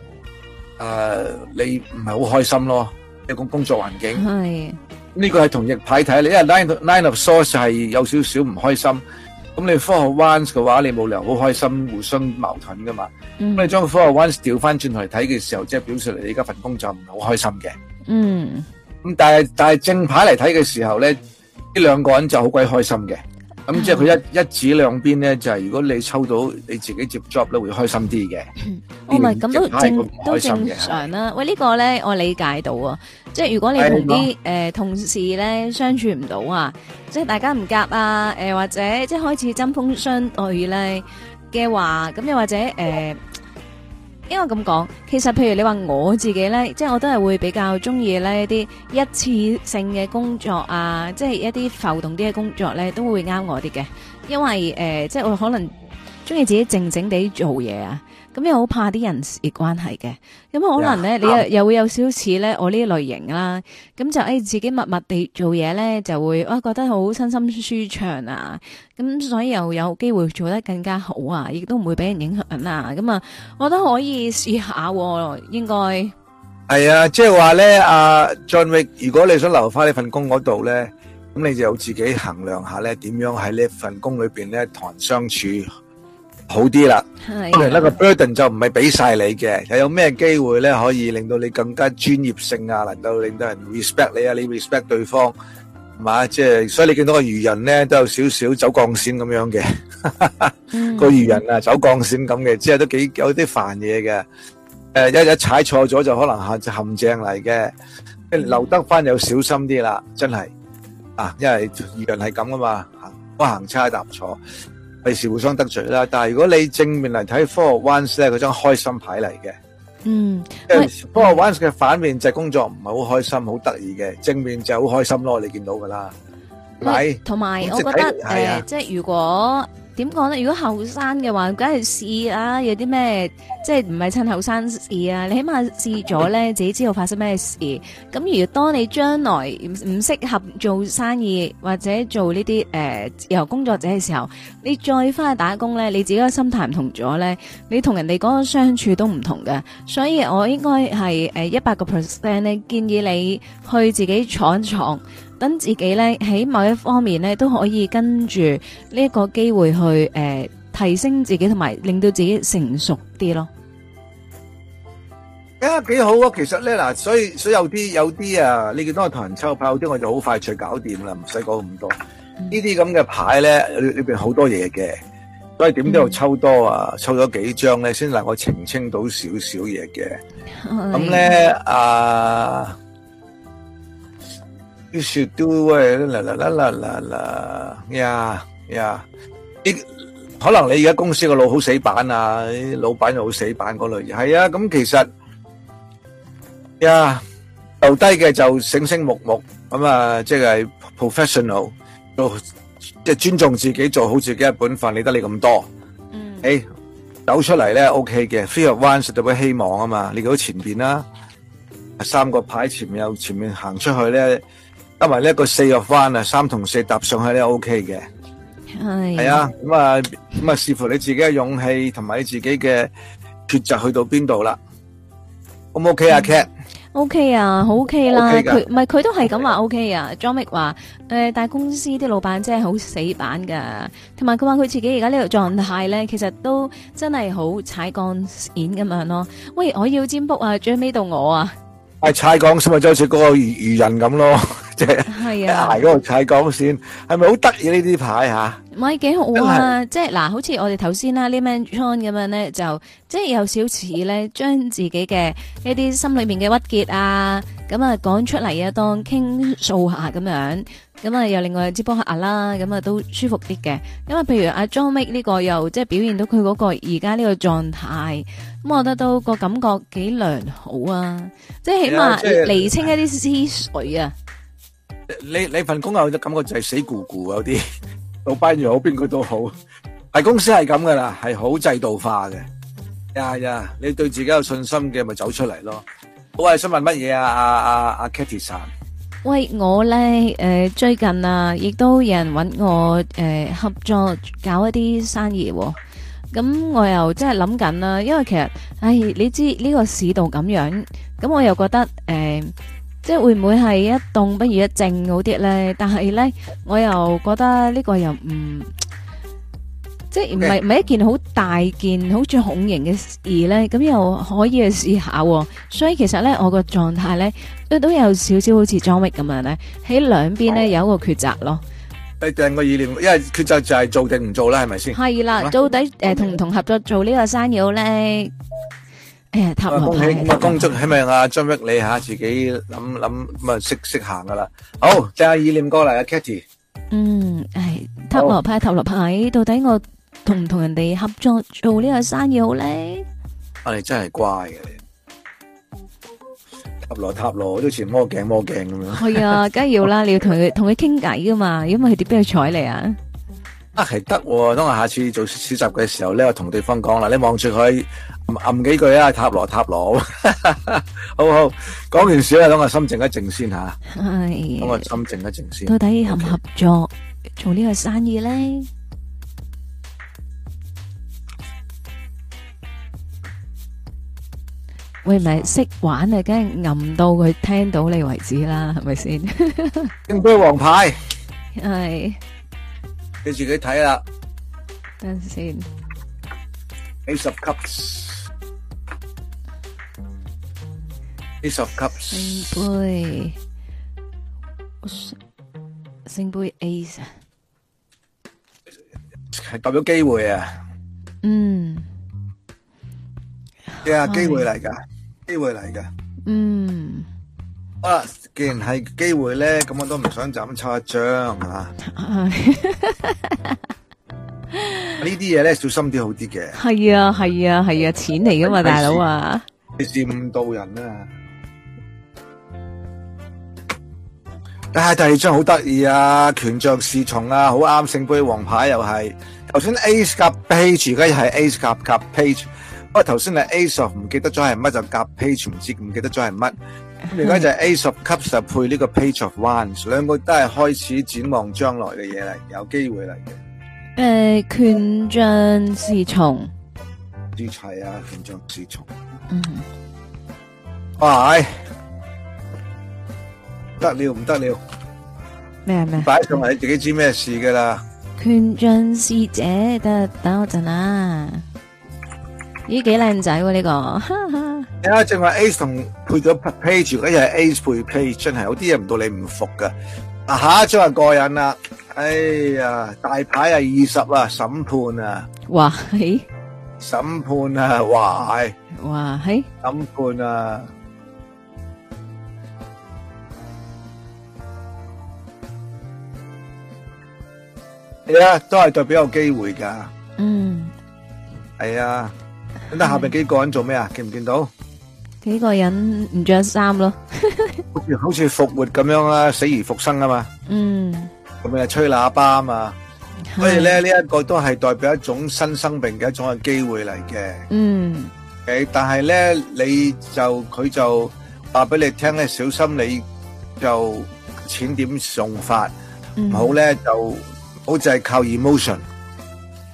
誒，你唔係好開心咯，一個工作環境，呢個係同逆牌睇你，因為 line line of source 係有少少唔開心，咁你 Four of Wands 嘅話你冇理由好開心，互相矛盾噶嘛。咁你將 Four of Wands 調翻轉頭嚟睇嘅時候，即係表示你而家份工作唔係好開心嘅，嗯，咁但係但係正牌嚟睇嘅時候咧，呢兩個人就好鬼開心嘅。咁即係佢一一指兩邊咧，就係如果你抽到你自己接 job 咧，會開心啲嘅。哦唔係，咁都正都正常啦。喂，呢個咧我理解到啊，即係如果你同啲誒同事咧相處唔到啊，即係大家唔夾啊，誒或者即係開始針鋒相對咧嘅話，咁又或者誒。因為咁講，其實譬如你話我自己呢，即係我都係會比較中意呢一啲一次性嘅工作啊，即係一啲浮動啲嘅工作呢，都會啱我啲嘅，因為誒、呃，即係我可能中意自己靜靜地做嘢啊。咁又好怕啲人事關係嘅，咁可能咧，yeah，你又，又會有少少似咧我呢類型啦。咁就誒，自己默默地做嘢咧，就會啊覺得好身心舒暢啊。咁所以又有機會做得更加好啊，亦都唔會俾人影響啊。咁啊，我都可以試下、啊，應該係啊，即係話咧，阿俊域如果你想留翻呢份工嗰度咧，咁你就要自己衡量下咧，點樣喺呢份工裏邊咧同人相處。好啲啦，因為呢個 burden 就唔係俾晒你嘅，又有咩機會咧可以令到你更加專業性啊，能夠令到人 respect 你啊，你 respect 對方，係嘛？即係所以你見到個愚人咧都有少少走鋼線咁樣嘅，個愚人啊走鋼線咁嘅，即係都幾有啲煩嘢嘅。誒，一日踩錯咗就可能陷陷阱嚟嘅，留得翻又小心啲啦，真係。啊，因為愚人係咁啊嘛，行都行差踏錯。費事互相得罪啦，但係如果你正面嚟睇 Four Ones 咧，嗰張開心牌嚟嘅。嗯，Four Ones 嘅反面就係工作唔係好開心，好得意嘅。正面就好開心咯，你見到噶啦。唔係，同埋我覺得，啊呃、即係如果。點講咧？如果後生嘅話，梗係試啊！有啲咩即係唔係趁後生試啊？你起碼試咗咧，自己知道發生咩事。咁如當你將來唔唔適合做生意或者做呢啲誒自由工作者嘅時候，你再翻去打工咧，你自己嘅心態唔同咗咧，你同人哋嗰個相處都唔同嘅。所以我應該係誒一百個 percent 咧，建議你去自己闖一闖。等自己咧喺某一方面咧都可以跟住呢一個機會去誒提升自己，同埋令到自己成熟啲咯。啊，幾好啊！其實咧嗱，所以所以有啲有啲啊，你見到我同人抽牌，有啲我就好快脆搞掂啦，唔使講咁多。呢啲咁嘅牌咧，裏邊好多嘢嘅，所以點都要抽多啊，抽咗幾張咧先能夠澄清到少少嘢嘅。咁咧啊～You should do it，喂，啦啦啦啦啦啦，咩啊咩啊？啲可能你而家公司個老好死板啊，啲老闆又好死板嗰類嘢，係啊。咁其實，呀留低嘅就醒醒目目，咁啊，即係 professional，即係尊重自己，做好自己嘅本分，理得你咁多。嗯。誒，走出嚟咧，OK 嘅，feel one step 嘅希望啊嘛，你睇到前邊啦，三個牌前面有，前面行出去咧。因為呢一個四個翻啊，三同四搭上去咧 O K 嘅，係啊，咁啊，咁啊視乎你自己嘅勇氣同埋你自己嘅抉擇去到邊度啦，O 唔 O K 啊 Cat？O K 啊，好 O K 啦，佢唔係佢都係咁話 O K 啊，Joachim 話，誒、okay.，大、呃、公司啲老闆真係好死板噶，同埋佢話佢自己而家呢個狀態咧，其實都真係好踩鋼線咁樣咯。喂，我要占卜啊，最尾到我啊！係踩鋼線咪就好似嗰個愚愚人咁咯，即、就、係、是，即係牌嗰個踩鋼線，係咪好得意呢啲牌吓？咪、啊、幾好啊！即係嗱，好似我哋頭先啦，Lemon John 咁樣咧，就即係有少似咧，將自己嘅一啲心裏面嘅鬱結啊，咁啊講出嚟，啊，當傾訴下咁樣。咁啊，又另外支波鞋啦，咁啊都舒服啲嘅。因為譬如阿 John Make 呢個又即係表現到佢嗰個而家呢個狀態，咁我覺得都個感覺幾良好啊，即係起碼厘清一啲思緒啊。你你份工啊，我感覺就係死固固有啲老班又好，邊個都好，但係公司係咁噶啦，係好制度化嘅。呀呀，你對自己有信心嘅，咪走出嚟咯。好啊，想問乜嘢啊？阿阿阿 Katy 莎。喂，我呢，誒、呃、最近啊，亦都有人搵我誒、呃、合作搞一啲生意、哦，咁、嗯、我又真係諗緊啦，因為其實唉、哎，你知呢、這個市道咁樣，咁、嗯、我又覺得誒、呃，即係會唔會係一動不如一靜好啲呢？但係呢，我又覺得呢個又唔。嗯即係唔係唔係一件好大件、好似恐型嘅事咧，咁又可以去試下、哦。所以其實咧，我個狀態咧都有少少好似張煜咁樣咧，喺兩邊咧、okay. 有一個抉擇咯。定個意念，因為抉擇就係做定唔做啦，係咪先？係啦，到底誒、呃 okay. 同唔同合作做呢個生意咧？誒、哎，塔羅、哎、羅牌。恭喜恭咪恭祝啊！張煜你吓自己諗諗，咪適適行噶啦。好，謝阿意念過嚟啊，Cathy。嗯，係塔羅牌，塔羅牌，到底我。同唔同人哋合作做呢個生意好咧？你真係乖嘅，塔羅塔羅都似魔鏡魔鏡咁樣。係啊，梗係要啦，你要同佢同佢傾偈噶嘛，因為佢點俾佢睬你啊？啊係得，當我下次做實習嘅時候咧，我同對方講啦，你望住佢，按幾句啊，塔羅塔羅，好好講完事啦，等我心靜一靜先吓，等我心靜一靜先。到底合唔合作做呢個生意咧？喂，咪識玩啊，梗係吟到佢聽到你為止啦，係咪先？聖杯王牌？係你自己睇啦。等陣先。A 十 cup。A 十 cup。聖杯。聖聖杯 A 啊。係代表機會啊。嗯。係、yeah, 啊、哎，機會嚟噶，機會嚟噶。嗯，啊，既然係機會咧，咁我都唔想就咁抽一張吓。哎 *laughs* 啊、呢啲嘢咧，小心啲好啲嘅。係啊，係啊，係啊，錢嚟噶嘛，大佬啊。你是誤導人啊！睇下第二張，好得意啊，權杖侍從啊，好啱聖杯王牌又係。頭先 Ace 加 Page，而家又係 Ace 加加 Page。哦、剛才 Asof, 什麼 page, 不我頭先係 Ace of 唔記得咗係乜就夾 Page 唔知唔記得咗係乜，而家就係 Ace of Cups 配呢個 Page of Wands，兩個都係開始展望將來嘅嘢嚟，有機會嚟嘅。誒、呃，權杖侍從，啲齊啊，權杖侍從。嗯。喂，得了唔得了？咩啊咩、啊？擺上嚟自己知咩事噶啦？權杖侍者，得等我陣啊。咦，幾靚仔喎呢個？啊，正話 Ace 同配咗 Page，而家又係 Ace 配 Page，真係有啲嘢唔到你唔服㗎。啊，下一張係過癮啦！哎呀，大牌啊，二十啊，審判啊，哇嘿！審判啊，哇嘿！哇嘿！審判啊，係啊，都係代表有機會㗎。嗯，係啊。但係下面幾個人做咩啊？見唔見到？幾個人唔著衫囉，嗯，嗯， *laughs*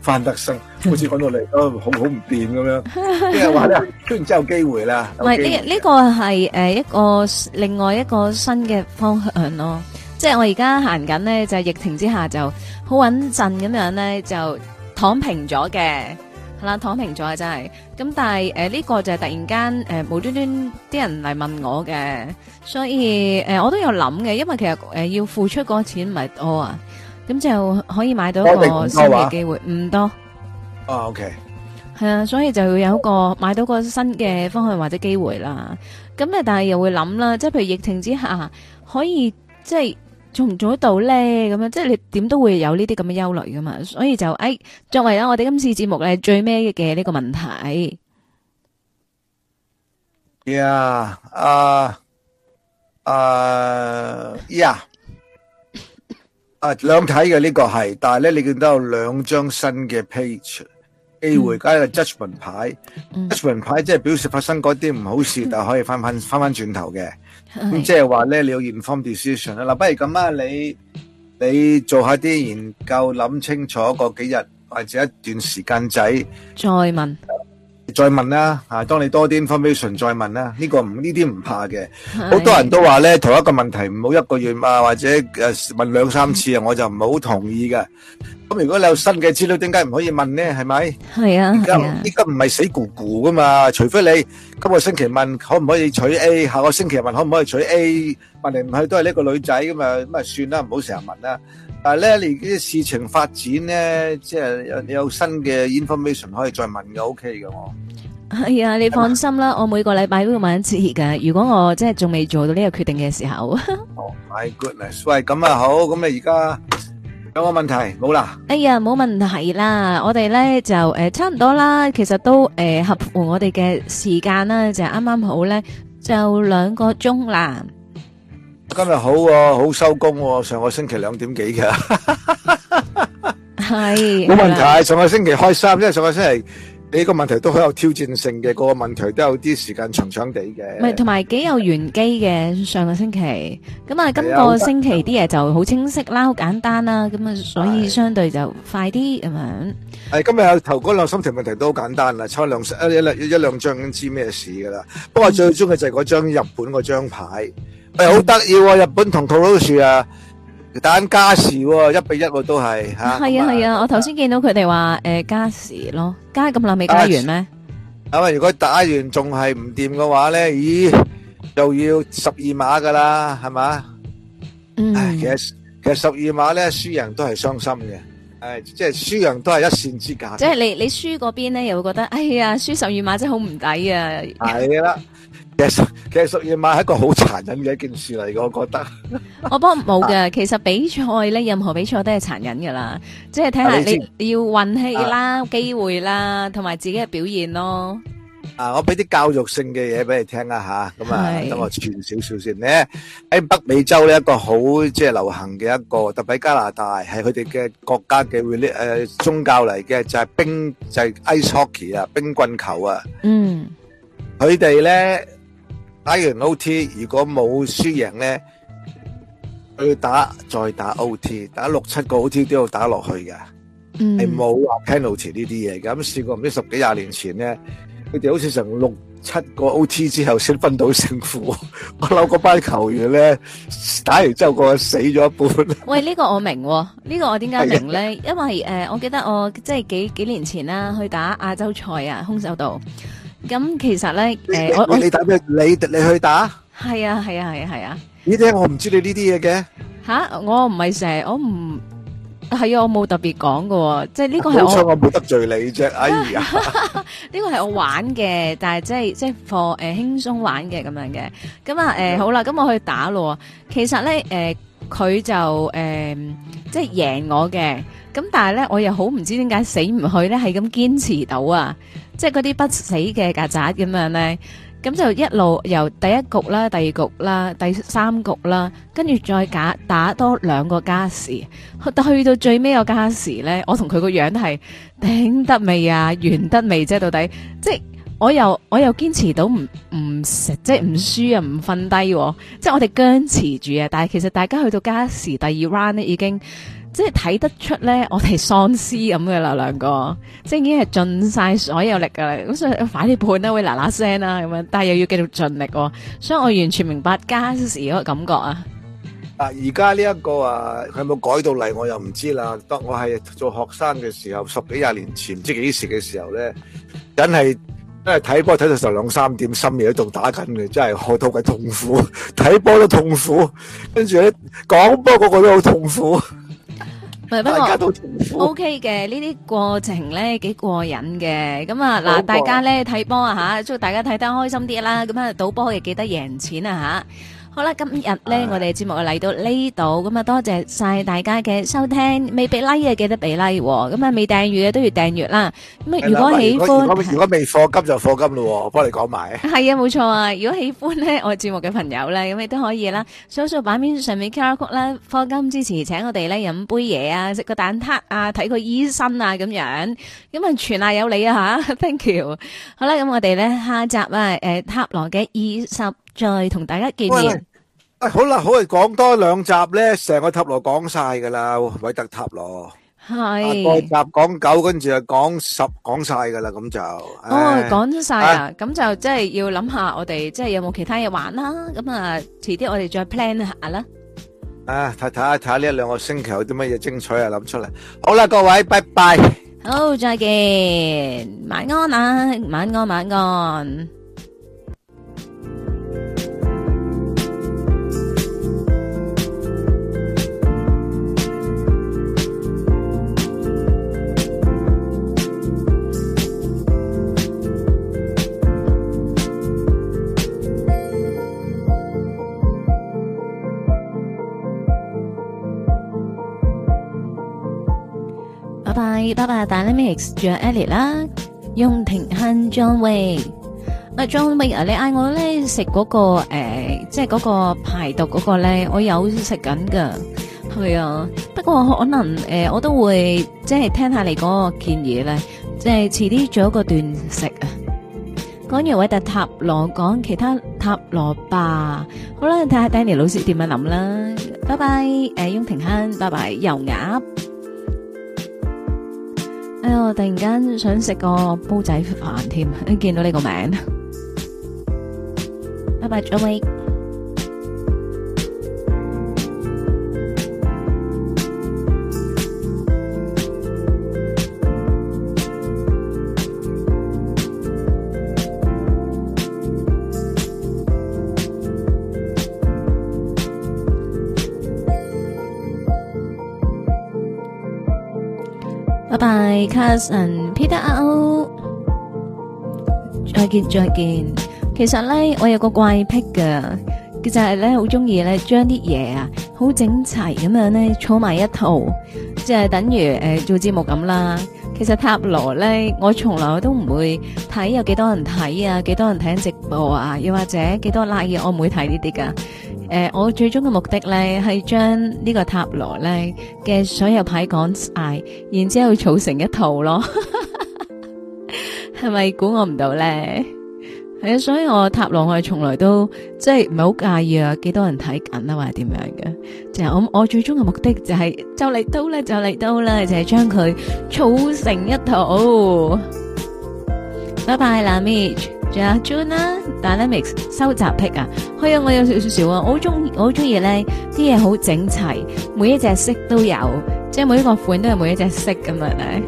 范德生，好似講到你，啊，好，好唔掂咁樣，即係話咧，居然真係有機會啦，唔係呢呢個係誒一個另外一個新嘅方向咯，即係我而家行緊咧就疫情之下就好穩陣咁樣咧就躺平咗嘅，係啦，躺平咗啊真係，咁但係誒呢個就係突然間誒無端端啲人嚟問我嘅，所以誒我都有諗嘅，因為其實誒要付出嗰個錢唔係多啊。咁就可以買到一個新嘅機會，唔多。哦，OK。係啊，所以就會有一個買到個新嘅方向或者機會啦。咁咧，但係又會諗啦，即係譬如疫情之下，可以即係做唔做得到咧，咁樣即係你點都會有呢啲咁嘅憂慮噶嘛。所以就誒，作為啊，我哋今次節目嘅最尾嘅呢個問題。Yeah. Uh. Uh. Yeah. 啊，兩睇嘅呢個係，但係咧你見到有兩張新嘅 page，機、嗯、會加個 judgment 牌、嗯、judgment 牌即係表示發生嗰啲唔好事，嗯、但係可以翻翻翻翻轉頭嘅。咁即係話咧，你要 inform decision 啦。嗱，不如咁啊，你你做一下啲研究，諗清楚個幾日或者一段時間仔，再問。嗯再問啦，嚇！當你多啲 information 再問啦，呢個唔呢啲唔怕嘅，好多人都話咧，同一個問題唔好一個月啊，或者誒問兩三次啊，我就唔係好同意嘅。咁如果你有新嘅資料，點解唔可以問咧？係咪？係啊，而家而家唔係死咕咕噶嘛，除非你今個星期問可唔可以取 A，下個星期問可唔可以取 A，問嚟唔去都係呢個女仔㗎嘛，咁啊算啦，唔好成日問啦。但係咧，啲事情發展咧，即係有有新嘅 information 可以再問嘅，OK 嘅我。係、哎、啊，你放心啦，我每個禮拜都要問一次嘅。如果我即係仲未做到呢個決定嘅時候 *laughs* ，Oh my goodness！喂，咁啊好，咁啊而家有個問題冇啦。哎呀，冇問題啦，我哋咧就誒、呃、差唔多啦，其實都誒、呃、合乎我哋嘅時間啦，就啱啱好咧，就兩個鐘啦。今日好喎、哦，好收工喎。上個星期兩點幾嘅，係 *laughs* 冇問題。上個星期開心，因為上個星期幾、這個問題都好有挑戰性嘅，個個問題都有啲時間長長地嘅。唔係，同埋幾有玄機嘅上個星期。咁啊，今個星期啲嘢就好清晰啦，好簡單啦、啊。咁啊，所以相對就快啲咁樣。係今日頭嗰兩三條問題都好簡單啦，差兩一兩一兩,一兩張知咩事噶啦。 *laughs* 不過最終嘅就係嗰張日本嗰張牌。誒、嗯，好得意喎！日本同桃佬樹啊，打緊加時喎、哦，一比一個都係吓。係啊係啊，我頭先見到佢哋話誒加時咯，加咁耐未加完咩？啊，啊，啊，啊，如果打完仲係唔掂嘅話咧，咦，就要十二碼噶啦，係嘛？嗯，其實其實十二碼咧，輸人都係傷心嘅，係即係輸人都係一線之隔。即係你你輸嗰邊咧，又會覺得哎呀，輸十二碼真係好唔抵啊！係啦。其實其實屬於買係一個好殘忍嘅一件事嚟嘅，我覺得。我幫冇嘅，其實比賽咧，任何比賽都係殘忍噶啦，即係睇下你要運氣啦、機會啦，同埋自己嘅表現咯。啊，我俾啲教育性嘅嘢俾你聽啦吓，咁啊，等我串少少先。你喺北美洲咧，一個好即係流行嘅一個，特別喺加拿大，係佢哋嘅國家嘅會咧誒，宗教嚟嘅，就係冰就係 ice hockey 啊，冰棍球啊。嗯，佢哋咧。打完 O T 如果冇輸贏咧，去打再打 O T 打六七個 O T 都要打落去嘅，係冇話 penalty 呢啲嘢嘅。咁試過唔知十幾廿年前咧，佢哋好似成六七個 O T 之後先分到勝負， *laughs* 我諗嗰班球員咧打完之後個死咗一半。 *laughs* 喂，呢、這個我明、哦，呢、這個我點解明咧？ *laughs* 因為誒、呃，我記得我即係幾幾年前啦、啊，去打亞洲賽啊，空手道。咁其實咧，誒，我你打咩？你你去打？係啊，係啊，係啊，係啊！咦？呢啲我唔知你呢啲嘢嘅吓，我唔係成日，我唔係啊，我冇特別講嘅，即係呢個係我，我冇得罪你啫，哎呀！呢個係我玩嘅，但係即係即係 for 誒輕鬆玩嘅咁樣嘅。咁啊，誒好啦，咁我去打咯。其實咧，誒佢就誒即係贏我嘅。咁但係咧，我又好唔知點解死唔去咧，係咁堅持到啊！即係嗰啲不死嘅曱甴咁樣呢，咁就一路由第一局啦、第二局啦、第三局啦，跟住再打打多兩個加時，去到去到最尾個加時呢，我同佢個樣係頂得未啊、完得未、啊？啫？到底，即係我又我又堅持到唔唔食即係唔輸啊、唔瞓低喎，即係、哦、我哋僵持住啊！但係其實大家去到加時第二 round 呢已經。即係睇得出咧，我哋喪屍咁嘅啦，兩個即係已經係盡晒所有力噶啦，咁所以快啲判啦，會嗱嗱聲啦咁樣，但係又要繼續盡力，哦，所以我完全明白加時嗰個感覺啊！啊，而家呢一個啊，佢有冇改到嚟？我又唔知啦。當我係做學生嘅時候，十幾廿年前唔知幾時嘅時候咧，梗係因為睇波睇到就兩三點，深夜喺度打緊嘅，真係好痛苦，睇波都痛苦，跟住咧講波，我覺得都好痛苦。不過 O K 嘅，呢啲過程咧，幾過癮嘅。咁啊，嗱，大家咧，睇波啊嚇，祝大家睇得開心啲啦！咁啊，賭波亦記得贏錢啊嚇～好啦，今日咧我哋節目嚟到呢度，咁啊多謝晒大家嘅收聽，未俾 like 嘅記得俾 like，咁啊未訂閱嘅都要訂閱啦。咁、嗯、啊如果喜歡，如果，如果，如果未課金就課金咯，幫你講埋。係 *laughs* 啊，冇錯啊，如果喜歡呢，我哋節目嘅朋友咧，咁你都可以啦，掃一掃版面上面 QR code 啦，課金支持請我哋咧飲杯嘢啊，食個蛋撻啊，睇個醫生啊，咁樣，咁啊全賴有你啊吓 *laughs* ，thank you。好啦，咁我哋咧下集啊，誒、呃、塔羅嘅二十。再同大家見面。誒，好啦，好嚟講多兩集咧，成個塔羅講晒噶啦，韋特塔羅。係。嗰集講九，跟住就講十，講晒噶啦，咁就。哦，講晒啊！咁就即係要諗下，我哋即係有冇其他嘢玩啦？咁啊，遲啲我哋再 plan 下啦。啊，睇睇下，睇下呢一兩個星期有啲乜嘢精彩啊，諗出嚟。好啦，各位，拜拜。好，再見。晚安啊，晚安，晚安。係，爸爸 Daniel Mix 仲有 Ellie 啦，雍廷亨 John Way，阿 John Way 啊，你嗌我咧食嗰個誒，即係嗰個排毒嗰個咧，我有食緊噶，係啊，不過可能誒，我都會即係聽下你嗰個建議咧，即係遲啲做一個斷食啊。講完偉特塔羅，講其他塔羅吧。好啦，睇下 Danny 老師點樣諗啦。拜拜，誒，雍廷亨，拜拜，油鴨。哎呀！我突然間想食個煲仔飯添，見到你個名。拜拜，Joey。拜拜 Carson Peter O，再見再見。其實咧，我有個怪癖嘅，就係咧好中意咧將啲嘢啊，好整齊咁、就是呃、樣咧坐埋一套，即係等於誒做節目咁啦。其實塔羅咧，我從來都唔會睇有幾多人睇啊，幾多人睇直播啊，又或者幾多拉嘢，我唔會睇呢啲噶。誒，我最終嘅目的咧係將呢個塔羅咧嘅所有牌講晒，然之後儲成一套咯，係咪估我唔到咧？係啊，所以我塔羅我從來都即係唔係好介意啊，幾多人睇緊啊，或者點樣嘅？就我我最終嘅目的就係就嚟到咧，就嚟到咧，就係將佢儲成一套。拜拜，藍咪。仲有 June 啦，Dynamics 收集癖啊，係啊，我有少少少啊，我好中意，我好中意咧，啲嘢好整齊，每一隻色都有，即係每一個款都係每一隻色咁樣咧。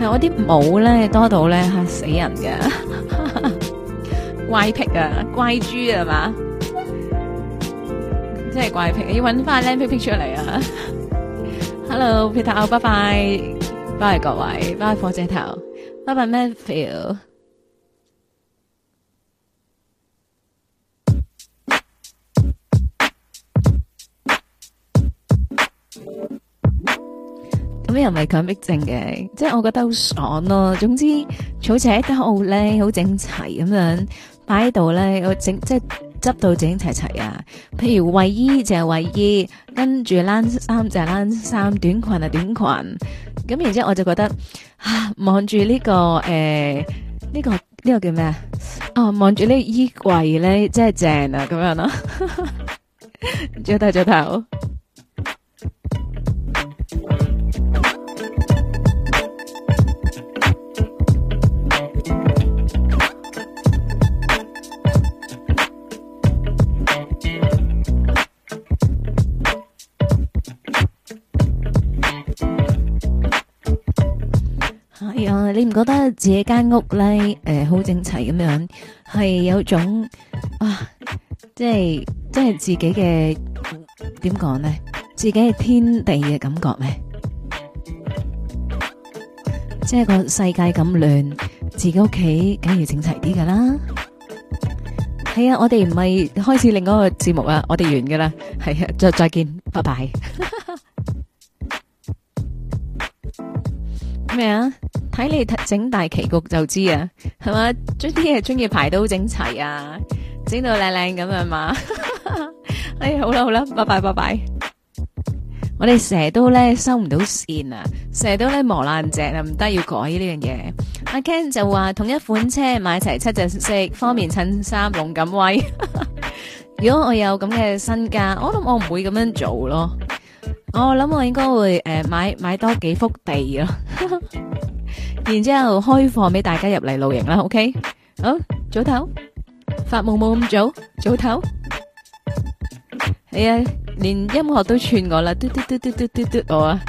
係我啲帽咧多到咧吓、啊、死人嘅 *laughs* 怪癖啊，怪豬啊係嘛，真係怪癖，要搵翻靚 pick 出嚟啊！Hello，Peter，拜拜，拜拜各位，拜拜火車頭，拜 Matthew 咁、嗯、又唔係強迫症嘅，即係我覺得好爽咯、啊。總之，草鞋都好靚，好整齊咁樣擺喺度咧，我整即係執到整齊齊啊。譬如衛衣就係衛衣，跟住冷衫就係冷衫，短裙啊短裙。咁然之後我就覺得啊，望住呢、這個誒，呢、呃這個呢、這個叫咩啊？啊、哦，望住呢衣櫃咧，真係正啊！咁樣咯、啊，做頭做頭。你唔覺得自己間屋咧，誒，好整齊咁樣，係有種啊，即係即係自己嘅，點講呢，自己係天地嘅感覺咩？即係個世界咁亂，自己屋企梗係要整齊啲噶啦。係啊，我哋唔係開始另一個節目啊，我哋完噶啦，係啊，再再見，拜拜。咩啊？睇你整大棋局就知啊，係嘛？將啲嘢中意排到整齊啊，整到靚靚咁啊嘛！ *laughs* 哎，好啦好啦，拜拜拜拜！ *noise* 我哋成日都咧收唔到綫啊，成日都咧磨爛隻啊，唔得，要改呢樣嘢。阿 Ken 就話同一款車買齊七隻色，方便襯衫龍錦威。 *laughs* 如果我有咁嘅身家，我諗我唔會咁樣做咯。我諗我應該會誒買買多幾幅地咯，然之後開放俾大家入嚟露營啦。OK，好早唞，發夢冇咁早，早唞係啊，連音樂都串我啦，嘟嘟嘟嘟嘟嘟嘟我啊！